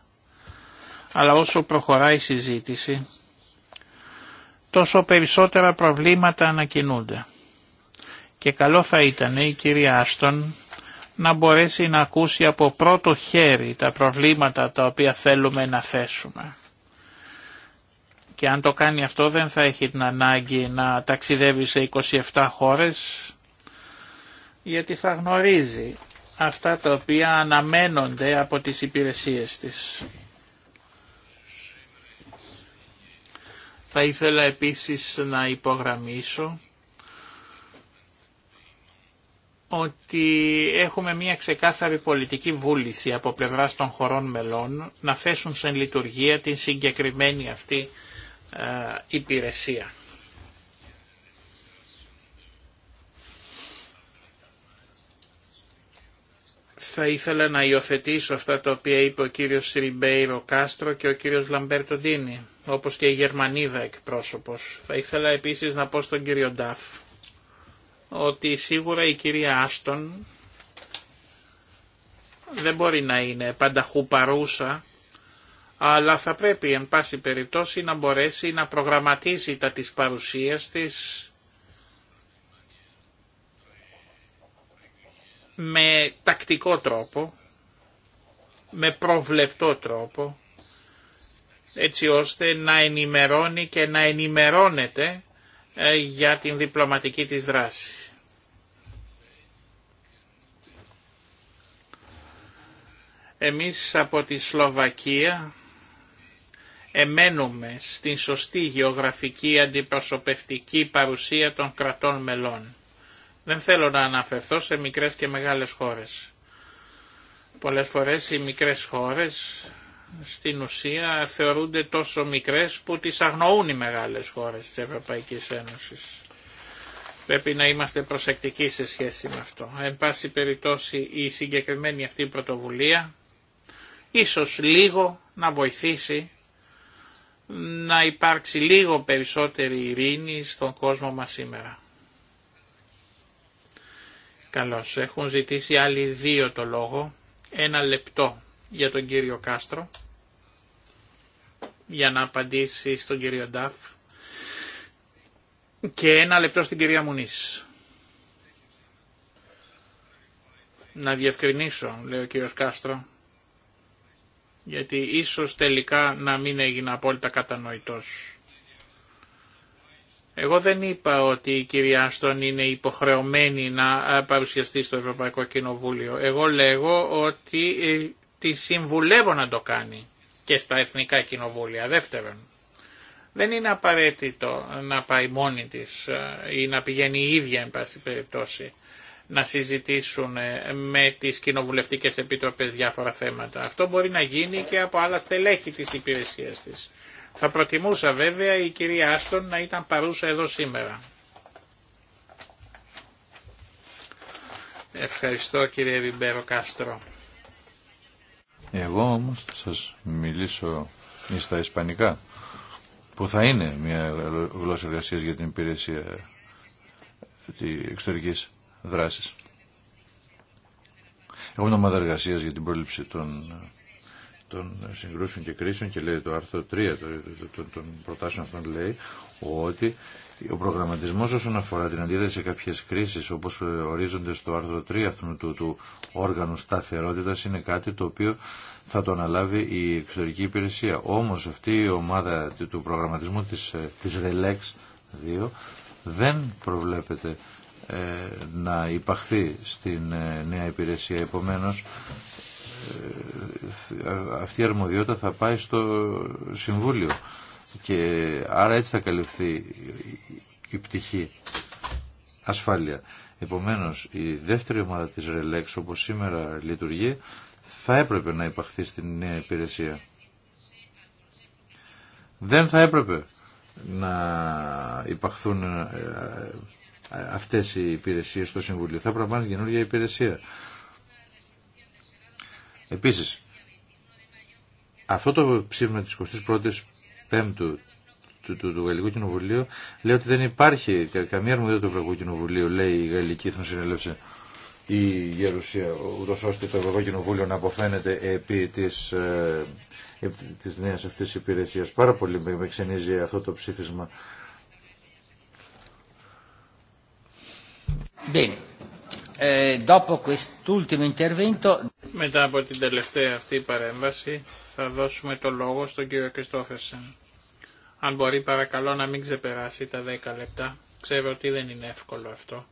Speaker 2: Αλλά όσο προχωράει η συζήτηση, τόσο περισσότερα προβλήματα ανακοινούνται. Και καλό θα ήταν η κυρία Άστον να μπορέσει να ακούσει από πρώτο χέρι τα προβλήματα τα οποία θέλουμε να θέσουμε. Και αν το κάνει αυτό δεν θα έχει την ανάγκη να ταξιδεύει σε 27 χώρες, γιατί θα γνωρίζει αυτά τα οποία αναμένονται από τις υπηρεσίες της. Θα ήθελα επίσης να υπογραμμίσω ότι έχουμε μια ξεκάθαρη πολιτική βούληση από πλευράς των χωρών μελών να θέσουν σε λειτουργία την συγκεκριμένη αυτή ε, υπηρεσία. θα ήθελα να υιοθετήσω αυτά τα οποία είπε ο κύριος Σιριμπέιρο Κάστρο και ο κύριος Λαμπέρτο όπως και η Γερμανίδα εκπρόσωπος. Θα ήθελα επίσης να πω στον κύριο Νταφ ότι σίγουρα η κυρία Άστον δεν μπορεί να είναι πανταχού παρούσα, αλλά θα πρέπει εν πάση περιπτώσει να μπορέσει να προγραμματίσει τα της παρουσίας της με τακτικό τρόπο, με προβλεπτό τρόπο, έτσι ώστε να ενημερώνει και να ενημερώνεται ε, για την διπλωματική της δράση. Εμείς από τη Σλοβακία εμένουμε στην σωστή γεωγραφική αντιπροσωπευτική παρουσία των κρατών μελών. Δεν θέλω να αναφερθώ σε μικρές και μεγάλες χώρες. Πολλές φορές οι μικρές χώρες στην ουσία θεωρούνται τόσο μικρές που τις αγνοούν οι μεγάλες χώρες της Ευρωπαϊκής Ένωσης. Πρέπει να είμαστε προσεκτικοί σε σχέση με αυτό. Εν πάση περιπτώσει η συγκεκριμένη αυτή πρωτοβουλία ίσως λίγο να βοηθήσει να υπάρξει λίγο περισσότερη ειρήνη στον κόσμο μας σήμερα. Καλώς. Έχουν ζητήσει άλλοι δύο το λόγο. Ένα λεπτό για τον κύριο Κάστρο για να απαντήσει στον κύριο Νταφ και ένα λεπτό στην κυρία Μουνής. Να διευκρινίσω, λέει ο κύριος Κάστρο, γιατί ίσως τελικά να μην έγινε απόλυτα κατανοητός. Εγώ δεν είπα ότι η κυρία Άστον είναι υποχρεωμένη να ε, παρουσιαστεί στο Ευρωπαϊκό Κοινοβούλιο. Εγώ λέγω ότι ε, τη συμβουλεύω να το κάνει και στα εθνικά κοινοβούλια. Δεύτερον, δεν είναι απαραίτητο να πάει μόνη της ε, ή να πηγαίνει η ίδια, εν πάση περιπτώσει, να συζητήσουν ε, με τις κοινοβουλευτικές επιτροπές διάφορα θέματα. Αυτό μπορεί να γίνει και από άλλα στελέχη της υπηρεσίας της. Θα προτιμούσα βέβαια η κυρία Άστον να ήταν παρούσα εδώ σήμερα. Ευχαριστώ κύριε Βιμπέρο Κάστρο.
Speaker 4: Εγώ όμως θα σας μιλήσω στα ισπανικά, που θα είναι μια γλώσσα εργασία για την υπηρεσία τη εξωτερική δράση. Εγώ μια ομάδα εργασία για την πρόληψη των, των συγκρούσεων και κρίσεων και λέει το άρθρο 3 των προτάσεων αυτών λέει ότι ο προγραμματισμός όσον αφορά την αντίδραση σε κάποιες κρίσεις όπως ε, ορίζονται στο άρθρο 3 αυτού του, του όργανου σταθερότητας είναι κάτι το οποίο θα το αναλάβει η εξωτερική υπηρεσία. Όμως αυτή η ομάδα του προγραμματισμού της, ε, της RELEX 2 δεν προβλέπεται ε, να υπαχθεί στην νέα υπηρεσία. Επομένως ε, αυτή η αρμοδιότητα θα πάει στο Συμβούλιο και άρα έτσι θα καλυφθεί η πτυχή ασφάλεια. Επομένως, η δεύτερη ομάδα της Relax, όπως σήμερα λειτουργεί, θα έπρεπε να υπαχθεί στην νέα υπηρεσία. Δεν θα έπρεπε να υπαχθούν ε, ε, αυτές οι υπηρεσίες στο Συμβουλίο. Θα έπρεπε να καινούργια υπηρεσία. Επίσης, αυτό το ψήφισμα της 21ης πέμπτου του, του, του Γαλλικού Κοινοβουλίου λέει ότι δεν υπάρχει καμία αρμοδιότητα του Ευρωπαϊκού Κοινοβουλίου, λέει η Γαλλική Εθνοσυνέλευση η Γερουσία, ούτω ώστε το Ευρωπαϊκό Κοινοβούλιο να αποφαίνεται επί τη ε, της νέα αυτή υπηρεσία. Πάρα πολύ με ξενίζει αυτό το ψήφισμα.
Speaker 1: Bene.
Speaker 2: Ε, Μετά από την τελευταία αυτή παρέμβαση θα δώσουμε το λόγο στον κύριο Κριστόφερσεν. Αν μπορεί παρακαλώ να μην ξεπεράσει τα 10 λεπτά. Ξέρω ότι δεν είναι εύκολο αυτό.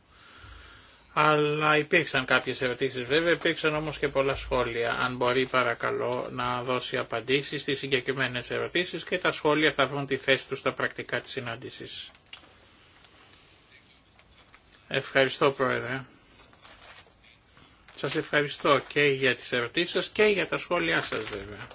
Speaker 2: Αλλά υπήρξαν κάποιες ερωτήσεις βέβαια, υπήρξαν όμως και πολλά σχόλια. Αν μπορεί παρακαλώ να δώσει απαντήσεις στις συγκεκριμένες ερωτήσεις και τα σχόλια θα βρουν τη θέση τους στα πρακτικά της συνάντησης. Ευχαριστώ Πρόεδρε. Σας ευχαριστώ και για τις ερωτήσεις σας και για τα σχόλιά σας βέβαια.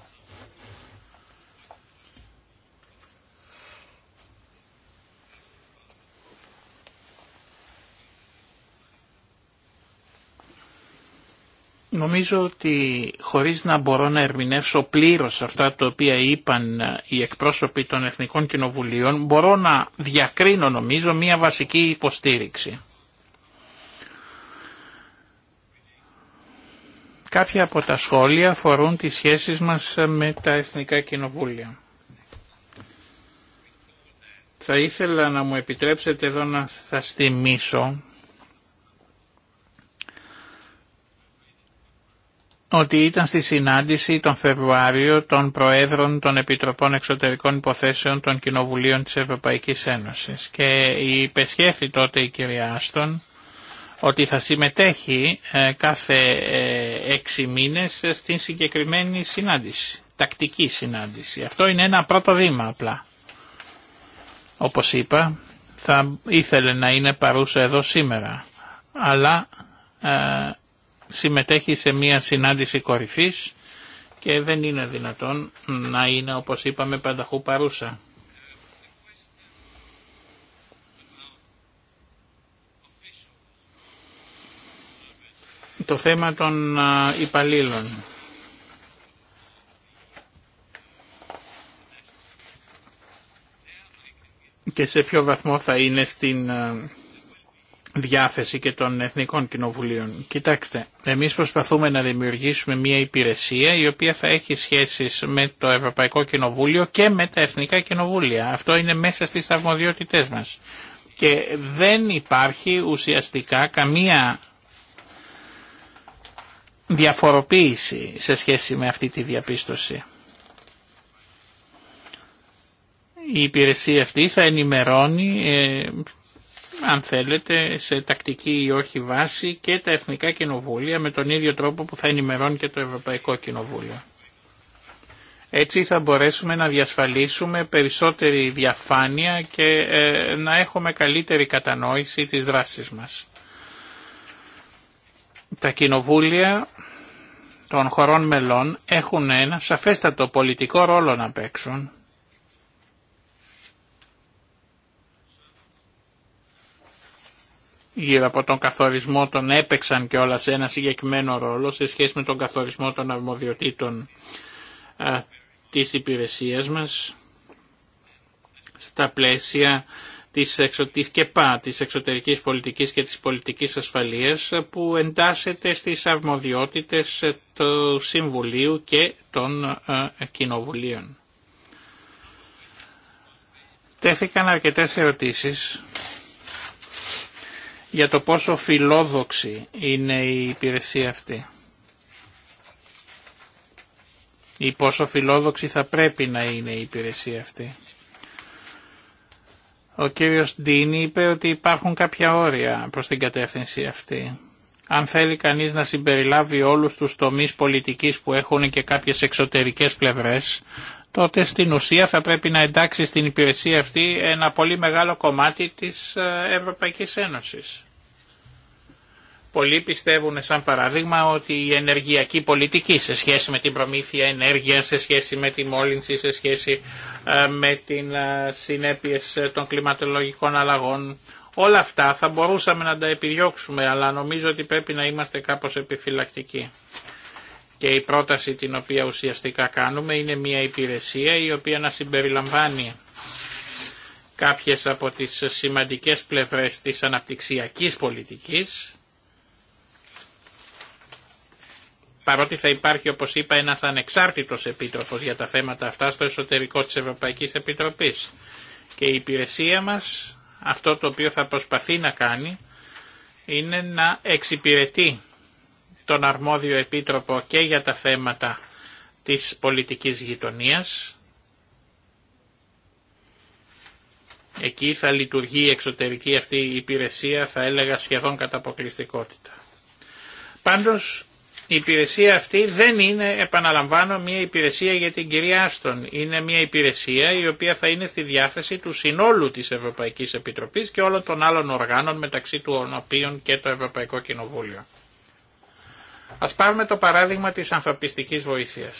Speaker 2: Νομίζω ότι χωρίς να μπορώ να ερμηνεύσω πλήρως αυτά τα οποία είπαν ε, οι εκπρόσωποι των Εθνικών Κοινοβουλίων, μπορώ να διακρίνω νομίζω μία βασική υποστήριξη. Κάποια από τα σχόλια αφορούν τις σχέσεις μας ε, με τα Εθνικά Κοινοβούλια. Θα ήθελα να μου επιτρέψετε εδώ να σας θυμίσω ότι ήταν στη συνάντηση τον Φεβρουάριο των Προέδρων των Επιτροπών Εξωτερικών Υποθέσεων των Κοινοβουλίων της Ευρωπαϊκής Ένωσης και υπεσχέθη τότε η κυρία Άστον ότι θα συμμετέχει ε, κάθε ε, έξι μήνες στην συγκεκριμένη συνάντηση, τακτική συνάντηση. Αυτό είναι ένα πρώτο βήμα απλά. Όπως είπα, θα ήθελε να είναι παρούσα εδώ σήμερα, αλλά ε, συμμετέχει σε μια συνάντηση κορυφής και δεν είναι δυνατόν να είναι όπως είπαμε πανταχού παρούσα. Το θέμα των υπαλλήλων. Και σε ποιο βαθμό θα είναι στην διάθεση και των Εθνικών Κοινοβουλίων. Κοιτάξτε, εμείς προσπαθούμε να δημιουργήσουμε μια υπηρεσία η οποία θα έχει σχέσεις με το Ευρωπαϊκό Κοινοβούλιο και με τα Εθνικά Κοινοβούλια. Αυτό είναι μέσα στις αρμοδιότητές μας. Και δεν υπάρχει ουσιαστικά καμία διαφοροποίηση σε σχέση με αυτή τη διαπίστωση. Η υπηρεσία αυτή θα ενημερώνει ε, αν θέλετε, σε τακτική ή όχι βάση και τα εθνικά κοινοβούλια με τον ίδιο τρόπο που θα ενημερώνει και το Ευρωπαϊκό Κοινοβούλιο. Έτσι θα μπορέσουμε να διασφαλίσουμε περισσότερη διαφάνεια και ε, να έχουμε καλύτερη κατανόηση της δράσης μας. Τα κοινοβούλια των χωρών μελών έχουν ένα σαφέστατο πολιτικό ρόλο να παίξουν γύρω από τον καθορισμό των έπαιξαν και όλα σε ένα συγκεκριμένο ρόλο σε σχέση με τον καθορισμό των αρμοδιοτήτων α, της υπηρεσίας μας στα πλαίσια της, εξω, της ΚΕΠΑ, της εξωτερικής πολιτικής και της πολιτικής ασφαλείας που εντάσσεται στις αρμοδιότητες του Συμβουλίου και των α, Κοινοβουλίων. Τέθηκαν αρκετές ερωτήσεις για το πόσο φιλόδοξη είναι η υπηρεσία αυτή ή πόσο φιλόδοξη θα πρέπει να είναι η υπηρεσία αυτή. Ο κύριος Ντίνη είπε ότι υπάρχουν κάποια όρια προς την κατεύθυνση αυτή. Αν θέλει κανείς να συμπεριλάβει όλους τους τομείς πολιτικής που έχουν και κάποιες εξωτερικές πλευρές, τότε στην ουσία θα πρέπει να εντάξει στην υπηρεσία αυτή ένα πολύ μεγάλο κομμάτι της ε, Ευρωπαϊκής Ένωσης. Πολλοί πιστεύουν σαν παράδειγμα ότι η ενεργειακή πολιτική σε σχέση με την προμήθεια ενέργειας, σε σχέση με τη μόλυνση, σε σχέση ε, με την ε, συνέπειες των κλιματολογικών αλλαγών, όλα αυτά θα μπορούσαμε να τα επιδιώξουμε, αλλά νομίζω ότι πρέπει να είμαστε κάπως επιφυλακτικοί. Και η πρόταση την οποία ουσιαστικά κάνουμε είναι μια υπηρεσία η οποία να συμπεριλαμβάνει κάποιες από τις σημαντικές πλευρές της αναπτυξιακής πολιτικής παρότι θα υπάρχει όπως είπα ένας ανεξάρτητος επίτροπος για τα θέματα αυτά στο εσωτερικό της Ευρωπαϊκής Επιτροπής. Και η υπηρεσία μας αυτό το οποίο θα προσπαθεί να κάνει είναι να εξυπηρετεί τον αρμόδιο επίτροπο και για τα θέματα της πολιτικής γειτονίας. Εκεί θα λειτουργεί η εξωτερική αυτή η υπηρεσία, θα έλεγα σχεδόν κατά αποκλειστικότητα. Πάντως η υπηρεσία αυτή δεν είναι, επαναλαμβάνω, μια υπηρεσία για την κυρία Άστον. Είναι μια υπηρεσία η οποία θα είναι στη διάθεση του συνόλου της Ευρωπαϊκής Επιτροπής και όλων των άλλων οργάνων μεταξύ του οποίων και το Ευρωπαϊκό Κοινοβούλιο. Ας πάρουμε το παράδειγμα της ανθρωπιστικής βοήθειας.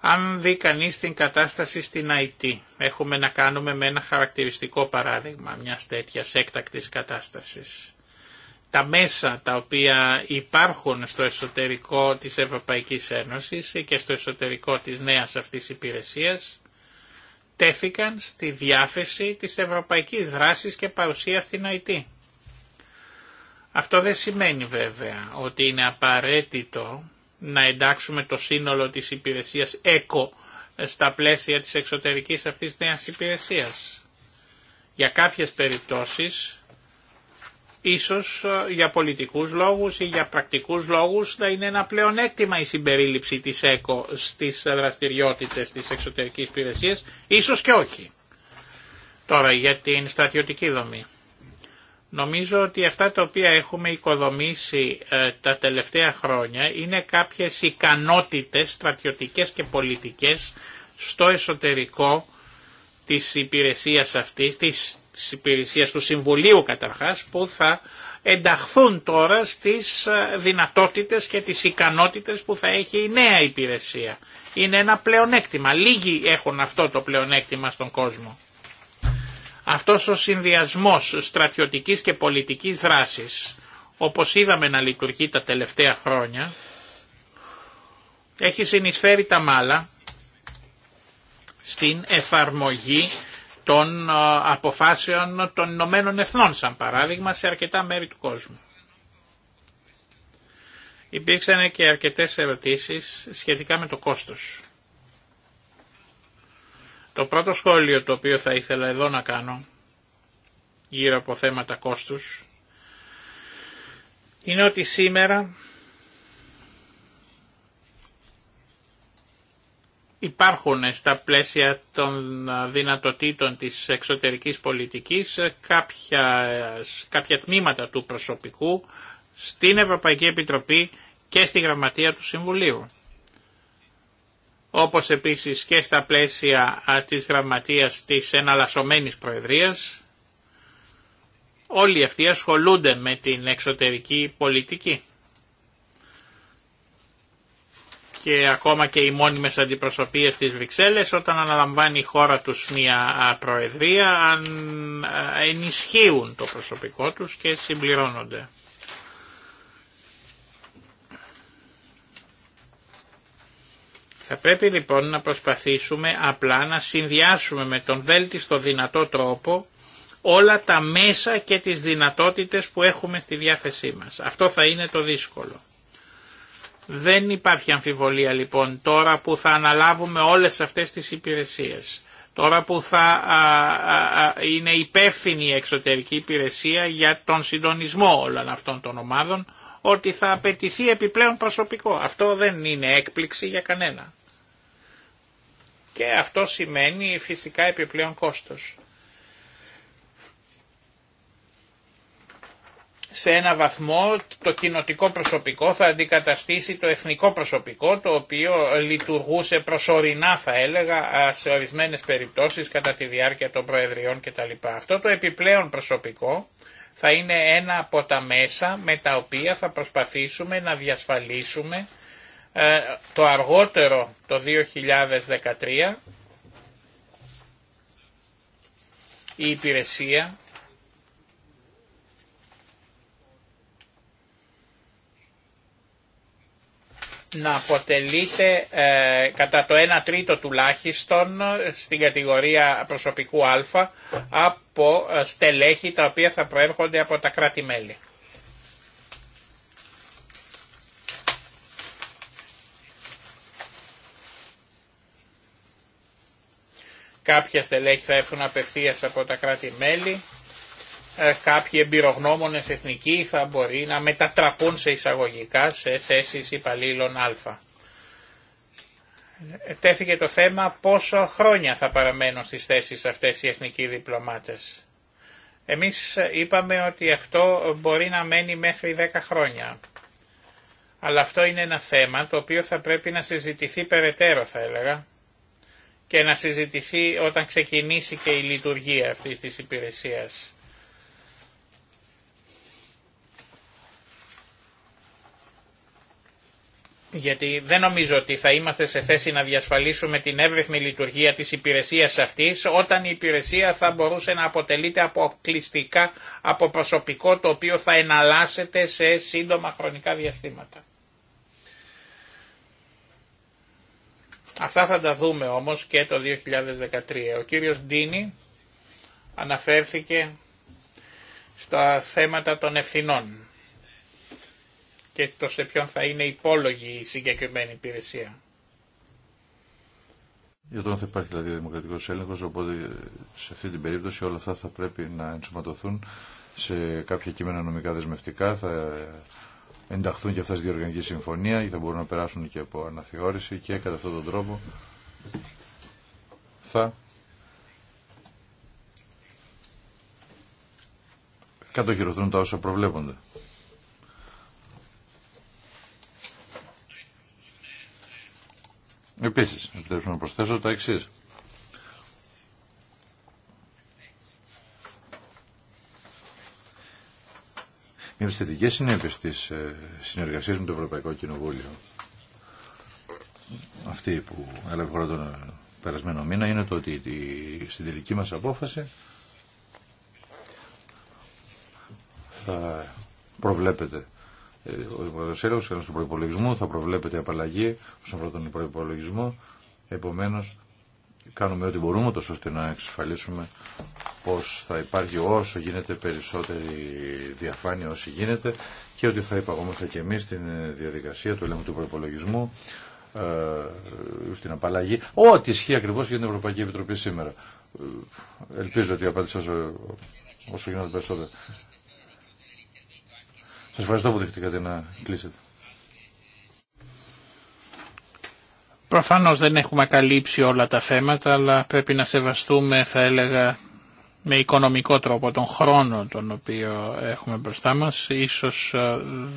Speaker 2: Αν δει κανεί την κατάσταση στην Αϊτή, έχουμε να κάνουμε με ένα χαρακτηριστικό παράδειγμα μιας τέτοιας έκτακτη κατάστασης τα μέσα τα οποία υπάρχουν στο εσωτερικό της Ευρωπαϊκής Ένωσης και στο εσωτερικό της νέας αυτής υπηρεσίας τέθηκαν στη διάθεση της ευρωπαϊκής δράσης και παρουσία στην ΑΕΤ. Αυτό δεν σημαίνει βέβαια ότι είναι απαραίτητο να εντάξουμε το σύνολο της υπηρεσίας ΕΚΟ στα πλαίσια της εξωτερικής αυτής νέας υπηρεσίας. Για κάποιες περιπτώσεις Ίσως ε, για πολιτικούς λόγους ή για πρακτικούς λόγους θα είναι ένα πλεονέκτημα η συμπερίληψη της ΕΚΟ στις δραστηριότητες της εξωτερικής υπηρεσία, ίσως και όχι. Τώρα για την στρατιωτική δομή. Νομίζω ότι αυτά τα οποία έχουμε οικοδομήσει ε, τα τελευταία χρόνια είναι κάποιες ικανότητες στρατιωτικές και πολιτικές στο εσωτερικό της υπηρεσίας αυτής, της, της υπηρεσίας του Συμβουλίου καταρχάς, που θα ενταχθούν τώρα στις ε, δυνατότητες και τις ικανότητες που θα έχει η νέα υπηρεσία. Είναι ένα πλεονέκτημα. Λίγοι έχουν αυτό το πλεονέκτημα στον κόσμο. Αυτός ο συνδυασμός στρατιωτικής και πολιτικής δράσης, όπως είδαμε να λειτουργεί τα τελευταία χρόνια, έχει συνεισφέρει τα μάλα στην εφαρμογή των αποφάσεων των Ηνωμένων Εθνών, σαν παράδειγμα, σε αρκετά μέρη του κόσμου. Υπήρξαν και αρκετές ερωτήσεις σχετικά με το κόστος. Το πρώτο σχόλιο το οποίο θα ήθελα εδώ να κάνω γύρω από θέματα κόστους είναι ότι σήμερα Υπάρχουν στα πλαίσια των δυνατοτήτων της εξωτερικής πολιτικής κάποια, κάποια τμήματα του προσωπικού στην Ευρωπαϊκή Επιτροπή και στη Γραμματεία του Συμβουλίου. Όπως επίσης και στα πλαίσια της Γραμματείας της Εναλλασσομένης Προεδρίας, όλοι αυτοί ασχολούνται με την εξωτερική πολιτική. και ακόμα και οι μόνιμες αντιπροσωπείες της Βρυξέλλες όταν αναλαμβάνει η χώρα τους μια προεδρία αν ενισχύουν το προσωπικό τους και συμπληρώνονται. Θα πρέπει λοιπόν να προσπαθήσουμε απλά να συνδυάσουμε με τον βέλτιστο δυνατό τρόπο όλα τα μέσα και τις δυνατότητες που έχουμε στη διάθεσή μας. Αυτό θα είναι το δύσκολο. Δεν υπάρχει αμφιβολία λοιπόν τώρα που θα αναλάβουμε όλες αυτές τις υπηρεσίες. Τώρα που θα είναι υπεύθυνη η εξωτερική υπηρεσία για τον συντονισμό όλων αυτών των ομάδων, ότι θα απαιτηθεί επιπλέον προσωπικό. Αυτό δεν είναι έκπληξη για κανένα. Και αυτό σημαίνει φυσικά επιπλέον κόστος. σε ένα βαθμό το κοινοτικό προσωπικό θα αντικαταστήσει το εθνικό προσωπικό το οποίο λειτουργούσε προσωρινά θα έλεγα σε ορισμένες περιπτώσεις κατά τη διάρκεια των προεδριών κτλ. Αυτό το επιπλέον προσωπικό θα είναι ένα από τα μέσα με τα οποία θα προσπαθήσουμε να διασφαλίσουμε ε, το αργότερο το 2013 η υπηρεσία να αποτελείται ε, κατά το 1 τρίτο τουλάχιστον στην κατηγορία προσωπικού α από ε, στελέχη τα οποία θα προέρχονται από τα κράτη-μέλη. Κάποια στελέχη θα έρθουν απευθείας από τα κράτη-μέλη. Ε, κάποιοι εμπειρογνώμονες εθνικοί θα μπορεί να μετατραπούν σε εισαγωγικά σε θέσεις υπαλλήλων α. Τέθηκε το θέμα πόσο χρόνια θα παραμένουν στις θέσεις αυτές οι εθνικοί διπλωμάτες. Εμείς είπαμε ότι αυτό μπορεί να μένει μέχρι 10 χρόνια. Αλλά αυτό είναι ένα θέμα το οποίο θα πρέπει να συζητηθεί περαιτέρω θα έλεγα και να συζητηθεί όταν ξεκινήσει και η λειτουργία αυτής της υπηρεσίας. γιατί δεν νομίζω ότι θα είμαστε σε θέση να διασφαλίσουμε την εύρυθμη λειτουργία της υπηρεσίας αυτής όταν η υπηρεσία θα μπορούσε να αποτελείται αποκλειστικά από προσωπικό το οποίο θα εναλλάσσεται σε σύντομα χρονικά διαστήματα. Αυτά θα τα δούμε όμως και το 2013. Ο κύριος Ντίνη αναφέρθηκε στα θέματα των ευθυνών και το σε ποιον θα είναι υπόλογη η συγκεκριμένη υπηρεσία.
Speaker 4: Για το θα υπάρχει δηλαδή δημοκρατικό έλεγχο, οπότε σε αυτή την περίπτωση όλα αυτά θα πρέπει να ενσωματωθούν σε κάποια κείμενα νομικά δεσμευτικά, θα ενταχθούν και αυτά στη διοργανική συμφωνία ή θα μπορούν να περάσουν και από αναθεώρηση και κατά αυτόν τον τρόπο θα κατοχυρωθούν τα όσα προβλέπονται. Επίσης, επιτρέψτε να προσθέσω τα εξή. Για τις θετικές τη συνεργασία ε, συνεργασίας με το Ευρωπαϊκό Κοινοβούλιο, αυτή που έλαβε χώρα τον ε, περασμένο μήνα, είναι το ότι στην τελική μας απόφαση θα προβλέπεται ε, ο έλεγχο του προπολογισμού, θα προβλέπεται απαλλαγή όσον αφορά τον προπολογισμό. Επομένω, κάνουμε ό,τι μπορούμε τόσο ώστε να εξασφαλίσουμε πω θα υπάρχει όσο γίνεται περισσότερη διαφάνεια όσοι γίνεται και ότι θα υπαγόμαστε και εμεί στην διαδικασία του ελέγχου του προπολογισμού ε, στην απαλλαγή. Ό,τι ισχύει ακριβώ για την Ευρωπαϊκή Επιτροπή σήμερα. Ε, ελπίζω ότι απάντησα όσο, όσο γίνεται περισσότερο. Σα ευχαριστώ που δεχτήκατε να κλείσετε.
Speaker 2: Προφανώς δεν έχουμε καλύψει όλα τα θέματα, αλλά πρέπει να σεβαστούμε, θα έλεγα, με οικονομικό τρόπο τον χρόνο τον οποίο έχουμε μπροστά μας. Ίσως ε,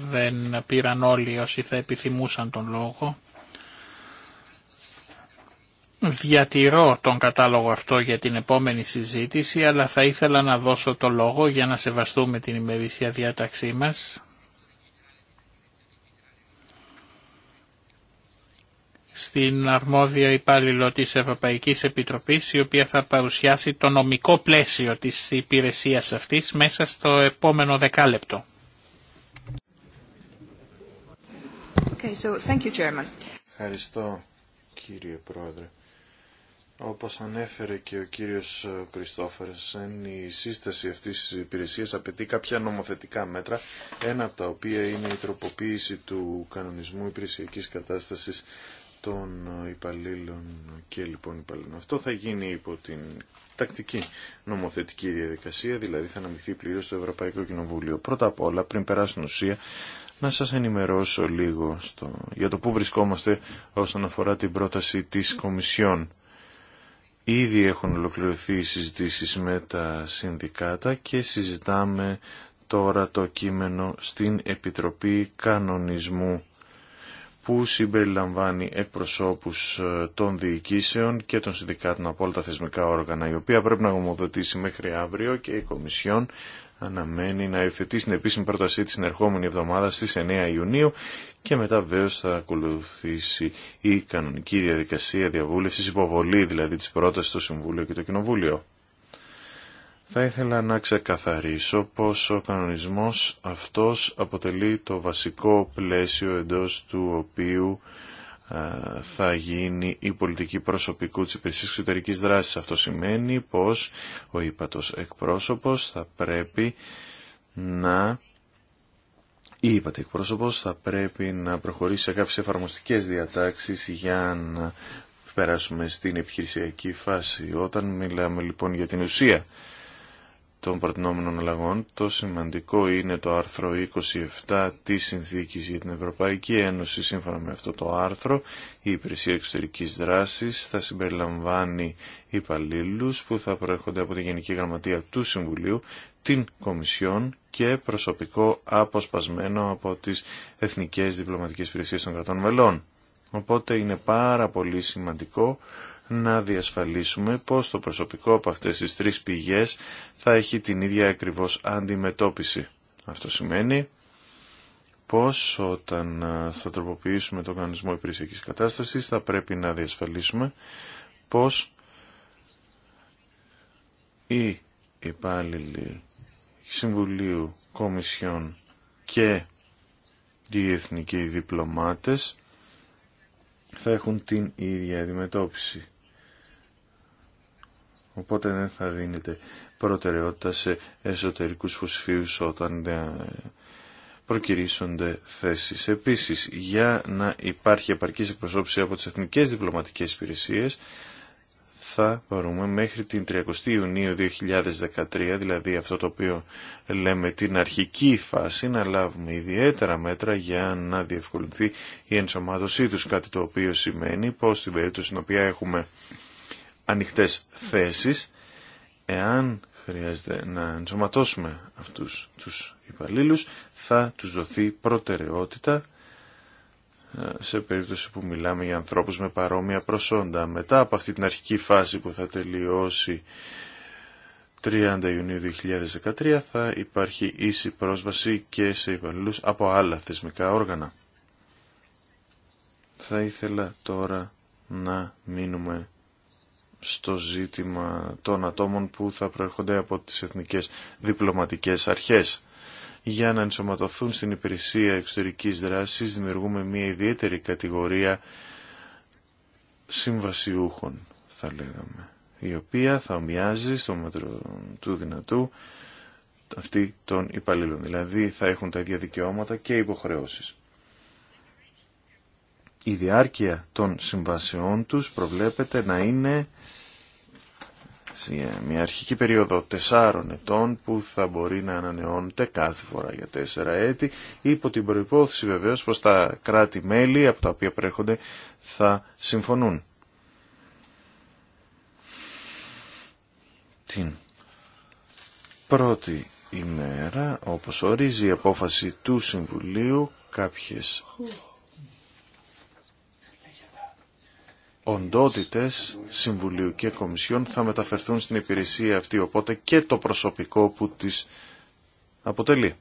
Speaker 2: δεν πήραν όλοι όσοι θα επιθυμούσαν τον λόγο. Διατηρώ τον κατάλογο αυτό για την επόμενη συζήτηση, αλλά θα ήθελα να δώσω το λόγο για να σεβαστούμε την ημερήσια διάταξή μας στην αρμόδια υπάλληλο της Ευρωπαϊκής Επιτροπής η οποία θα παρουσιάσει το νομικό πλαίσιο της υπηρεσίας αυτής μέσα στο επόμενο δεκάλεπτο. Okay, so thank you,
Speaker 3: Ευχαριστώ κύριε Πρόεδρε. Όπως ανέφερε και ο κύριος Κριστόφερσεν, η σύσταση αυτής της υπηρεσίας απαιτεί κάποια νομοθετικά μέτρα, ένα από τα οποία είναι η τροποποίηση του κανονισμού υπηρεσιακής κατάστασης των υπαλλήλων και λοιπόν υπαλλήλων. Αυτό θα γίνει υπό την τακτική νομοθετική διαδικασία, δηλαδή θα αναμειχθεί πλήρως στο Ευρωπαϊκό Κοινοβούλιο. Πρώτα απ' όλα, πριν περάσουν ουσία, να σας ενημερώσω λίγο στο... για το πού βρισκόμαστε όσον αφορά την πρόταση της Κομισιόν. Ήδη έχουν ολοκληρωθεί οι συζητήσεις με τα συνδικάτα και συζητάμε τώρα το κείμενο στην Επιτροπή Κανονισμού που συμπεριλαμβάνει εκπροσώπους ε, των διοικήσεων και των συνδικάτων από όλα τα θεσμικά όργανα, η οποία πρέπει να γομοδοτήσει μέχρι αύριο και η Κομισιόν αναμένει να υιοθετήσει την επίσημη πρότασή της την ερχόμενη εβδομάδα στις 9 Ιουνίου και μετά βέβαια θα ακολουθήσει η κανονική διαδικασία διαβούλευσης, υποβολή δηλαδή της πρότασης στο Συμβούλιο και το Κοινοβούλιο. Θα ήθελα να ξεκαθαρίσω πως ο κανονισμός αυτός αποτελεί το βασικό πλαίσιο εντός του οποίου ε, θα γίνει η πολιτική προσωπικού της υπηρεσίας εξωτερικής δράσης. Αυτό σημαίνει πως ο ύπατος εκπρόσωπος θα πρέπει να η είπατε εκπρόσωπος θα πρέπει να προχωρήσει σε κάποιες εφαρμοστικές διατάξεις για να περάσουμε στην επιχειρησιακή φάση. Όταν μιλάμε λοιπόν για την ουσία των προτινόμενων αλλαγών, το σημαντικό είναι το άρθρο 27 της Συνθήκης για την Ευρωπαϊκή Ένωση. Σύμφωνα με αυτό το άρθρο, η υπηρεσία εξωτερικής δράσης θα συμπεριλαμβάνει υπαλλήλου που θα προέρχονται από τη Γενική Γραμματεία του Συμβουλίου, την Κομισιόν και προσωπικό αποσπασμένο από τις Εθνικές Διπλωματικές Υπηρεσίες των Κρατών Μελών. Οπότε είναι πάρα πολύ σημαντικό να διασφαλίσουμε πως το προσωπικό από αυτές τις τρεις πηγές θα έχει την ίδια ακριβώς αντιμετώπιση. Αυτό σημαίνει πως όταν θα τροποποιήσουμε τον κανονισμό υπηρεσιακής κατάστασης θα πρέπει να διασφαλίσουμε πως οι υπάλληλοι Συμβουλίου Κομισιών και οι εθνικοί διπλωμάτες θα έχουν την ίδια αντιμετώπιση. Οπότε δεν θα δίνεται προτεραιότητα σε εσωτερικούς φωσφίους όταν ε, προκυρήσονται θέσεις. Επίσης, για να υπάρχει επαρκής εκπροσώπηση από τις εθνικές διπλωματικές υπηρεσίες, θα μπορούμε μέχρι την 30 Ιουνίου 2013, δηλαδή αυτό το οποίο λέμε την αρχική φάση, να λάβουμε ιδιαίτερα μέτρα για να διευκολυνθεί η ενσωμάτωσή τους, κάτι το οποίο σημαίνει πως στην περίπτωση στην οποία έχουμε ανοιχτές θέσεις. Εάν χρειάζεται να ενσωματώσουμε αυτούς τους υπαλλήλους, θα τους δοθεί προτεραιότητα ε, σε περίπτωση που μιλάμε για ανθρώπους με παρόμοια προσόντα. Μετά από αυτή την αρχική φάση που θα τελειώσει 30 Ιουνίου 2013 θα υπάρχει ίση πρόσβαση και σε υπαλλήλους από άλλα θεσμικά όργανα. Θα ήθελα τώρα να μείνουμε στο ζήτημα των ατόμων που θα προέρχονται από τις εθνικές διπλωματικές αρχές. Για να ενσωματωθούν στην υπηρεσία εξωτερικής δράσης δημιουργούμε μια ιδιαίτερη κατηγορία συμβασιούχων, θα λέγαμε, η οποία θα ομοιάζει στο μέτρο του δυνατού αυτή των υπαλλήλων. Δηλαδή θα έχουν τα ίδια δικαιώματα και υποχρεώσεις η διάρκεια των συμβασιών τους προβλέπεται να είναι μια αρχική περίοδο τεσσάρων ετών που θα μπορεί να ανανεώνεται κάθε φορά για τέσσερα έτη υπό την προϋπόθεση βεβαίως πως τα κράτη-μέλη από τα οποία προέρχονται θα συμφωνούν. Την πρώτη ημέρα, όπως ορίζει η απόφαση του Συμβουλίου, κάποιες οντότητες Συμβουλίου και Κομισιόν θα μεταφερθούν στην υπηρεσία αυτή, οπότε και το προσωπικό που τις αποτελεί.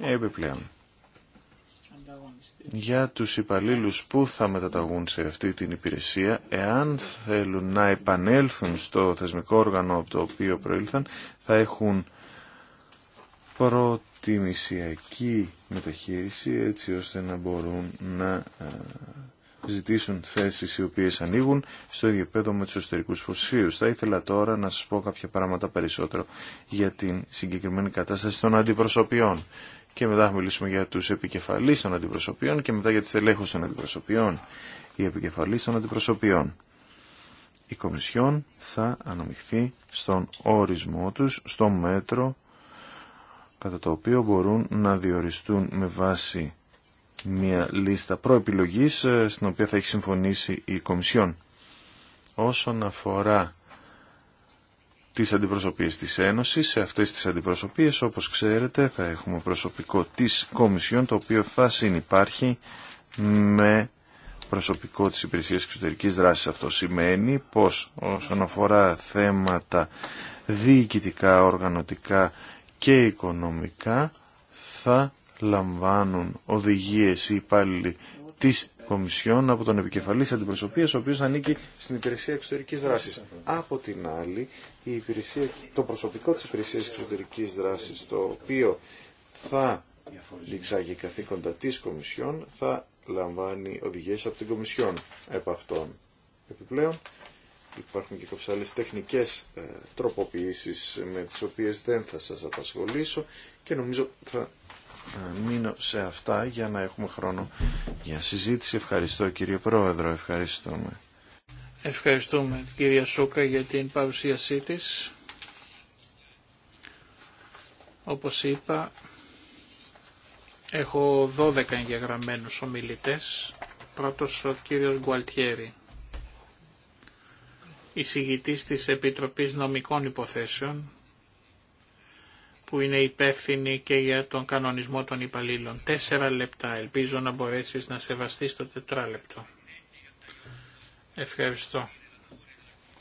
Speaker 3: Επιπλέον. Για τους υπαλλήλους που θα μεταταγούν σε αυτή την υπηρεσία, εάν θέλουν να επανέλθουν στο θεσμικό όργανο από το οποίο προήλθαν, θα έχουν προτιμησιακή μεταχείριση έτσι ώστε να μπορούν να ε, ζητήσουν θέσεις οι οποίες ανοίγουν στο ίδιο πέδο με τους εσωτερικούς υποψηφίους. Θα ήθελα τώρα να σας πω κάποια πράγματα περισσότερο για την συγκεκριμένη κατάσταση των αντιπροσωπιών. Και μετά θα μιλήσουμε για τους επικεφαλείς των αντιπροσωπιών και μετά για τις ελέγχου των αντιπροσωπιών. Οι επικεφαλείς των αντιπροσωπιών. Η Κομισιόν θα αναμειχθεί στον ορισμό τους, στο μέτρο κατά το οποίο μπορούν να διοριστούν με βάση μια λίστα προεπιλογής ε, στην οποία θα έχει συμφωνήσει η Κομισιόν. Όσον αφορά τις αντιπροσωπείες της Ένωσης, σε αυτές τις αντιπροσωπείες όπως ξέρετε θα έχουμε προσωπικό της Κομισιόν το οποίο θα συνυπάρχει με προσωπικό της υπηρεσίας εξωτερικής δράσης. Αυτό σημαίνει πως όσον αφορά θέματα διοικητικά, οργανωτικά και οικονομικά θα λαμβάνουν οδηγίες οι υπάλληλοι της Κομισιόν από τον επικεφαλής αντιπροσωπείας, ο οποίος ανήκει στην υπηρεσία εξωτερικής δράσης. Από την άλλη, η υπηρεσία, το προσωπικό της υπηρεσίας εξωτερικής δράσης, το οποίο θα διεξάγει καθήκοντα της Κομισιόν, θα λαμβάνει οδηγίες από την Κομισιόν επ' αυτών. Επιπλέον, υπάρχουν και κάποιες άλλες τεχνικές ε, τροποποιήσεις με τις οποίες δεν θα σας απασχολήσω και νομίζω θα μείνω σε αυτά για να έχουμε χρόνο για συζήτηση. Ευχαριστώ κύριε Πρόεδρο, ευχαριστούμε. Ευχαριστούμε κυρία Σούκα για την παρουσίασή
Speaker 2: της. Όπως είπα, έχω 12 εγγεγραμμένους ομιλητές. Πρώτος ο κύριος Γκουαλτιέρη, εισηγητής της Επιτροπής Νομικών Υποθέσεων που είναι υπεύθυνη και για τον κανονισμό των υπαλλήλων. Τέσσερα λεπτά. Ελπίζω να μπορέσεις να σεβαστείς το τετράλεπτο. Ευχαριστώ.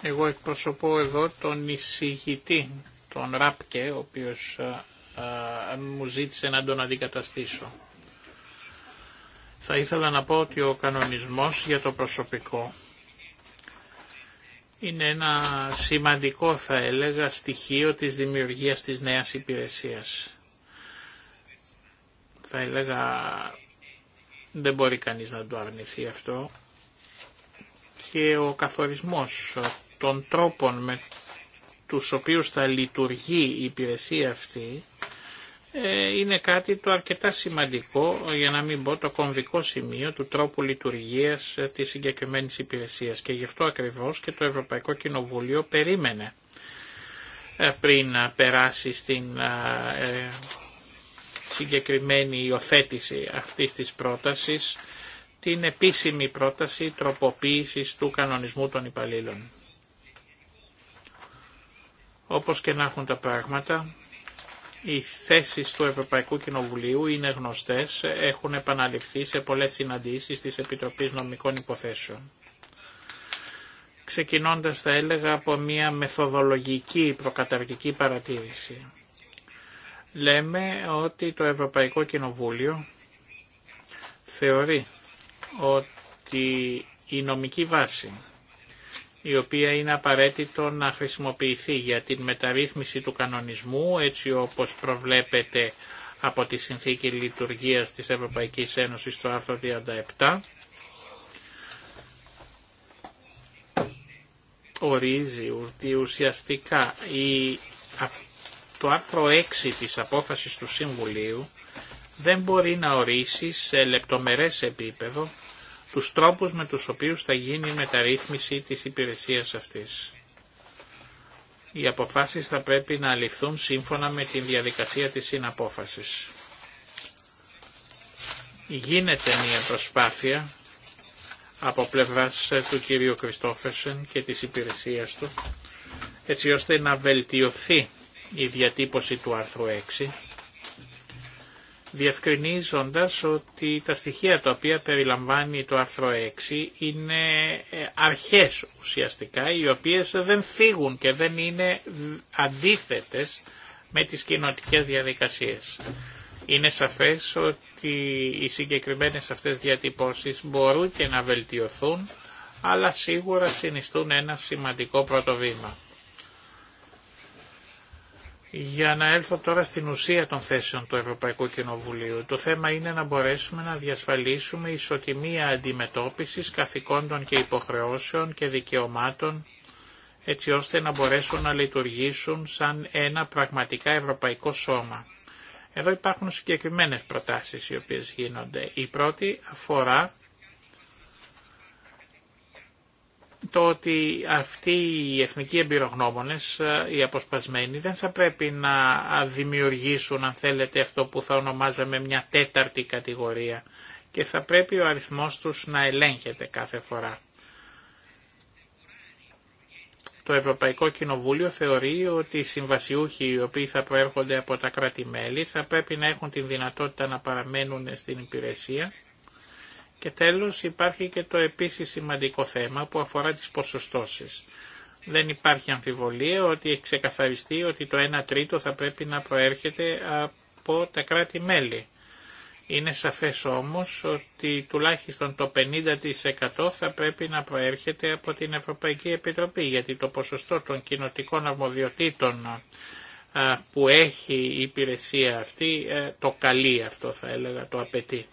Speaker 2: Εγώ εκπροσωπώ εδώ τον εισηγητή, τον Ράπκε, ο οποίος μου ζήτησε να τον αντικαταστήσω. Θα ήθελα να πω ότι ο κανονισμός για το προσωπικό είναι ένα σημαντικό θα έλεγα στοιχείο της δημιουργίας της νέας υπηρεσίας. Θα έλεγα δεν μπορεί κανείς να το αρνηθεί αυτό και ο καθορισμός των τρόπων με τους οποίους θα λειτουργεί η υπηρεσία αυτή ε, είναι κάτι το αρκετά σημαντικό, για να μην πω το κομβικό σημείο του τρόπου λειτουργίας ε, της συγκεκριμένης υπηρεσίας και γι' αυτό ακριβώς και το Ευρωπαϊκό Κοινοβούλιο περίμενε ε, πριν περάσει στην συγκεκριμένη υιοθέτηση αυτής της πρότασης την επίσημη πρόταση τροποποίησης του κανονισμού των υπαλλήλων. Όπως και να έχουν τα πράγματα, οι θέσεις του Ευρωπαϊκού Κοινοβουλίου είναι γνωστές, έχουν επαναληφθεί σε πολλές συναντήσεις της Επιτροπής Νομικών Υποθέσεων. Ξεκινώντας θα έλεγα από μια μεθοδολογική προκαταρκική παρατήρηση. Λέμε ότι το Ευρωπαϊκό Κοινοβούλιο θεωρεί ότι η νομική βάση η οποία είναι απαραίτητο να χρησιμοποιηθεί για την μεταρρύθμιση του κανονισμού έτσι όπως προβλέπεται από τη Συνθήκη Λειτουργίας της Ευρωπαϊκής Ένωσης στο άρθρο 37 ορίζει ότι ουσιαστικά η, το άρθρο 6 της απόφασης του Συμβουλίου δεν μπορεί να ορίσει σε λεπτομερές επίπεδο τους τρόπους με τους οποίους θα γίνει η μεταρρύθμιση της υπηρεσίας αυτής. Οι αποφάσεις θα πρέπει να ληφθούν σύμφωνα με την διαδικασία της συναπόφασης. Γίνεται μια προσπάθεια από πλευράς ε, του κυρίου Κριστόφερσεν και της υπηρεσίας του, έτσι ώστε να βελτιωθεί η διατύπωση του άρθρου 6 διευκρινίζοντας ότι τα στοιχεία τα οποία περιλαμβάνει το άρθρο 6 είναι ε, αρχές ουσιαστικά οι οποίες δεν φύγουν και δεν είναι αντίθετες με τις κοινοτικές διαδικασίες. Είναι σαφές ότι οι συγκεκριμένες αυτές διατυπώσεις μπορούν και να βελτιωθούν αλλά σίγουρα συνιστούν ένα σημαντικό πρώτο για να έλθω τώρα στην ουσία των θέσεων του Ευρωπαϊκού Κοινοβουλίου. Το θέμα είναι να μπορέσουμε να διασφαλίσουμε ισοτιμία αντιμετώπισης καθηκόντων και υποχρεώσεων και δικαιωμάτων έτσι ώστε να μπορέσουν να λειτουργήσουν σαν ένα πραγματικά ευρωπαϊκό σώμα. Εδώ υπάρχουν συγκεκριμένες προτάσεις οι οποίες γίνονται. Η πρώτη αφορά το ότι αυτοί οι εθνικοί εμπειρογνώμονες, ε, οι αποσπασμένοι, δεν θα πρέπει να δημιουργήσουν, αν θέλετε, αυτό που θα ονομάζαμε μια τέταρτη κατηγορία και θα πρέπει ο αριθμός τους να ελέγχεται κάθε φορά. Το Ευρωπαϊκό Κοινοβούλιο θεωρεί ότι οι συμβασιούχοι οι οποίοι θα προέρχονται από τα κράτη-μέλη θα πρέπει να έχουν την δυνατότητα να παραμένουν στην υπηρεσία και τέλος υπάρχει και το επίσης σημαντικό θέμα που αφορά τις ποσοστώσεις. Δεν υπάρχει αμφιβολία ότι έχει ξεκαθαριστεί ότι το 1 τρίτο θα πρέπει να προέρχεται από τα κράτη-μέλη. Είναι σαφές όμως ότι τουλάχιστον το 50% θα πρέπει να προέρχεται από την Ευρωπαϊκή Επιτροπή, γιατί το ποσοστό των κοινοτικών αρμοδιοτήτων που έχει η υπηρεσία αυτή ε, το καλεί αυτό θα έλεγα, το απαιτεί.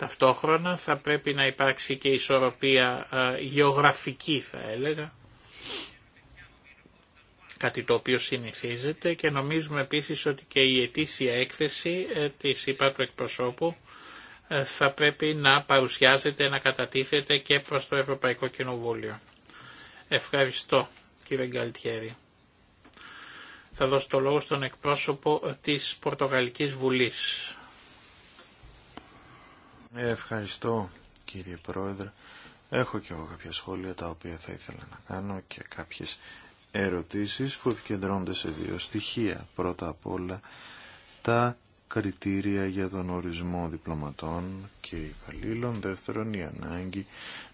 Speaker 2: Ταυτόχρονα θα πρέπει να υπάρξει και ισορροπία ε, γεωγραφική θα έλεγα, κάτι το οποίο συνηθίζεται και νομίζουμε επίσης ότι και η ετήσια έκθεση ε, της του εκπροσώπου ε, θα πρέπει να παρουσιάζεται, να κατατίθεται και προς το Ευρωπαϊκό Κοινοβούλιο. Ευχαριστώ κύριε Γκαλτιέρη. Θα δώσω το λόγο στον εκπρόσωπο της Πορτογαλικής Βουλής.
Speaker 3: Ευχαριστώ κύριε Πρόεδρε. Έχω και εγώ κάποια σχόλια τα οποία θα ήθελα να κάνω και κάποιες ερωτήσεις που επικεντρώνονται σε δύο στοιχεία. Πρώτα απ' όλα τα κριτήρια για τον ορισμό διπλωματών και υπαλλήλων. Δεύτερον, η ανάγκη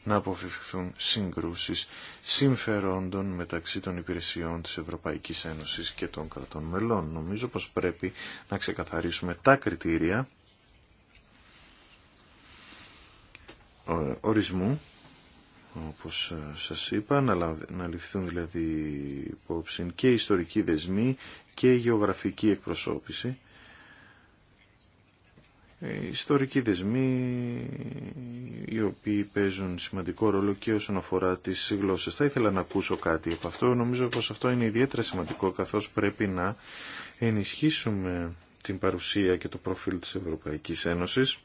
Speaker 3: να αποφευχθούν συγκρούσεις συμφερόντων μεταξύ των υπηρεσιών της Ευρωπαϊκής Ένωσης και των κρατών μελών. Νομίζω πως πρέπει να ξεκαθαρίσουμε τα κριτήρια ορισμού όπως ε, σας είπα, να ληφθούν δηλαδή υπόψη και ιστορικοί δεσμοί και γεωγραφική εκπροσώπηση. Ε, ιστορικοί δεσμοί οι οποίοι παίζουν σημαντικό ρόλο και όσον αφορά τις γλώσσες. Θα ήθελα να ακούσω κάτι από αυτό. Νομίζω πως αυτό είναι ιδιαίτερα σημαντικό καθώς πρέπει να ενισχύσουμε την παρουσία και το προφίλ της Ευρωπαϊκής Ένωσης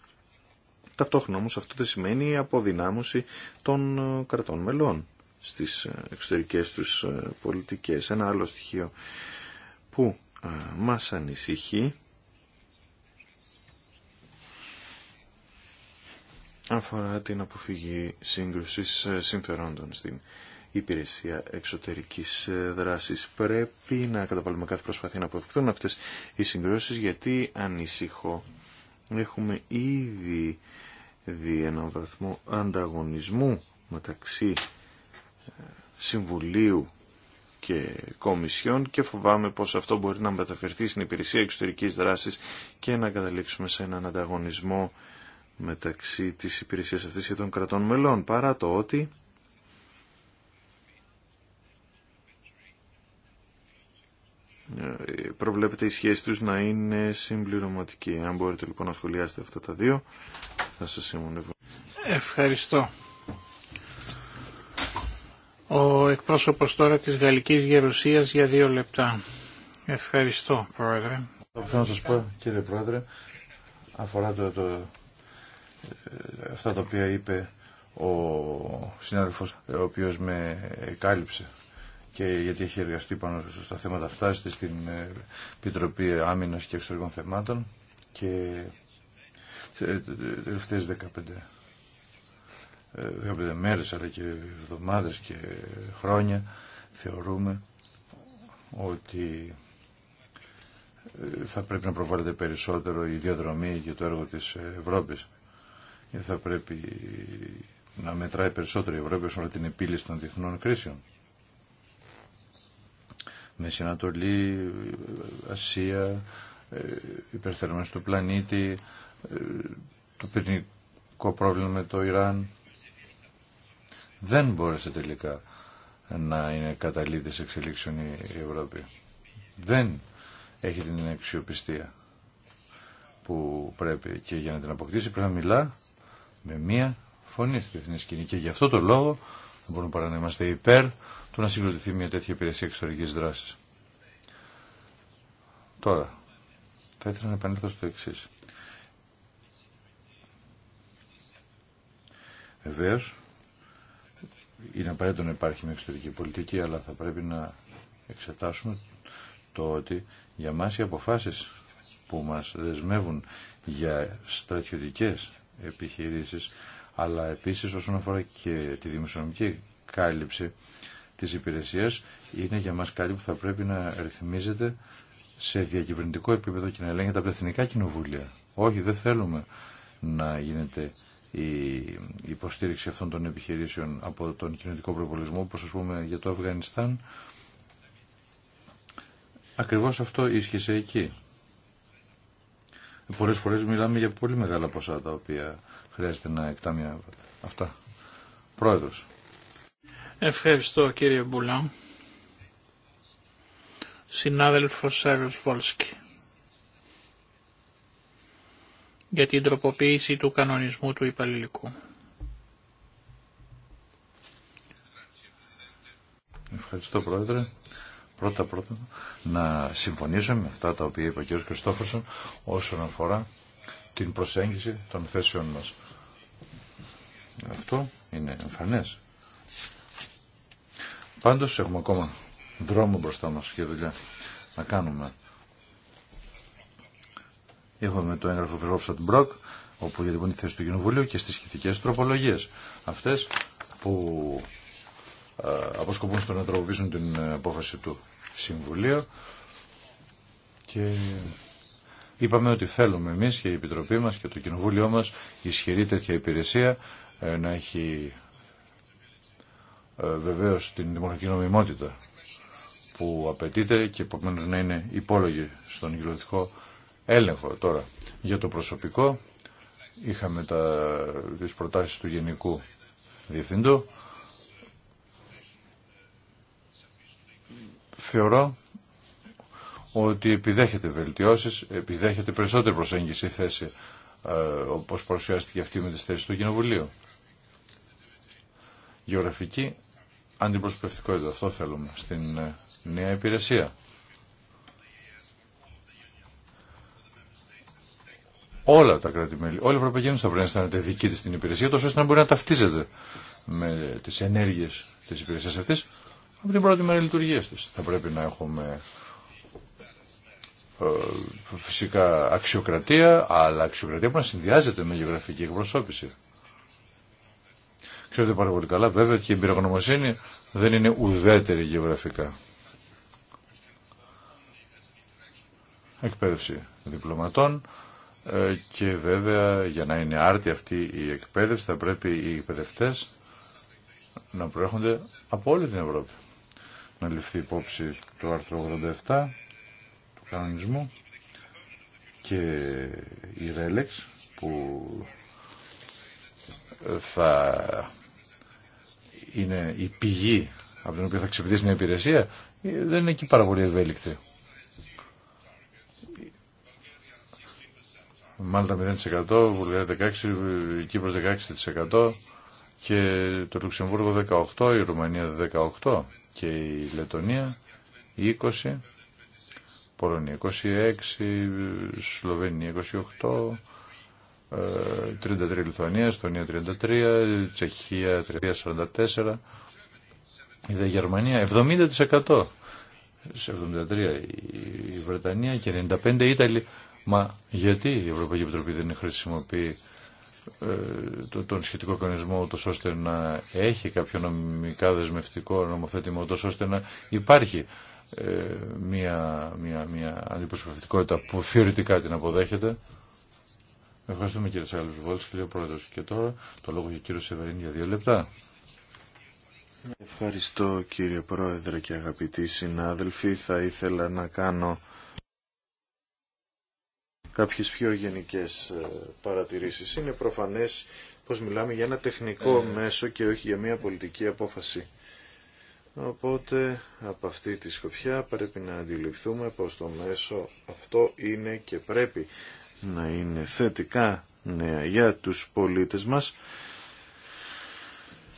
Speaker 3: Ταυτόχρονα όμως αυτό δεν σημαίνει η αποδυνάμωση των ε, κρατών μελών στις ε, εξωτερικές τους ε, πολιτικές. Ένα άλλο στοιχείο που μας ανησυχεί αφορά την αποφυγή σύγκρουσης συμφερόντων στην υπηρεσία εξωτερικής δράσης. Πρέπει να καταβάλουμε κάθε προσπάθεια να αποδεικτούν αυτές οι συγκρούσεις γιατί ανησυχώ. Έχουμε ήδη δει έναν βαθμό ανταγωνισμού μεταξύ ε, Συμβουλίου και Κομισιών και φοβάμαι πως αυτό μπορεί να μεταφερθεί στην υπηρεσία εξωτερικής δράσης και να καταλήξουμε σε έναν ανταγωνισμό μεταξύ της υπηρεσίας αυτής και των κρατών μελών, παρά το ότι ε, προβλέπεται η σχέση τους να είναι συμπληρωματική. Αν μπορείτε λοιπόν να σχολιάσετε αυτά τα δύο, Ευχαριστώ.
Speaker 2: Ο εκπρόσωπος τώρα της Γαλλικής Γερουσίας για δύο λεπτά. Ευχαριστώ, Πρόεδρε. Θα να σας πω,
Speaker 4: κύριε Πρόεδρε, αφορά το, το, ε, αυτά τα οποία είπε ο συνάδελφος, ο οποίος με κάλυψε και γιατί έχει εργαστεί πάνω στα θέματα αυτά στην ε, Επιτροπή Άμυνας και Εξωτερικών Θεμάτων και τελευταίες 15, 15 ε, μέρες αλλά και εβδομάδες και χρόνια θεωρούμε ότι ε, θα πρέπει να προβάλλεται περισσότερο η διαδρομή για το έργο της Ευρώπης ε, θα πρέπει να μετράει περισσότερο η Ευρώπη όσον την επίλυση των διεθνών κρίσεων. Μέση Ανατολή, Ασία, υπερθερμές του πλανήτη, το πυρηνικό πρόβλημα με το Ιράν δεν μπόρεσε τελικά να είναι καταλήτης εξελίξεων η Ευρώπη. Δεν έχει την αξιοπιστία που πρέπει και για να την αποκτήσει πρέπει να μιλά με μία φωνή στη διεθνή σκηνή. Και γι' αυτό το λόγο δεν μπορούμε παρά να είμαστε υπέρ του να συγκροτηθεί μια τέτοια υπηρεσία εξωτερική δράση. Τώρα, θα ήθελα να επανέλθω στο εξή. Βεβαίω, είναι απαραίτητο να υπάρχει μια εξωτερική πολιτική, αλλά θα πρέπει να εξετάσουμε το ότι για μας οι αποφάσεις που μας δεσμεύουν για στρατιωτικές επιχειρήσεις, αλλά επίσης όσον αφορά και τη δημοσιονομική κάλυψη της υπηρεσίας, είναι για μας κάτι που θα πρέπει να ρυθμίζεται σε διακυβερνητικό επίπεδο και να ελέγχεται από τα εθνικά κοινοβούλια. Όχι, δεν θέλουμε να γίνεται η υποστήριξη αυτών των επιχειρήσεων από τον κοινωνικό προπολισμό, όπως ας πούμε για το Αφγανιστάν. Ακριβώς αυτό ίσχυσε εκεί. Πολλές φορές μιλάμε για πολύ μεγάλα ποσά τα οποία χρειάζεται να εκταμιεύονται. Αυτά. Πρόεδρος.
Speaker 2: Ευχαριστώ κύριε Μπουλά. Συνάδελφος Σάριος Βόλσκι. για την τροποποίηση του κανονισμού του υπαλληλικού.
Speaker 4: Ευχαριστώ Πρόεδρε. Πρώτα πρώτα να συμφωνήσω με αυτά τα οποία είπε ο κ. Κριστόφερσον όσον αφορά την προσέγγιση των θέσεων μας. Αυτό είναι εμφανές. Πάντως έχουμε ακόμα δρόμο μπροστά μας και δουλειά να κάνουμε. Έχουμε το έγγραφο Verhofstadt Μπροκ, όπου διατυπώνει τη θέση του Κοινοβουλίου και στις σχετικές τροπολογίες. Αυτές που ε, αποσκοπούν στο να τροποποιήσουν την ε, απόφαση του Συμβουλίου και είπαμε ότι θέλουμε εμείς και η Επιτροπή μας και το Κοινοβούλιο μας ισχυρή τέτοια υπηρεσία ε, να έχει βεβαίως την δημοκρατική νομιμότητα που απαιτείται και επομένως να είναι υπόλογη στον κοινωνικό έλεγχο τώρα. Για το προσωπικό είχαμε τα, τις προτάσεις του Γενικού Διευθυντού. Θεωρώ ότι επιδέχεται βελτιώσεις, επιδέχεται περισσότερη προσέγγιση θέση ε, όπως παρουσιάστηκε αυτή με τις θέσεις του Κοινοβουλίου. Γεωγραφική αντιπροσωπευτικότητα, αυτό θέλουμε, στην ε, νέα υπηρεσία. όλα τα κράτη-μέλη, όλη η Ευρωπαϊκή Ένωση θα πρέπει να αισθάνεται δική τη την υπηρεσία, τόσο ώστε να μπορεί να ταυτίζεται με τι ενέργειε τη υπηρεσία αυτή από την πρώτη μέρα λειτουργία τη. Θα πρέπει να έχουμε ε, φυσικά αξιοκρατία, αλλά αξιοκρατία που να συνδυάζεται με γεωγραφική εκπροσώπηση. Ξέρετε πάρα πολύ καλά, βέβαια και η εμπειρογνωμοσύνη δεν είναι ουδέτερη γεωγραφικά. Εκπαίδευση διπλωματών, ε, και βέβαια για να είναι άρτη αυτή η εκπαίδευση θα πρέπει οι εκπαιδευτέ να προέρχονται από όλη την Ευρώπη. Να ληφθεί υπόψη το άρθρο 87 του κανονισμού και η Ρέλεξ που θα είναι η πηγή από την οποία θα ξεπηδήσει μια υπηρεσία ε, δεν είναι εκεί πάρα πολύ ευέλικτη. Μάλτα 0%, Βουλγαρία 16%, Κύπρος 16% και το Λουξεμβούργο 18%, η Ρουμανία 18% και η Λετωνία 20%, Πολωνία 26%, Σλοβενία 28%, 33 ε, Λιθουανία, Στονία 33, Τσεχία 344, η Γερμανία 70%, σε 73 η Βρετανία και 95 η Ιταλία. Μα γιατί η Ευρωπαϊκή Επιτροπή δεν χρησιμοποιεί ε, τον σχετικό κανονισμό ούτως ώστε να έχει κάποιο νομικά δεσμευτικό νομοθέτημα ούτως ώστε να υπάρχει ε, μια, μια, μια αντιπροσωπευτικότητα που θεωρητικά την αποδέχεται. Ευχαριστούμε κύριε Σάλους Βόλτς κύριε πρόεδρος. Και τώρα το λόγο για κύριο Σεβερίν για δύο λεπτά. Ευχαριστώ κύριε Πρόεδρε και αγαπητοί συνάδελφοι.
Speaker 3: Θα ήθελα να κάνω κάποιες πιο γενικές ε, παρατηρήσεις. Είναι προφανές πως μιλάμε για ένα τεχνικό ε. μέσο και όχι για μια πολιτική απόφαση. Οπότε από αυτή τη σκοπιά πρέπει να αντιληφθούμε πως το μέσο αυτό είναι και πρέπει να είναι θετικά νέα για τους πολίτες μας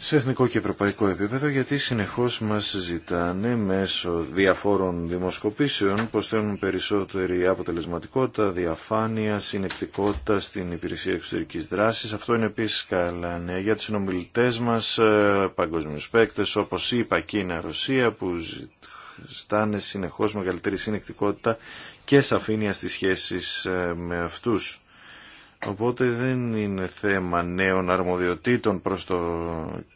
Speaker 3: σε εθνικό και ευρωπαϊκό επίπεδο γιατί συνεχώς μας ζητάνε μέσω διαφόρων δημοσκοπήσεων πως θέλουν περισσότερη αποτελεσματικότητα, διαφάνεια, συνεκτικότητα στην υπηρεσία εξωτερικής δράσης. Αυτό είναι επίσης καλά νέα για τους συνομιλητές μας, ε, παγκόσμιους παίκτες όπως είπα Κίνα, Ρωσία που ζητάνε συνεχώς μεγαλύτερη συνεκτικότητα και σαφήνεια στις σχέσεις ε, με αυτούς. Οπότε δεν είναι θέμα νέων αρμοδιοτήτων προς το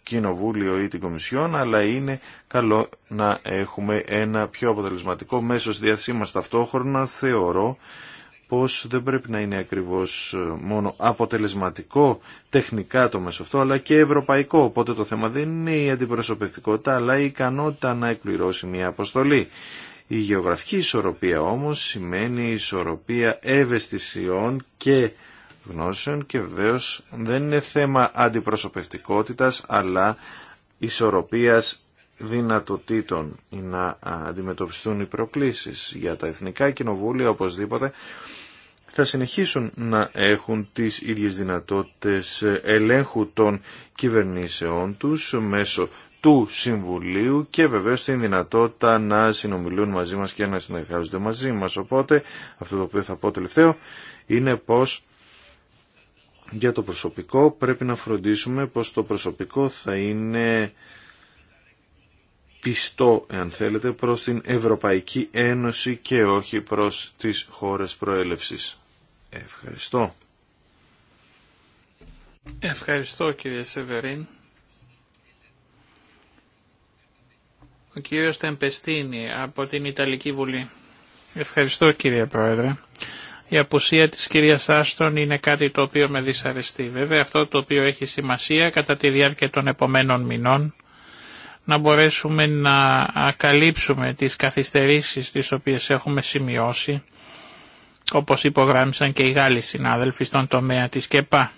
Speaker 3: Κοινοβούλιο ή την Κομισιόν, αλλά είναι καλό να έχουμε ένα πιο αποτελεσματικό μέσο στη διάθεσή μας ταυτόχρονα. Θεωρώ πως δεν πρέπει να είναι ακριβώς ε, μόνο αποτελεσματικό τεχνικά το μέσο αυτό, αλλά και ευρωπαϊκό. Οπότε το θέμα δεν είναι η αντιπροσωπευτικότητα, αλλά η ικανότητα να εκπληρώσει μια αποστολή. Η γεωγραφική ισορροπία όμως σημαίνει ισορροπία ευαισθησιών και γνώσεων και βεβαίω δεν είναι θέμα αντιπροσωπευτικότητας αλλά ισορροπίας δυνατοτήτων ή να αντιμετωπιστούν οι προκλήσεις για τα εθνικά κοινοβούλια οπωσδήποτε θα συνεχίσουν να έχουν τις ίδιες δυνατότητες ελέγχου των κυβερνήσεών τους μέσω του Συμβουλίου και βεβαίως την δυνατότητα να συνομιλούν μαζί μας και να συνεργάζονται μαζί μας. Οπότε αυτό το οποίο θα πω τελευταίο είναι πως για το προσωπικό πρέπει να φροντίσουμε πως το προσωπικό θα είναι πιστό, εάν θέλετε, προς την Ευρωπαϊκή Ένωση και όχι προς τις χώρες προέλευσης. Ευχαριστώ.
Speaker 2: Ευχαριστώ κύριε Σεβερίν. Ο κύριος Τεμπεστίνη από την Ιταλική Βουλή. Ευχαριστώ κύριε Πρόεδρε. Η απουσία της κυρίας Άστον είναι κάτι το οποίο με δυσαρεστεί. Βέβαια αυτό το οποίο έχει σημασία κατά τη διάρκεια των επομένων μηνών να μπορέσουμε να ακαλύψουμε τις καθυστερήσεις τις οποίες έχουμε σημειώσει όπως υπογράμμισαν και οι Γάλλοι συνάδελφοι στον τομέα της ΚΕΠΑ.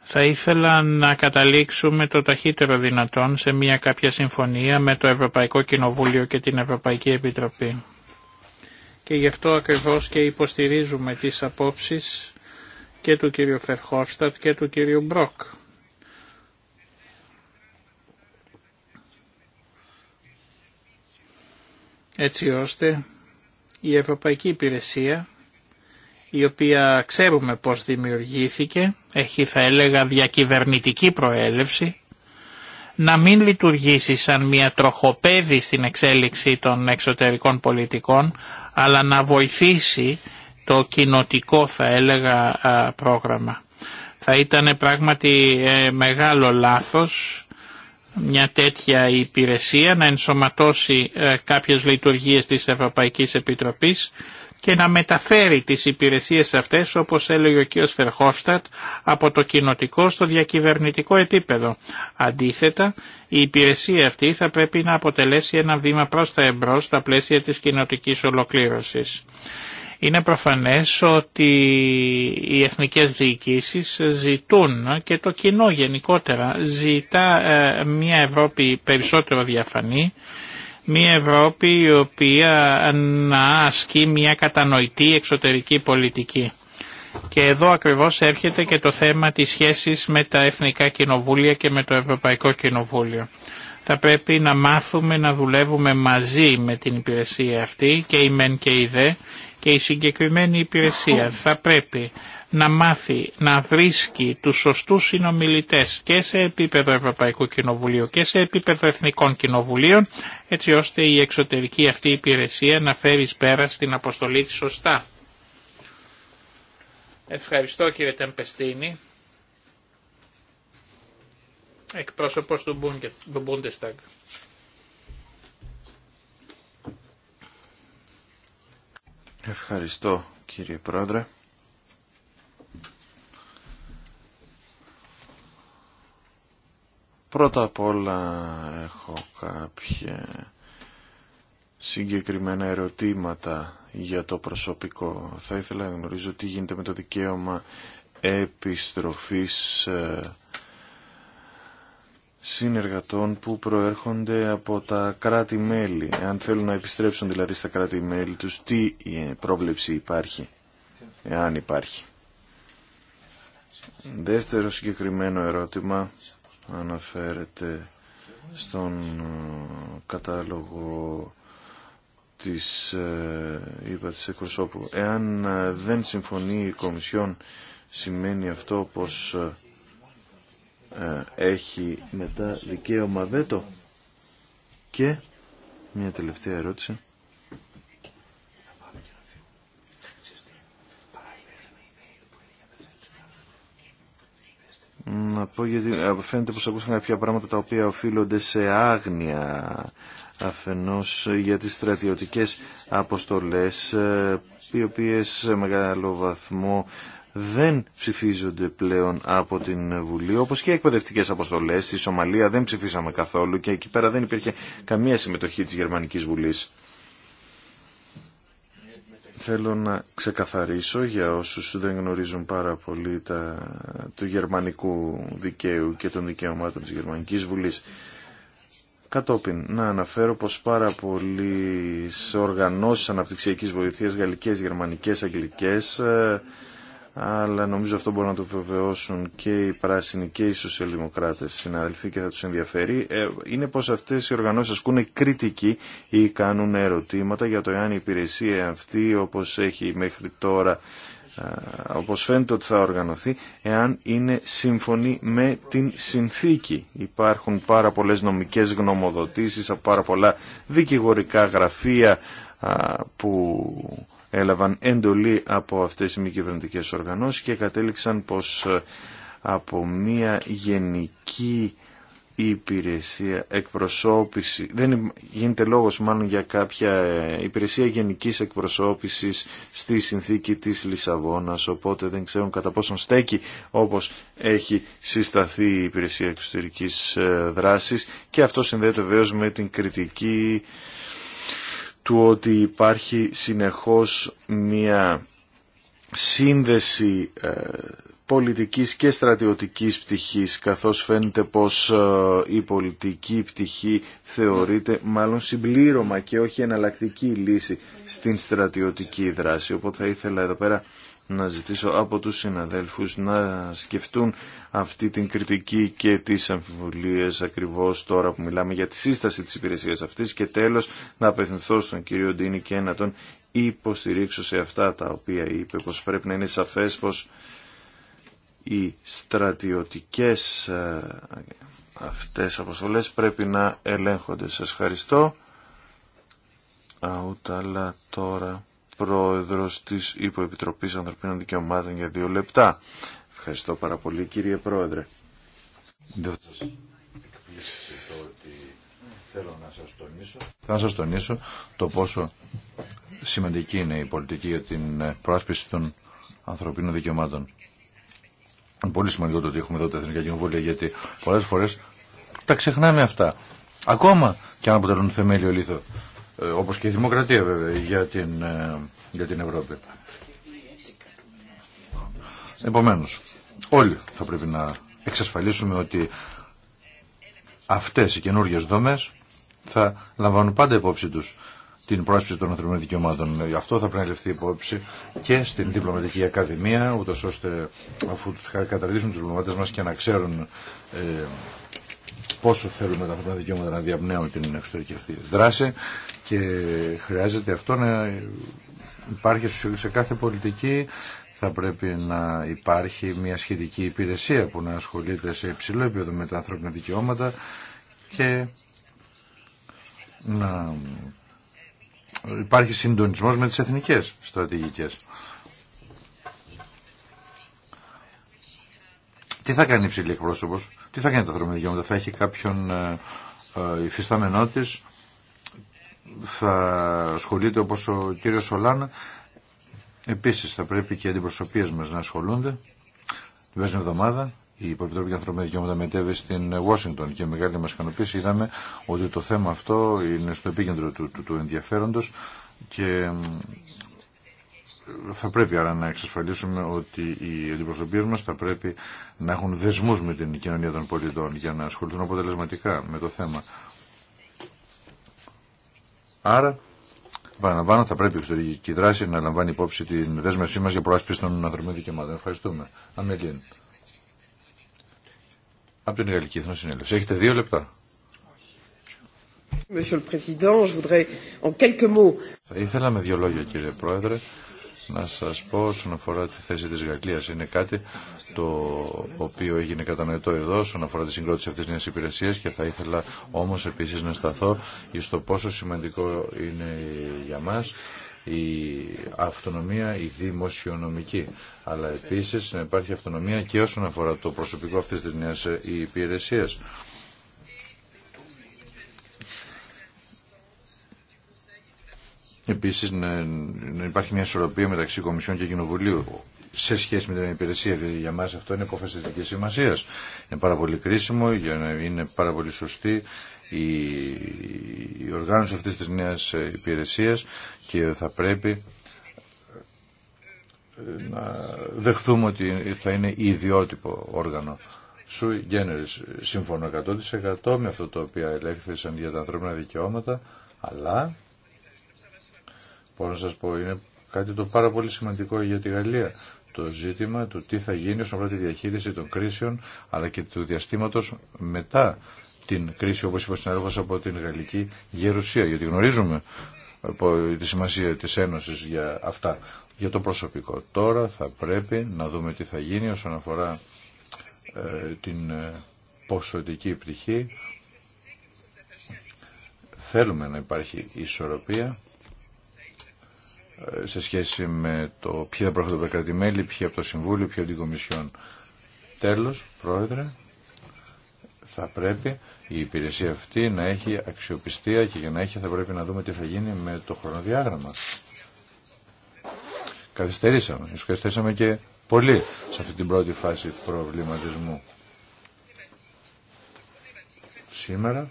Speaker 2: Θα ήθελα να καταλήξουμε το ταχύτερο δυνατόν σε μια κάποια συμφωνία με το Ευρωπαϊκό Κοινοβούλιο και την Ευρωπαϊκή Επιτροπή και γι' αυτό ακριβώς και υποστηρίζουμε τις απόψεις και του κύριου Φερχόφστατ και του κύριου Μπρόκ. Έτσι ώστε η Ευρωπαϊκή Υπηρεσία, η οποία ξέρουμε πώς δημιουργήθηκε, έχει θα έλεγα διακυβερνητική προέλευση, να μην λειτουργήσει σαν μια τροχοπέδη στην εξέλιξη των εξωτερικών πολιτικών, αλλά να βοηθήσει το κοινοτικό θα έλεγα πρόγραμμα. Θα ήταν πράγματι ε, μεγάλο λάθος μια τέτοια υπηρεσία να ενσωματώσει ε, κάποιες λειτουργίες της Ευρωπαϊκής Επιτροπής και να μεταφέρει τις υπηρεσίες αυτές, όπως έλεγε ο κ. Φερχόφστατ, από το κοινοτικό στο διακυβερνητικό επίπεδο. Αντίθετα, η υπηρεσία αυτή θα πρέπει να αποτελέσει ένα βήμα προς τα εμπρός στα πλαίσια της κοινοτικής ολοκλήρωσης. Είναι προφανές ότι οι εθνικές διοικήσεις ζητούν και το κοινό γενικότερα ζητά ε, μια Ευρώπη περισσότερο διαφανή, μια Ευρώπη η οποία να ασκεί μια κατανοητή εξωτερική πολιτική. Και εδώ ακριβώς έρχεται και το θέμα της σχέσης με τα Εθνικά Κοινοβούλια και με το Ευρωπαϊκό Κοινοβούλιο. Θα πρέπει να μάθουμε να δουλεύουμε μαζί με την υπηρεσία αυτή και η ΜΕΝ και η ΔΕ και η συγκεκριμένη υπηρεσία θα πρέπει να μάθει να βρίσκει τους σωστούς συνομιλητές και σε επίπεδο Ευρωπαϊκού Κοινοβουλίου και σε επίπεδο Εθνικών Κοινοβουλίων έτσι ώστε η εξωτερική αυτή υπηρεσία να φέρει πέρα στην αποστολή της σωστά. Ευχαριστώ κύριε Τεμπεστίνη. Εκπρόσωπος του Bundestag.
Speaker 3: Ευχαριστώ κύριε Πρόεδρε. Πρώτα απ' όλα έχω κάποια συγκεκριμένα ερωτήματα για το προσωπικό. Θα ήθελα να γνωρίζω τι γίνεται με το δικαίωμα επιστροφής ε, συνεργατών που προέρχονται από τα κράτη-μέλη. Αν θέλουν να επιστρέψουν δηλαδή στα κράτη-μέλη τους, τι ε, πρόβλεψη υπάρχει, εάν υπάρχει. Δεύτερο συγκεκριμένο ερώτημα αναφέρεται στον ε, κατάλογο της ε, είπα της Εάν ε, δεν συμφωνεί η Κομισιόν σημαίνει αυτό πως έχει μετά δικαίωμα βέτο και μια τελευταία ερώτηση Να πω γιατί ε, φαίνεται πως ακούσαμε κάποια πράγματα τα οποία οφείλονται σε άγνοια αφενός για τις στρατιωτικές αποστολές ε, οι οποίες σε μεγάλο βαθμό δεν ψηφίζονται πλέον από την Βουλή, όπως και οι εκπαιδευτικές αποστολές. Στη Σομαλία δεν ψηφίσαμε καθόλου και εκεί πέρα δεν υπήρχε καμία συμμετοχή της Γερμανικής Βουλής. Θέλω να ξεκαθαρίσω για όσους δεν γνωρίζουν πάρα πολύ τα, του γερμανικού δικαίου και των δικαιωμάτων της Γερμανικής Βουλής. Κατόπιν, να αναφέρω πως πάρα πολλοί οργανώσεις αναπτυξιακής βοηθείας, γαλλικές, γερμανικές, αγγλικές, ε, αλλά νομίζω αυτό μπορούν να το βεβαιώσουν και οι πράσινοι και οι σοσιαλδημοκράτες συναδελφοί και θα τους ενδιαφέρει, ε, είναι πως αυτές οι οργανώσεις ασκούν κριτική ή κάνουν ερωτήματα για το εάν η υπηρεσία αυτή όπως έχει μέχρι τώρα όπως φαίνεται ότι θα οργανωθεί, εάν είναι σύμφωνη με την συνθήκη. Υπάρχουν πάρα πολλές νομικές γνωμοδοτήσεις από πάρα πολλά δικηγορικά γραφεία που έλαβαν εντολή από αυτές οι μη κυβερνητικέ οργανώσεις και κατέληξαν πως ε, από μια γενική υπηρεσία εκπροσώπηση, δεν γίνεται λόγος μάλλον για κάποια ε, υπηρεσία γενικής εκπροσώπησης στη συνθήκη της Λισαβόνας, οπότε δεν ξέρουν κατά πόσον στέκει όπως έχει συσταθεί η υπηρεσία εξωτερικής ε, δράσης και αυτό συνδέεται βεβαίω με την κριτική του ότι υπάρχει συνεχώς μία σύνδεση ε, πολιτικής και στρατιωτικής πτυχής, καθώς φαίνεται πως ε, η πολιτική πτυχή θεωρείται μάλλον συμπλήρωμα και όχι εναλλακτική λύση στην στρατιωτική δράση. Οπότε θα ήθελα εδώ πέρα να ζητήσω από τους συναδέλφους να σκεφτούν αυτή την κριτική και τις αμφιβολίες ακριβώς τώρα που μιλάμε για τη σύσταση της υπηρεσίας αυτής και τέλος να απευθυνθώ στον κύριο Ντίνη και να τον υποστηρίξω σε αυτά τα οποία είπε πως πρέπει να είναι σαφές πως οι στρατιωτικές ε, αυτές αποστολές πρέπει να ελέγχονται. Σας ευχαριστώ. Αούταλα τώρα πρόεδρος της Υποεπιτροπής Ανθρωπίνων Δικαιωμάτων για δύο λεπτά. Ευχαριστώ πάρα πολύ κύριε πρόεδρε. θα
Speaker 4: θέλω να σας τονίσω. Θα σας τονίσω το πόσο σημαντική είναι η πολιτική για την πρόσπιση των ανθρωπίνων δικαιωμάτων. Είναι πολύ σημαντικό το ότι έχουμε εδώ τα Εθνικά Κοινοβούλια γιατί πολλές φορές τα ξεχνάμε αυτά. Ακόμα και αν αποτελούν θεμέλιο λίθο όπως και η δημοκρατία βέβαια για την, ε, για την Ευρώπη. Επομένως, όλοι θα πρέπει να εξασφαλίσουμε ότι αυτές οι καινούργιε δομές θα λαμβάνουν πάντα υπόψη τους την πρόσφυση των ανθρωπίνων δικαιωμάτων. Γι' αυτό θα πρέπει να ληφθεί υπόψη και στην Διπλωματική Ακαδημία, ούτω ώστε αφού καταρτήσουν τους διπλωματές μα και να ξέρουν ε, πόσο θέλουμε τα ανθρώπινα δικαιώματα να διαπνέουν την εξωτερική αυτή δράση και χρειάζεται αυτό να υπάρχει σε κάθε πολιτική θα πρέπει να υπάρχει μια σχετική υπηρεσία που να ασχολείται σε υψηλό επίπεδο με τα ανθρώπινα δικαιώματα και να υπάρχει συντονισμός με τις εθνικές στρατηγικές. Τι θα κάνει η ψηλή εκπρόσωπος τι θα κάνει τα ανθρώπινα δικαιώματα, θα έχει κάποιον ε, ε, υφιστάμενό τη, θα ασχολείται όπως ο κύριος Σολάνα. Επίσης θα πρέπει και οι αντιπροσωπείες μας να ασχολούνται. Την περσμένη εβδομάδα η Υποπιτροπή για Ανθρωπίνα Δικαιώματα μετέβη στην Ουάσιγκτον και μεγάλη μας ικανοποίηση είδαμε ότι το θέμα αυτό είναι στο επίκεντρο του, του, του ενδιαφέροντος και θα πρέπει άρα να εξασφαλίσουμε ότι οι αντιπροσωπείε μα θα πρέπει να έχουν δεσμού με την κοινωνία των πολιτών για να ασχοληθούν αποτελεσματικά με το θέμα. Άρα, παραλαμβάνω, θα πρέπει η εξωτερική δράση να λαμβάνει υπόψη την δέσμευσή μα για προάσπιση των ανθρωπίνων δικαιωμάτων. Ευχαριστούμε. Αμελίν. Από την Γαλλική Συνέλευση. Έχετε δύο λεπτά. Θα ήθελα με δύο λόγια κύριε Πρόεδρε να σας πω όσον αφορά τη θέση της Γαλλίας. Είναι κάτι το οποίο έγινε κατανοητό εδώ όσον αφορά τη συγκρότηση αυτής της νέας υπηρεσίας και θα ήθελα όμως επίσης να σταθώ στο πόσο σημαντικό είναι για μας η αυτονομία η δημοσιονομική αλλά επίσης να υπάρχει αυτονομία και όσον αφορά το προσωπικό αυτής της νέας υπηρεσίας. Επίση να υπάρχει μια ισορροπία μεταξύ Κομισιών και Κοινοβουλίου σε σχέση με την υπηρεσία, Δηλαδή για μα αυτό είναι αποφασιστική σημασία. Είναι πάρα πολύ κρίσιμο, για να είναι πάρα πολύ σωστή η οργάνωση αυτή τη νέα υπηρεσία και θα πρέπει να δεχθούμε ότι θα είναι ιδιότυπο όργανο. Σου γένερης σύμφωνο 100% με αυτό το οποίο ελέγχθησαν για τα ανθρώπινα δικαιώματα, αλλά μπορώ λοιπόν να σας πω, είναι κάτι το πάρα πολύ σημαντικό για τη Γαλλία. Το ζήτημα του τι θα γίνει όσον αφορά τη διαχείριση των κρίσεων, αλλά και του διαστήματος μετά την κρίση, όπως είπε ο συνάδελφος, από την γαλλική γερουσία. Γιατί γνωρίζουμε ε, τη σημασία της Ένωσης για αυτά, για το προσωπικό. Τώρα θα πρέπει να δούμε τι θα γίνει όσον αφορά ε, την ε, ποσοτική πτυχή. Θέλουμε να υπάρχει ισορροπία σε σχέση με το ποιοι θα προέρχονται από τα κρατημέλη, ποιοι από το Συμβούλιο, ποιοι από την Κομισιόν. Τέλος, Πρόεδρε, θα πρέπει η υπηρεσία αυτή να έχει αξιοπιστία και για να έχει θα πρέπει να δούμε τι θα γίνει με το χρονοδιάγραμμα. Καθυστερήσαμε, ίσως καθυστερήσαμε και πολύ σε αυτή την πρώτη φάση προβληματισμού. Σήμερα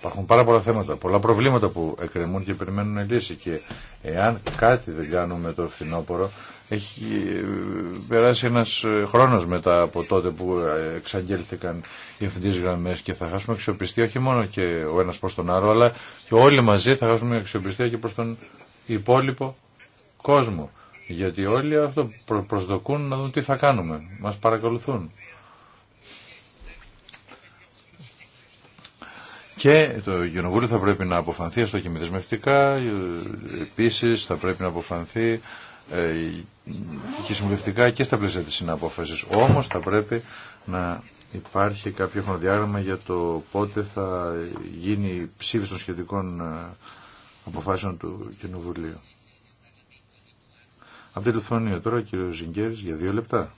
Speaker 4: Υπάρχουν πάρα πολλά θέματα, πολλά προβλήματα που εκκρεμούν και περιμένουν λύση και εάν κάτι δεν κάνουμε το φθινόπωρο έχει ε, περάσει ένας ε, χρόνος μετά από τότε που ε, εξαγγέλθηκαν οι ευθυντές γραμμές και θα χάσουμε αξιοπιστία όχι μόνο και ο ένας προς τον άλλο αλλά και όλοι μαζί θα χάσουμε αξιοπιστία και προς τον υπόλοιπο κόσμο γιατί όλοι αυτό προσδοκούν να δουν τι θα κάνουμε, μας παρακολουθούν. Και το Κοινοβούλιο θα πρέπει να αποφανθεί στο δεσμευτικά, επίσης θα πρέπει να αποφανθεί ε, και συμβουλευτικά και στα πλαίσια της συναπόφασης. Όμως θα πρέπει να υπάρχει κάποιο χρονοδιάγραμμα για το πότε θα γίνει η ψήφιση των σχετικών ε, αποφάσεων του Κοινοβουλίου. Από τη λουθόνια τώρα ο κύριος για δύο λεπτά.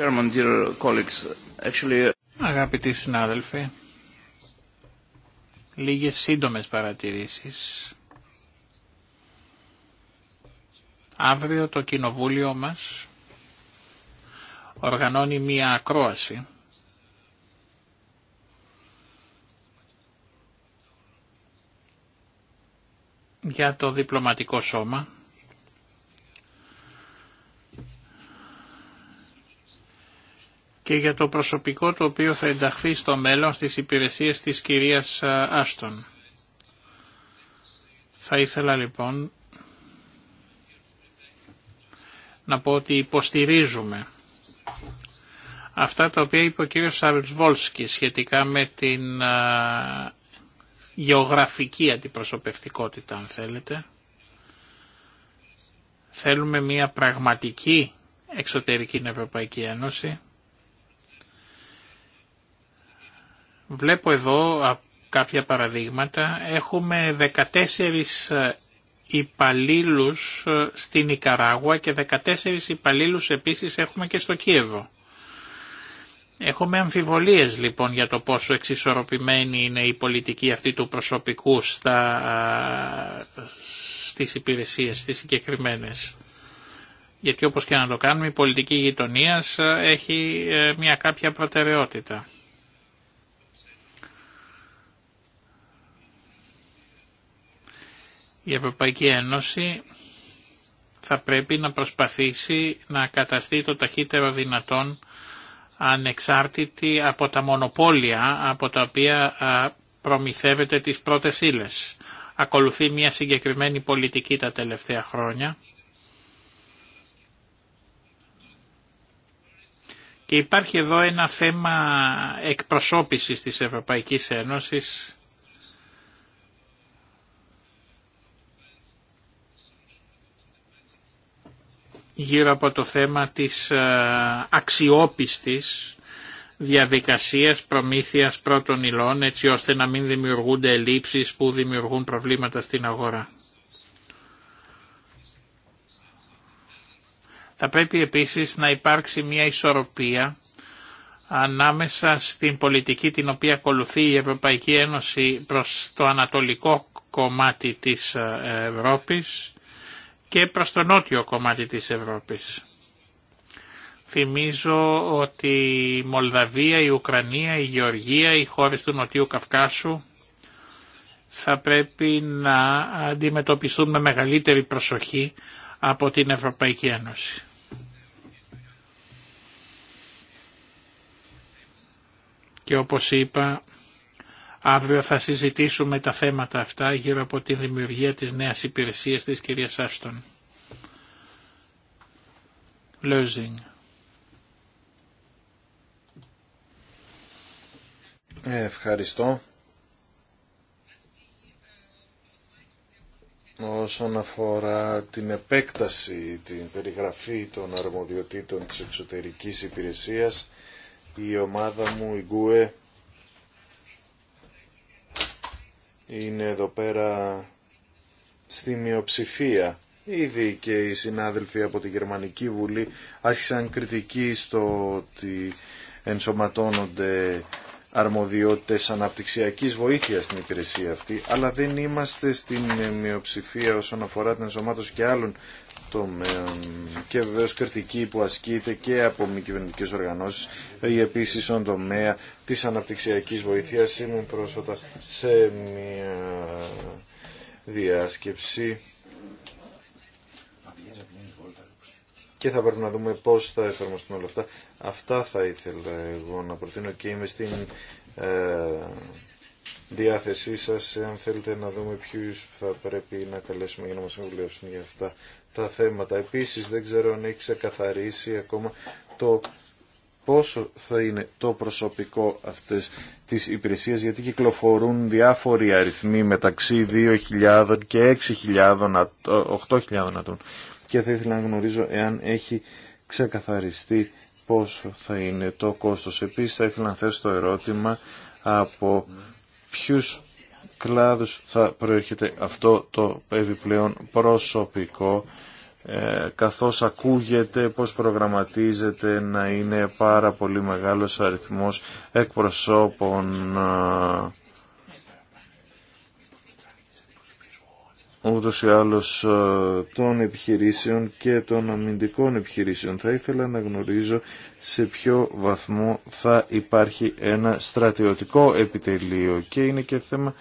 Speaker 2: Uh, Αγαπητοί συνάδελφοι, λίγες σύντομες παρατηρήσεις. Αύριο το κοινοβούλιο μας οργανώνει μία ακρόαση για το διπλωματικό σώμα και για το προσωπικό το οποίο θα ενταχθεί στο μέλλον στις υπηρεσίες της κυρίας Άστον. Θα ήθελα λοιπόν να πω ότι υποστηρίζουμε αυτά τα οποία είπε ο κύριος Σαρτσβόλσκι σχετικά με την γεωγραφική αντιπροσωπευτικότητα αν θέλετε. Θέλουμε μια πραγματική εξωτερική Ευρωπαϊκή Ένωση Βλέπω εδώ κάποια παραδείγματα. Έχουμε 14 ε, υπαλλήλου ε, στην Ικαράγουα και 14 υπαλλήλου επίσης έχουμε και στο Κίεβο. Έχουμε αμφιβολίες λοιπόν για το πόσο εξισορροπημένη είναι η πολιτική αυτή του προσωπικού στα, στις υπηρεσίες, στις συγκεκριμένε. Γιατί όπως και να το κάνουμε η πολιτική γειτονία ε, έχει μια κάποια προτεραιότητα. Η Ευρωπαϊκή Ένωση θα πρέπει να προσπαθήσει να καταστεί το ταχύτερο δυνατόν ανεξάρτητη από τα μονοπόλια από τα οποία προμηθεύεται τις πρώτες ύλες. Ακολουθεί μια συγκεκριμένη πολιτική τα τελευταία χρόνια και υπάρχει εδώ ένα θέμα εκπροσώπησης της Ευρωπαϊκής Ένωσης γύρω από το θέμα της ε, αξιόπιστης διαδικασίας προμήθειας πρώτων υλών έτσι ώστε να μην δημιουργούνται ελλείψεις που δημιουργούν προβλήματα στην αγορά. Θα πρέπει επίσης να υπάρξει μια ισορροπία ανάμεσα στην πολιτική την οποία ακολουθεί η Ευρωπαϊκή Ένωση προς το ανατολικό κομμάτι της ε, Ευρώπης και προς το νότιο κομμάτι της Ευρώπης. Θυμίζω ότι η Μολδαβία, η Ουκρανία, η Γεωργία, οι χώρες του Νοτιού Καυκάσου θα πρέπει να αντιμετωπιστούν με μεγαλύτερη προσοχή από την Ευρωπαϊκή Ένωση. Και όπως είπα, Αύριο θα συζητήσουμε τα θέματα αυτά γύρω από τη δημιουργία της νέας υπηρεσίας της κυρίας Άστον. Λόζινγκ.
Speaker 3: Ευχαριστώ. Όσον αφορά την επέκταση, την περιγραφή των αρμοδιοτήτων της εξωτερικής υπηρεσίας, η ομάδα μου, η Γκουε, είναι εδώ πέρα στη μειοψηφία. Ήδη και οι συνάδελφοι από τη Γερμανική Βουλή άρχισαν κριτική στο ότι ενσωματώνονται αρμοδιότητες αναπτυξιακής βοήθειας στην υπηρεσία αυτή, αλλά δεν είμαστε στην μειοψηφία όσον αφορά την ενσωμάτωση και άλλων τομέων και βεβαίω κριτική που ασκείται και από μη κυβερνητικέ οργανώσει ή επίση στον τομέα τη αναπτυξιακή βοήθεια. Ήμουν πρόσφατα σε μια διάσκεψη και θα πρέπει να δούμε πώ θα εφαρμοστούν όλα αυτά. Αυτά θα ήθελα εγώ να προτείνω και είμαι στην ε, διάθεσή σας αν θέλετε να δούμε ποιους θα πρέπει να καλέσουμε για να μας συμβουλεύσουν για αυτά τα θέματα. Επίσης δεν ξέρω αν έχει ξεκαθαρίσει ακόμα το πόσο θα είναι το προσωπικό αυτές της υπηρεσίας γιατί κυκλοφορούν διάφοροι αριθμοί μεταξύ 2.000 και 6.000, 8.000 ατών και θα ήθελα να γνωρίζω εάν έχει ξεκαθαριστεί πόσο θα είναι το κόστος. Επίσης θα ήθελα να θέσω το ερώτημα από ποιους κλάδους θα προέρχεται αυτό το επιπλέον προσωπικό ε, καθώς ακούγεται πως προγραμματίζεται να είναι πάρα πολύ μεγάλος αριθμός εκπροσώπων ε, ούτως ή άλλως ε, των επιχειρήσεων και των αμυντικών επιχειρήσεων. Θα ήθελα να γνωρίζω σε ποιο βαθμό θα υπάρχει ένα στρατιωτικό επιτελείο και είναι και θέμα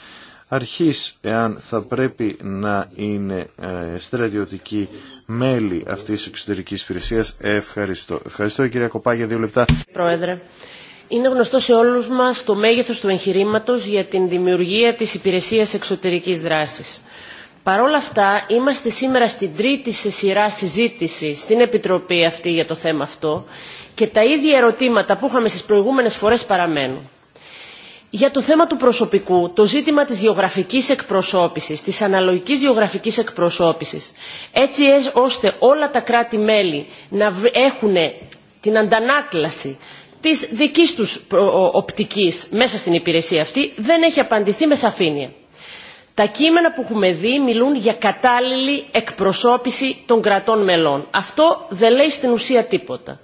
Speaker 3: αρχής εάν θα πρέπει να είναι ε, στρατιωτικοί μέλη αυτής της εξωτερικής υπηρεσίας. Ευχαριστώ. Ευχαριστώ κυρία Κοπά για δύο λεπτά.
Speaker 8: Πρόεδρε. Είναι γνωστό σε όλους μας το μέγεθος του εγχειρήματος για την δημιουργία της υπηρεσίας εξωτερικής δράσης. Παρ' όλα αυτά, είμαστε σήμερα στην τρίτη σε σειρά συζήτηση στην Επιτροπή αυτή για το θέμα αυτό και τα ίδια ερωτήματα που είχαμε στις προηγούμενες φορές παραμένουν για το θέμα του προσωπικού, το ζήτημα της γεωγραφικής εκπροσώπησης, της αναλογικής γεωγραφικής εκπροσώπησης, έτσι ώστε όλα τα κράτη-μέλη να έχουν την αντανάκλαση της δικής τους οπτικής μέσα στην υπηρεσία αυτή, δεν έχει απαντηθεί με σαφήνεια. Τα κείμενα που έχουμε δει μιλούν για κατάλληλη εκπροσώπηση των κρατών μελών. Αυτό δεν λέει στην ουσία τίποτα.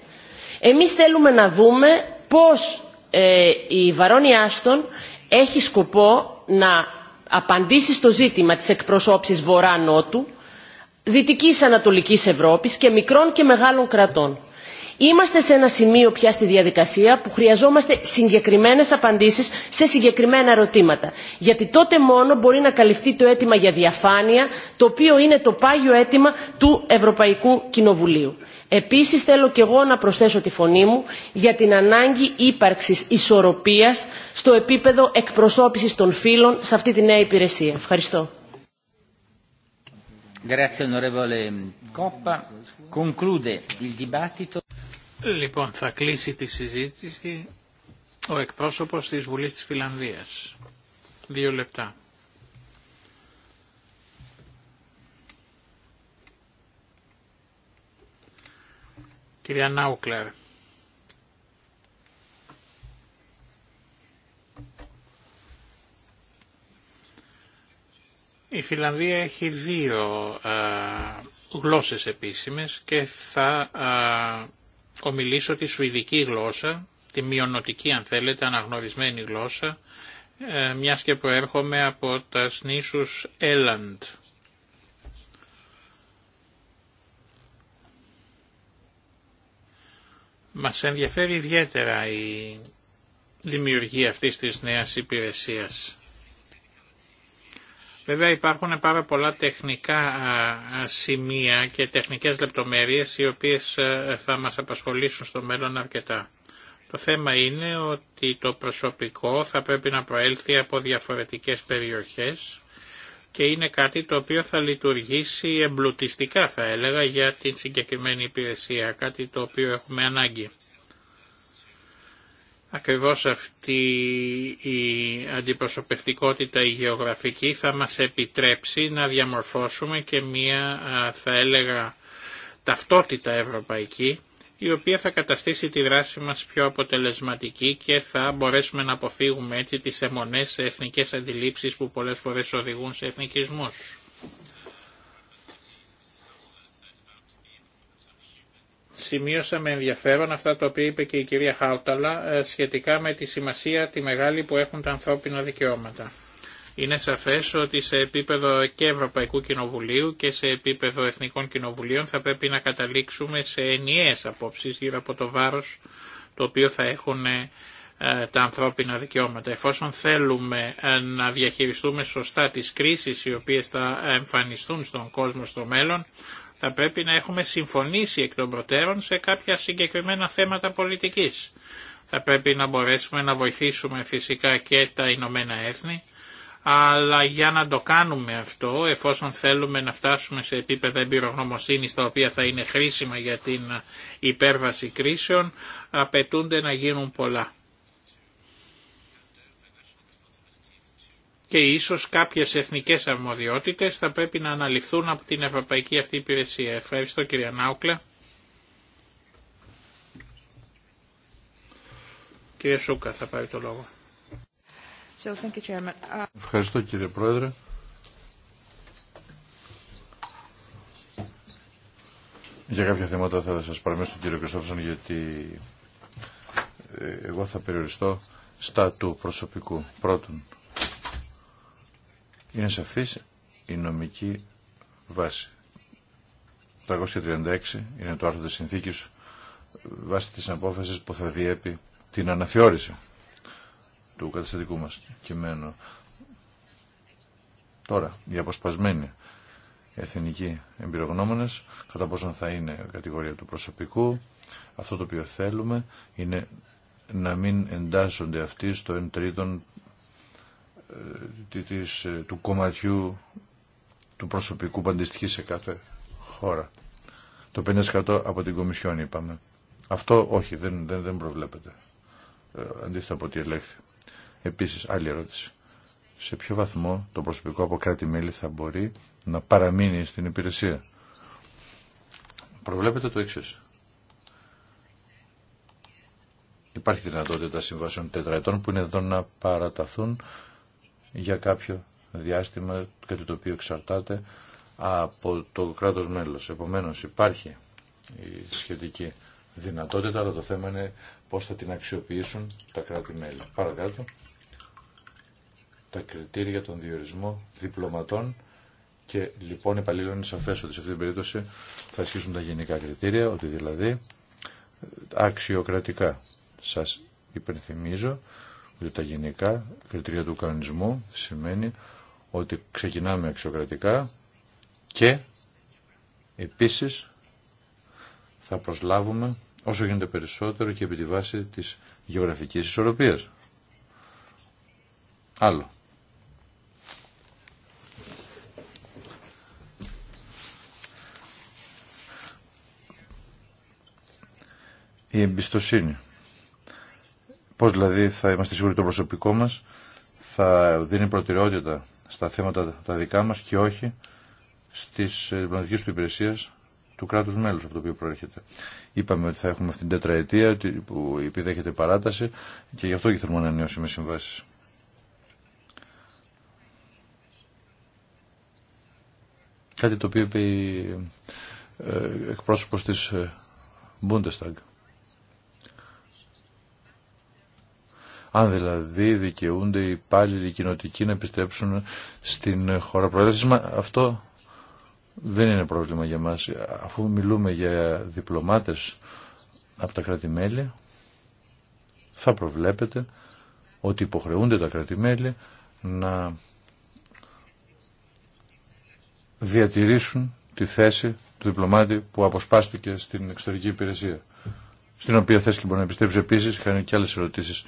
Speaker 8: Εμείς θέλουμε να δούμε πώς ε, η Βαρόνι Άστον έχει σκοπό να απαντήσει στο ζήτημα της εκπροσώψης Βορρά-Νότου, Δυτικής Ανατολικής Ευρώπης και μικρών και μεγάλων κρατών. Είμαστε σε ένα σημείο πια στη διαδικασία που χρειαζόμαστε συγκεκριμένες απαντήσεις σε συγκεκριμένα ερωτήματα. Γιατί τότε μόνο μπορεί να καλυφθεί το αίτημα για διαφάνεια, το οποίο είναι το πάγιο αίτημα του Ευρωπαϊκού Κοινοβουλίου. Επίσης θέλω και εγώ να προσθέσω τη φωνή μου για την ανάγκη ύπαρξης ισορροπίας στο επίπεδο εκπροσώπησης των φύλων σε αυτή τη νέα υπηρεσία. Ευχαριστώ.
Speaker 2: Λοιπόν, θα κλείσει τη συζήτηση ο εκπρόσωπος της Βουλής της Φιλανδίας. Δύο λεπτά. Κυρία Η Φιλανδία έχει δύο α, ε, γλώσσες επίσημες και θα ε, ομιλήσω τη σουηδική γλώσσα, τη μειονοτική αν θέλετε αναγνωρισμένη γλώσσα, ε, μιας και προέρχομαι από τα νήσους Έλλαντ. Μας ενδιαφέρει ιδιαίτερα η δημιουργία αυτής της νέας υπηρεσίας. Βέβαια υπάρχουν πάρα πολλά τεχνικά σημεία και τεχνικές λεπτομέρειες οι οποίες θα μας απασχολήσουν στο μέλλον αρκετά. Το θέμα είναι ότι το προσωπικό θα πρέπει να προέλθει από διαφορετικές περιοχές και είναι κάτι το οποίο θα λειτουργήσει εμπλουτιστικά θα έλεγα για την συγκεκριμένη υπηρεσία, κάτι το οποίο έχουμε ανάγκη. Ακριβώς αυτή η αντιπροσωπευτικότητα η γεωγραφική θα μας επιτρέψει να διαμορφώσουμε και μία θα έλεγα ταυτότητα ευρωπαϊκή η οποία θα καταστήσει τη δράση μας πιο αποτελεσματική και θα μπορέσουμε να αποφύγουμε έτσι τις αιμονές σε εθνικές αντιλήψεις που πολλές φορές οδηγούν σε εθνικισμούς. Σημείωσα με ενδιαφέρον αυτά τα οποία είπε και η κυρία Χάουταλα ε, σχετικά με τη σημασία τη μεγάλη που έχουν τα ανθρώπινα δικαιώματα. Είναι σαφές ότι σε επίπεδο και Ευρωπαϊκού Κοινοβουλίου και σε επίπεδο Εθνικών Κοινοβουλίων θα πρέπει να καταλήξουμε σε ενιαίες απόψεις γύρω από το βάρος το οποίο θα έχουν ε, τα ανθρώπινα δικαιώματα. Εφόσον θέλουμε ε, να διαχειριστούμε σωστά τις κρίσεις οι οποίες θα εμφανιστούν στον κόσμο στο μέλλον, θα πρέπει να έχουμε συμφωνήσει εκ των προτέρων σε κάποια συγκεκριμένα θέματα πολιτικής. Θα πρέπει να μπορέσουμε να βοηθήσουμε φυσικά και τα Ηνωμένα Έθνη, αλλά για να το κάνουμε αυτό, εφόσον θέλουμε να φτάσουμε σε επίπεδα εμπειρογνωμοσύνης τα οποία θα είναι χρήσιμα για την υπέρβαση κρίσεων, απαιτούνται να γίνουν πολλά. Και ίσως κάποιες εθνικές αρμοδιότητες θα πρέπει να αναλυθούν από την Ευρωπαϊκή αυτή υπηρεσία. Ευχαριστώ κυρία Νάουκλα. Κύριε Σούκα θα πάρει το λόγο.
Speaker 4: Uh, Ευχαριστώ κύριε Πρόεδρε. Για κάποια θέματα θα σας παραμένω στον κύριο Κριστόφσον γιατί ε, εγώ θα περιοριστώ στα του προσωπικού. Πρώτον, είναι σαφής η νομική βάση. 336 είναι το άρθρο της συνθήκης ε, βάσει της απόφασης που θα διέπει την αναθεώρηση του καταστατικού μας κειμένου. Τώρα, οι αποσπασμένοι εθνικοί εμπειρογνώμονες, κατά πόσον θα είναι η κατηγορία του προσωπικού, αυτό το οποίο θέλουμε είναι να μην εντάσσονται αυτοί στο εν τρίτον ε, της, ε, του κομματιού του προσωπικού που αντιστοιχεί σε κάθε χώρα. Το 50% από την Κομισιόν είπαμε. Αυτό όχι, δεν, δεν, δεν προβλέπεται. Ε, αντίθετα από ό,τι ελέγχθη. Επίσης, άλλη ερώτηση. Σε ποιο βαθμό το προσωπικό από κράτη-μέλη θα μπορεί να παραμείνει στην υπηρεσία. Προβλέπετε το εξή. Υπάρχει δυνατότητα συμβάσεων τετραετών που είναι εδώ να παραταθούν για κάποιο διάστημα, κάτι το οποίο εξαρτάται από το κράτος μέλος. Επομένως υπάρχει η σχετική δυνατότητα, αλλά το θέμα είναι πώς θα την αξιοποιήσουν τα κράτη-μέλη. Παρακάτω τα κριτήρια των διορισμό διπλωματών και λοιπόν υπαλλήλων είναι σαφές ότι σε αυτή την περίπτωση θα ασχίσουν τα γενικά κριτήρια, ότι δηλαδή ε, αξιοκρατικά σας υπενθυμίζω ότι τα γενικά κριτήρια του κανονισμού σημαίνει ότι ξεκινάμε αξιοκρατικά και επίσης θα προσλάβουμε όσο γίνεται περισσότερο και επί τη βάση της γεωγραφικής ισορροπίας. Άλλο. η εμπιστοσύνη. Πώς δηλαδή θα είμαστε σίγουροι το προσωπικό μας θα δίνει προτεραιότητα στα θέματα τα δικά μας και όχι στις διπλωματικές του υπηρεσίες του κράτους μέλους από το οποίο προέρχεται. Είπαμε ότι θα έχουμε αυτήν την τετραετία που επιδέχεται παράταση και γι' αυτό και θέλουμε να νιώσουμε συμβάσεις. Κάτι το οποίο είπε η ε, εκπρόσωπος της ε, Bundestag. αν δηλαδή δικαιούνται οι υπάλληλοι κοινοτικοί να επιστρέψουν στην χώρα προέλευσης. Αυτό δεν είναι πρόβλημα για μας. Αφού μιλούμε για διπλωμάτες από τα κρατη θα προβλέπετε ότι υποχρεούνται τα κρατη να διατηρήσουν τη θέση του διπλωμάτη που αποσπάστηκε στην εξωτερική υπηρεσία. Στην οποία θέση και μπορεί να επιστρέψει επίση, είχαν και άλλε ερωτήσει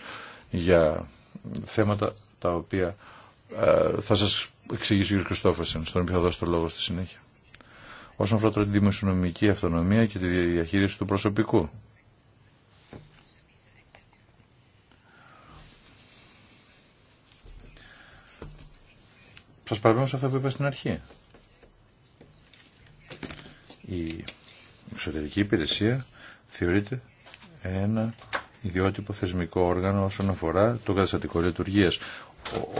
Speaker 4: για θέματα τα οποία ε, θα σας εξηγήσει ο κ. Κριστόφασεν, στον οποίο θα δώσω το λόγο στη συνέχεια. Όσον αφορά την δημοσιονομική αυτονομία και τη διαχείριση του προσωπικού. Σας παραπέμπω σε αυτό που είπα στην αρχή. Η εξωτερική υπηρεσία θεωρείται ένα ιδιότυπο θεσμικό όργανο όσον αφορά το καταστατικό λειτουργία.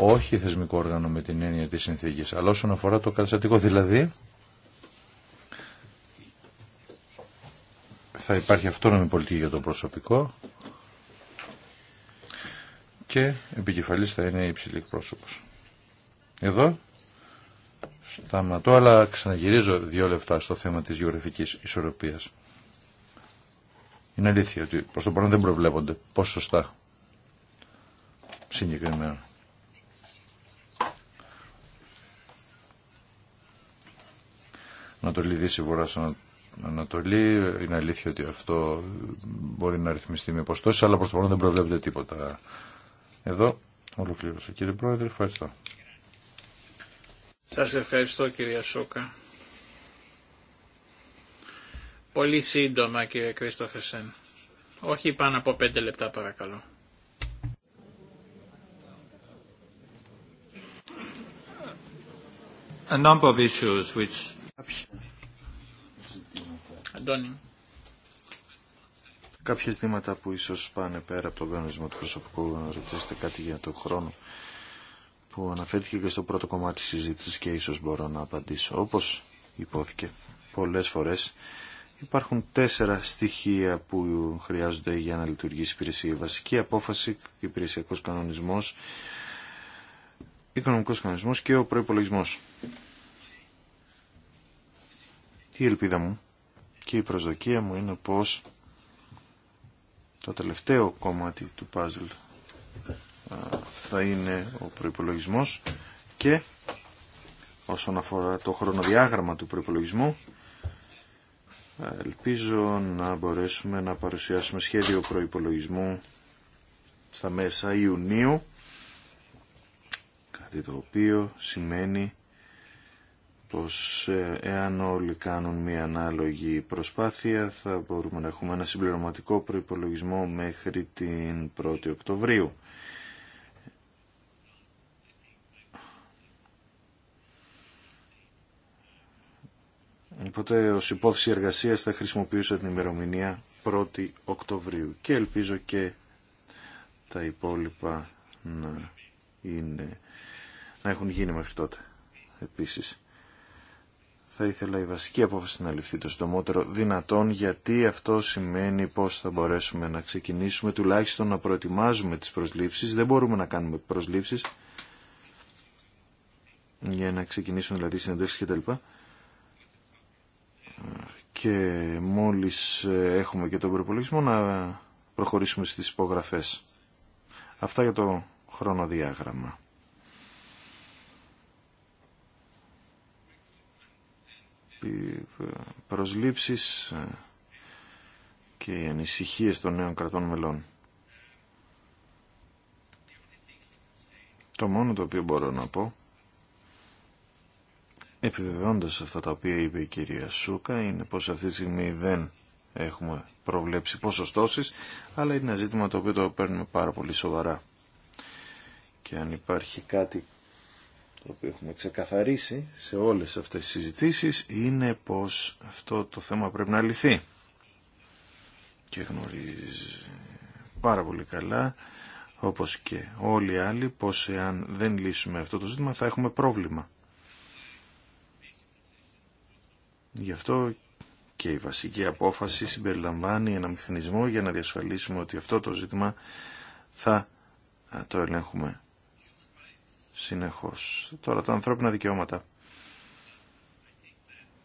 Speaker 4: Όχι θεσμικό όργανο με την έννοια τη συνθήκη, αλλά όσον αφορά το καταστατικό. Δηλαδή, θα υπάρχει αυτόνομη πολιτική για το προσωπικό και επικεφαλής θα είναι υψηλή πρόσωπος. Εδώ σταματώ, αλλά ξαναγυρίζω δύο λεπτά στο θέμα της γεωγραφικής ισορροπίας. Είναι αλήθεια ότι προς το παρόν δεν προβλέπονται πώς σωστά συγκεκριμένα. Ανατολή, Δύση, Βορρά, Ανατολή. Είναι αλήθεια ότι αυτό μπορεί να ρυθμιστεί με ποσότητα, αλλά προς το παρόν δεν προβλέπεται τίποτα. Εδώ ολοκλήρωσα. Κύριε Πρόεδρε, ευχαριστώ.
Speaker 2: Σας ευχαριστώ κυρία Σόκα. Πολύ σύντομα κύριε Κρίστοφεσεν. Όχι πάνω από πέντε λεπτά παρακαλώ.
Speaker 4: A number of issues which...
Speaker 2: Αντώνη.
Speaker 3: Κάποια ζητήματα που ίσως πάνε πέρα από τον κανονισμό του προσωπικού, να ρωτήσετε κάτι για τον χρόνο που αναφέρθηκε και στο πρώτο κομμάτι της συζήτησης και ίσως μπορώ να απαντήσω. Όπως υπόθηκε πολλές φορές, Υπάρχουν τέσσερα στοιχεία που χρειάζονται για να λειτουργήσει η υπηρεσία. Η βασική απόφαση, υπηρεσιακός κανονισμός, οικονομικό κανονισμό και ο προπολογισμό. Η ελπίδα μου και η προσδοκία μου είναι πω το τελευταίο κομμάτι του παζλ θα είναι ο προϋπολογισμός και όσον αφορά το χρονοδιάγραμμα του προπολογισμού. Ελπίζω να μπορέσουμε να παρουσιάσουμε σχέδιο προϋπολογισμού στα μέσα Ιουνίου, κάτι το οποίο σημαίνει πως ε, εάν όλοι κάνουν μία ανάλογη προσπάθεια θα μπορούμε να έχουμε ένα συμπληρωματικό προϋπολογισμό μέχρι την 1η Οκτωβρίου. Οπότε ω υπόθεση εργασία θα χρησιμοποιήσω την ημερομηνία 1η Οκτωβρίου και ελπίζω και τα υπόλοιπα να, είναι, να έχουν γίνει μέχρι τότε. Επίσης, θα ήθελα η βασική απόφαση να ληφθεί το συντομότερο δυνατόν γιατί αυτό σημαίνει πώς θα μπορέσουμε να ξεκινήσουμε τουλάχιστον να προετοιμάζουμε τις προσλήψει. Δεν μπορούμε να κάνουμε προσλήψει για να ξεκινήσουμε δηλαδή συνεντεύξει κτλ και μόλις ε, έχουμε και τον προπολογισμό να προχωρήσουμε στις υπογραφές. Αυτά για το χρονοδιάγραμμα. Ε, προσλήψεις ε, και οι ανησυχίες των νέων κρατών μελών. Το μόνο το οποίο μπορώ να πω Επιβεβαιώντας αυτά τα οποία είπε η κυρία Σούκα είναι πως αυτή τη στιγμή δεν έχουμε προβλέψει ποσοστώσεις αλλά είναι ένα ζήτημα το οποίο το παίρνουμε πάρα πολύ σοβαρά. Και αν υπάρχει κάτι το οποίο έχουμε ξεκαθαρίσει σε όλες αυτές τις συζητήσεις είναι πως αυτό το θέμα πρέπει να λυθεί. Και γνωρίζει πάρα πολύ καλά όπως και όλοι οι άλλοι πως εάν δεν λύσουμε αυτό το ζήτημα θα έχουμε πρόβλημα. Γι' αυτό και η βασική απόφαση συμπεριλαμβάνει ένα μηχανισμό για να διασφαλίσουμε ότι αυτό το ζήτημα θα ε, το ελέγχουμε συνεχώς. Τώρα τα ανθρώπινα δικαιώματα.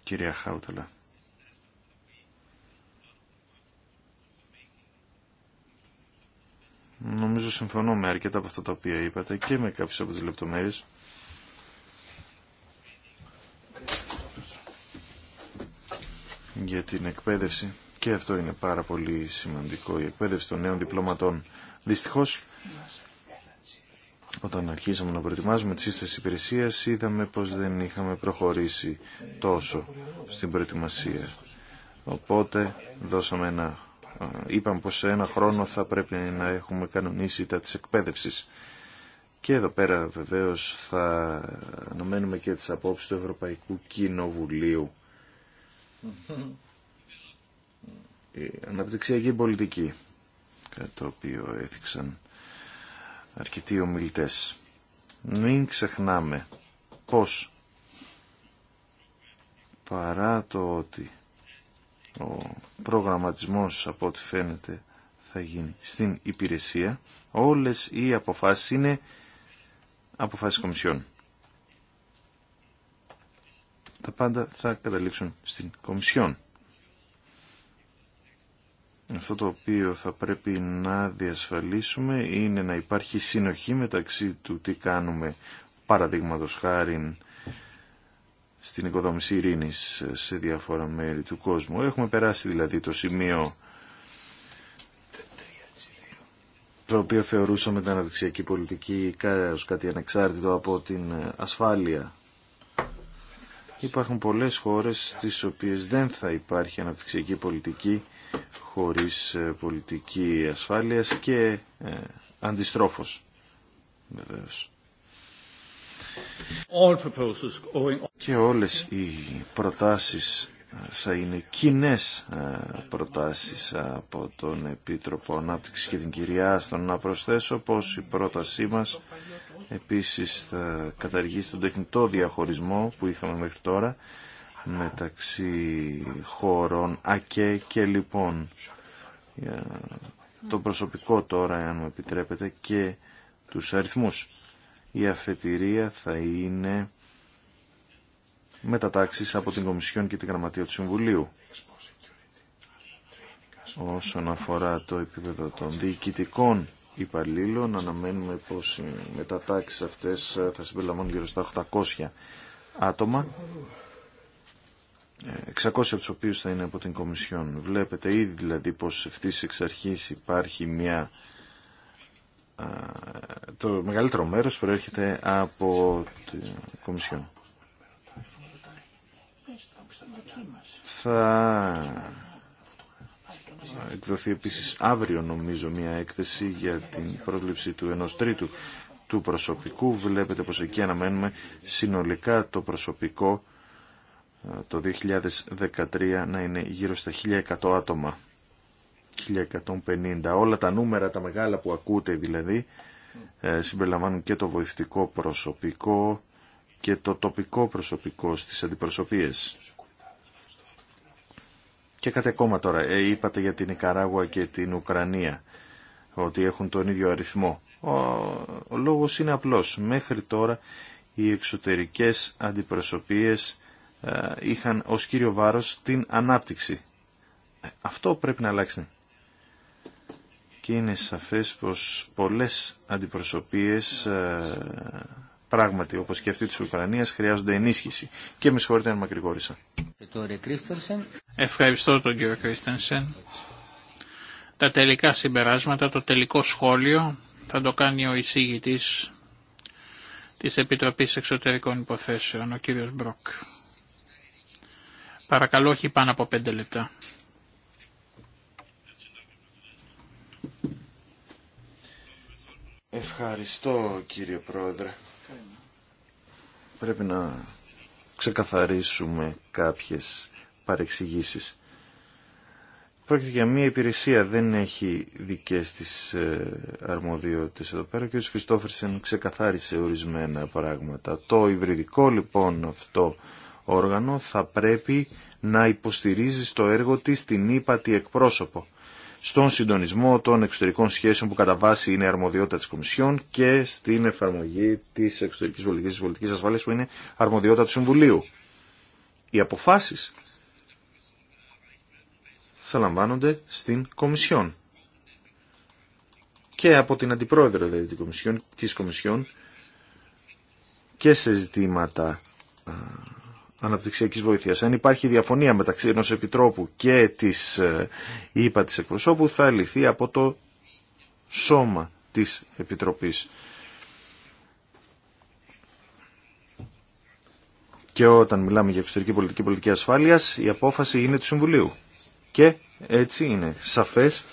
Speaker 3: Κυρία Χάουτελα. Νομίζω συμφωνώ με αρκετά από αυτά τα οποία είπατε και με κάποιες από τις λεπτομέρειες. για την εκπαίδευση και αυτό είναι πάρα πολύ σημαντικό, η εκπαίδευση των νέων διπλωματών. Δυστυχώς, όταν αρχίσαμε να προετοιμάζουμε τη σύσταση υπηρεσία, είδαμε πως δεν είχαμε προχωρήσει τόσο στην προετοιμασία. Οπότε, δώσαμε ένα, είπαμε πως σε ένα χρόνο θα πρέπει να έχουμε κανονίσει τα της εκπαίδευσης. Και εδώ πέρα βεβαίως θα αναμένουμε και τις απόψεις του Ευρωπαϊκού Κοινοβουλίου η αναπτυξιακή πολιτική, κατά το οποίο έθιξαν αρκετοί ομιλητές. Μην ξεχνάμε πως παρά το ότι ο προγραμματισμός από ό,τι φαίνεται θα γίνει στην υπηρεσία, όλες οι αποφάσεις είναι αποφάσεις κομισιών τα πάντα θα καταλήξουν στην Κομισιόν. Αυτό το οποίο θα πρέπει να διασφαλίσουμε είναι να υπάρχει συνοχή μεταξύ του τι κάνουμε παραδείγματο χάρη στην οικοδόμηση ειρήνης σε διάφορα μέρη του κόσμου. Έχουμε περάσει δηλαδή το σημείο το οποίο θεωρούσαμε την αναδειξιακή πολιτική ως κάτι ανεξάρτητο από την ασφάλεια Υπάρχουν πολλές χώρες στις οποίες δεν θα υπάρχει αναπτυξιακή πολιτική χωρίς ε, πολιτική ασφάλειας και ε, αντιστρόφως. Βεβαίως. Και όλες οι προτάσεις ε, θα είναι κοινέ ε, προτάσεις από τον Επίτροπο Ανάπτυξη και την κυρία Άστον. να προσθέσω πως η πρότασή μας Επίσης θα καταργήσει τον τεχνητό διαχωρισμό που είχαμε μέχρι τώρα μεταξύ χωρών ΑΚΕ και λοιπόν το προσωπικό τώρα αν μου επιτρέπετε και τους αριθμούς η αφετηρία θα είναι μετατάξεις από την Κομισιόν και την Γραμματεία του Συμβουλίου όσον αφορά το επίπεδο των διοικητικών υπαλλήλων. Αναμένουμε πως οι μετατάξεις αυτές ε, θα συμπεριλαμβάνουν γύρω στα 800 άτομα. 600 ε, από τους οποίους θα είναι από την Κομισιόν. Βλέπετε ήδη δηλαδή πως ευθύς εξ αρχής υπάρχει μια... Ε, το μεγαλύτερο μέρος προέρχεται από την Κομισιόν. Θα εκδοθεί επίσης αύριο νομίζω μια έκθεση για την πρόσληψη του ενός τρίτου του προσωπικού. Βλέπετε πως εκεί αναμένουμε συνολικά το προσωπικό ε, το 2013 να είναι γύρω στα 1100 άτομα. 1150. Όλα τα νούμερα, τα μεγάλα που ακούτε δηλαδή, ε, συμπεριλαμβάνουν και το βοηθητικό προσωπικό και το τοπικό προσωπικό στις αντιπροσωπείες. Και κάτι ακόμα τώρα. Ε, είπατε για την Ικαράγουα και την Ουκρανία ότι έχουν τον ίδιο αριθμό. Ο, ο λόγος είναι απλός. Μέχρι τώρα οι εξωτερικές αντιπροσωπείες ε, είχαν ως κύριο βάρος την ανάπτυξη. Ε, αυτό πρέπει να αλλάξει. Και είναι σαφές πως πολλές αντιπροσωπείες Πράγματι, όπως και αυτοί της Ουκρανίας, χρειάζονται ενίσχυση. Και με συγχωρείτε αν μακρηγόρησα.
Speaker 2: Ευχαριστώ τον κύριο Κρίστενσεν. Τα τελικά συμπεράσματα, το τελικό σχόλιο θα το κάνει ο εισήγητης της Επιτροπής Εξωτερικών Υποθέσεων, ο κύριος Μπροκ. Παρακαλώ, όχι πάνω από πέντε λεπτά.
Speaker 3: Ευχαριστώ κύριε Πρόεδρε πρέπει να ξεκαθαρίσουμε κάποιες παρεξηγήσεις. Πρόκειται για μια υπηρεσία, δεν έχει δικές της ε, αρμοδιότητες εδώ πέρα και ο Χριστόφερσεν ξεκαθάρισε ορισμένα πράγματα. Το υβριδικό λοιπόν αυτό όργανο θα πρέπει να υποστηρίζει στο έργο της την ύπατη εκπρόσωπο στον συντονισμό των εξωτερικών σχέσεων που κατά βάση είναι αρμοδιότητα της Κομισιόν και στην εφαρμογή της εξωτερικής πολιτικής ασφάλειας που είναι αρμοδιότητα του Συμβουλίου. Οι αποφάσεις θα λαμβάνονται στην Κομισιόν και από την Αντιπρόεδρο δηλαδή, της, της Κομισιόν και σε ζητήματα Αναπτυξιακή βοήθειας. Αν υπάρχει διαφωνία μεταξύ ενός επιτρόπου και της ε, ΥΠΑ τη εκπροσώπου θα λυθεί από το σώμα της επιτροπή. Και όταν μιλάμε για εξωτερική πολιτική πολιτική ασφάλειας, η απόφαση είναι του Συμβουλίου. Και έτσι είναι σαφές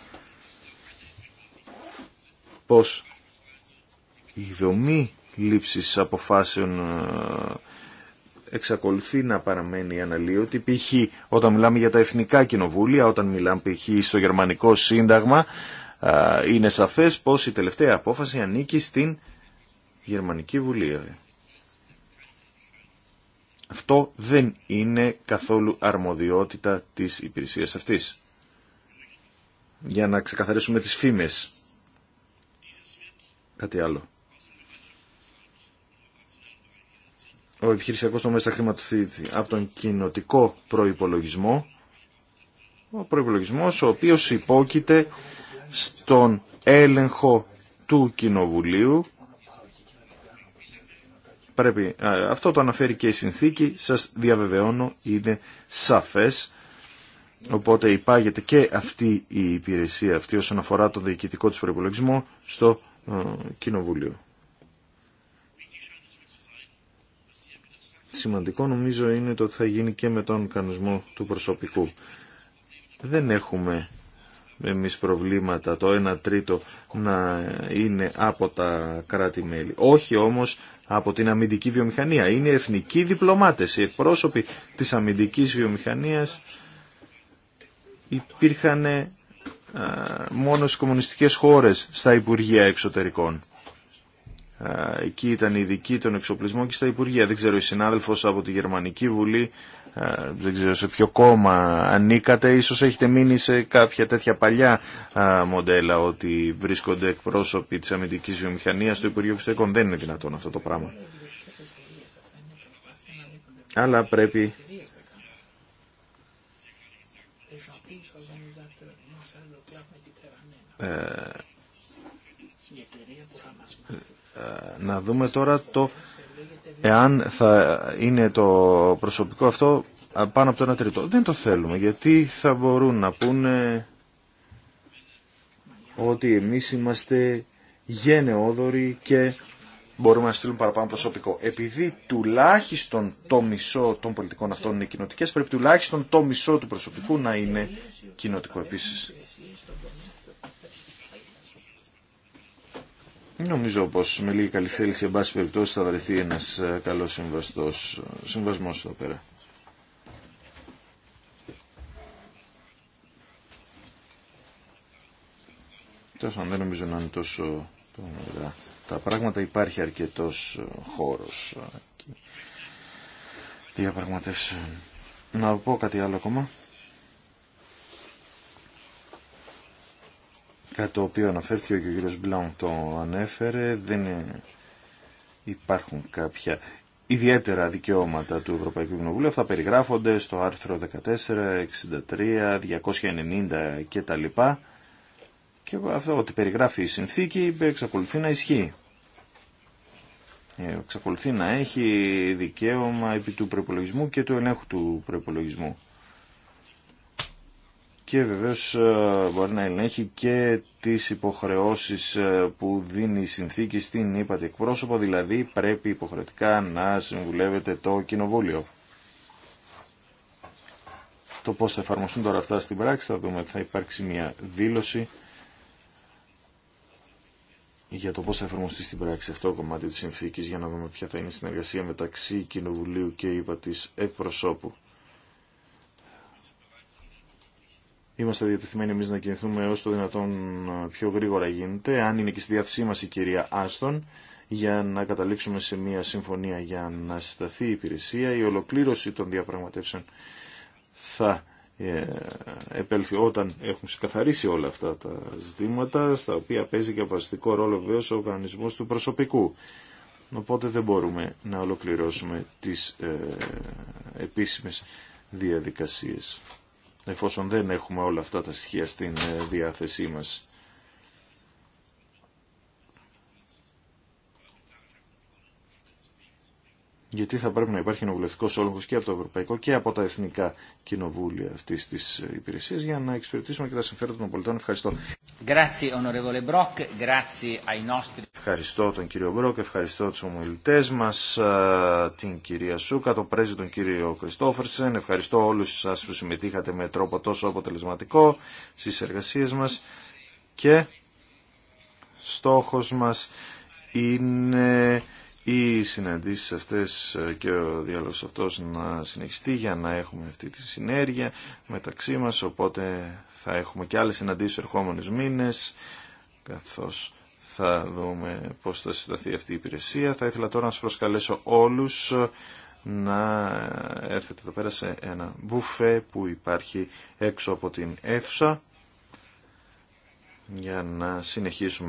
Speaker 3: πως η δομή λήψης αποφάσεων ε, εξακολουθεί να παραμένει αναλύωτη, π.χ. όταν μιλάμε για τα εθνικά κοινοβούλια, όταν μιλάμε π.χ. στο γερμανικό σύνταγμα, είναι σαφές πως η τελευταία απόφαση ανήκει στην Γερμανική Βουλή. Αυτό δεν είναι καθόλου αρμοδιότητα της υπηρεσίας αυτής. Για να ξεκαθαρίσουμε τις φήμες. Κάτι άλλο. ο επιχειρησιακό τομέα θα χρηματοδοτηθεί από τον κοινοτικό προϋπολογισμό, ο προϋπολογισμός ο οποίος υπόκειται στον έλεγχο του Κοινοβουλίου. Πρέπει, αυτό το αναφέρει και η συνθήκη, σας διαβεβαιώνω είναι σαφές. Οπότε υπάγεται και αυτή η υπηρεσία αυτή όσον αφορά τον διοικητικό της προϋπολογισμό στο ε, Κοινοβούλιο. σημαντικό νομίζω είναι το ότι θα γίνει και με τον κανονισμό του προσωπικού. Δεν έχουμε εμείς προβλήματα το 1 τρίτο να είναι από τα κράτη-μέλη. Όχι όμως από την αμυντική βιομηχανία. Είναι εθνικοί διπλωμάτες, οι εκπρόσωποι της αμυντικής βιομηχανίας υπήρχαν μόνο στις κομμουνιστικές χώρες στα Υπουργεία Εξωτερικών. Ε, εκεί ήταν ειδική των εξοπλισμών και στα Υπουργεία. Δεν ξέρω, η συνάδελφο από τη Γερμανική Βουλή, ε, δεν ξέρω σε ποιο κόμμα ανήκατε, ίσως έχετε μείνει σε κάποια τέτοια παλιά ε, μοντέλα ότι βρίσκονται εκπρόσωποι της αμυντικής βιομηχανίας στο Υπουργείο Εξωτερικών. Δεν είναι δυνατόν αυτό το πράγμα.
Speaker 2: Αλλά πρέπει
Speaker 3: ε, να δούμε τώρα το εάν θα είναι το προσωπικό αυτό πάνω από το 1 τρίτο. Δεν το θέλουμε γιατί θα μπορούν να πούνε ότι εμείς είμαστε γενναιόδοροι και μπορούμε να στείλουμε παραπάνω προσωπικό. Επειδή τουλάχιστον το μισό των πολιτικών αυτών είναι κοινοτικέ, πρέπει τουλάχιστον το μισό του προσωπικού να είναι κοινοτικό επίση. Νομίζω πω με λίγη καλή θέληση, εν πάση περιπτώσει, θα βρεθεί ένα ε, καλό ε, συμβασμό εδώ πέρα. πάντων, δεν νομίζω να είναι τόσο τα πράγματα. Υπάρχει αρκετός ε, χώρος διαπραγματεύσεων. Να πω κάτι άλλο ακόμα. Κάτι το οποίο αναφέρθηκε και ο κύριος Μπλάουν το ανέφερε, δεν υπάρχουν κάποια ιδιαίτερα δικαιώματα του Ευρωπαϊκού Κοινοβουλίου. Αυτά περιγράφονται στο άρθρο 14, 63, 290 κτλ. Και αυτό ότι περιγράφει η συνθήκη εξακολουθεί να ισχύει. Ε, εξακολουθεί να έχει δικαίωμα επί του προπολογισμού και του ελέγχου του προπολογισμού και βεβαίως ε, μπορεί να ελέγχει και τις υποχρεώσεις ε, που δίνει η συνθήκη στην ύπατη εκπρόσωπο, δηλαδή πρέπει υποχρεωτικά να συμβουλεύεται το κοινοβούλιο. Το πώς θα εφαρμοστούν τώρα αυτά στην πράξη θα δούμε ότι θα υπάρξει μια δήλωση για το πώς θα εφαρμοστεί στην πράξη αυτό το κομμάτι της συνθήκης για να δούμε ποια θα είναι η συνεργασία μεταξύ Κοινοβουλίου και ύπατης εκπροσώπου. Είμαστε διατεθειμένοι εμεί να κινηθούμε όσο το δυνατόν ε, πιο γρήγορα γίνεται, αν είναι και στη διάθεσή μα η κυρία Άστον, για να καταλήξουμε σε μια συμφωνία για να συσταθεί η υπηρεσία. Η ολοκλήρωση των διαπραγματεύσεων θα ε, επέλθει όταν έχουν ξεκαθαρίσει όλα αυτά τα ζητήματα, στα οποία παίζει και βασικό ρόλο βεβαίω ο οργανισμό του προσωπικού. Οπότε δεν μπορούμε να ολοκληρώσουμε τις ε, επίσημες διαδικασίες εφόσον δεν έχουμε όλα αυτά τα στοιχεία στην ε, διάθεσή μας. γιατί θα πρέπει να υπάρχει κοινοβουλευτικό όλογο και από το Ευρωπαϊκό και από τα Εθνικά Κοινοβούλια αυτή τη υπηρεσία για να εξυπηρετήσουμε και τα συμφέροντα των πολιτών. Ευχαριστώ. Ευχαριστώ τον κύριο Μπρόκ, ευχαριστώ του ομιλητέ μα, την κυρία Σούκα, τον πρέσβη τον κύριο Κριστόφερσεν. Ευχαριστώ όλου σα που συμμετείχατε με τρόπο τόσο αποτελεσματικό στι εργασίε μα και στόχο μα είναι οι συναντήσεις αυτές ε, και ο διάλογος αυτός να συνεχιστεί για να έχουμε αυτή τη συνέργεια μεταξύ μας, οπότε θα έχουμε και άλλες συναντήσεις ερχόμενους μήνες, καθώς θα δούμε πώς θα συσταθεί αυτή η υπηρεσία. Θα ήθελα τώρα να σας προσκαλέσω όλους ε, να έρθετε εδώ πέρα σε ένα μπουφέ που υπάρχει έξω από την αίθουσα για να συνεχίσουμε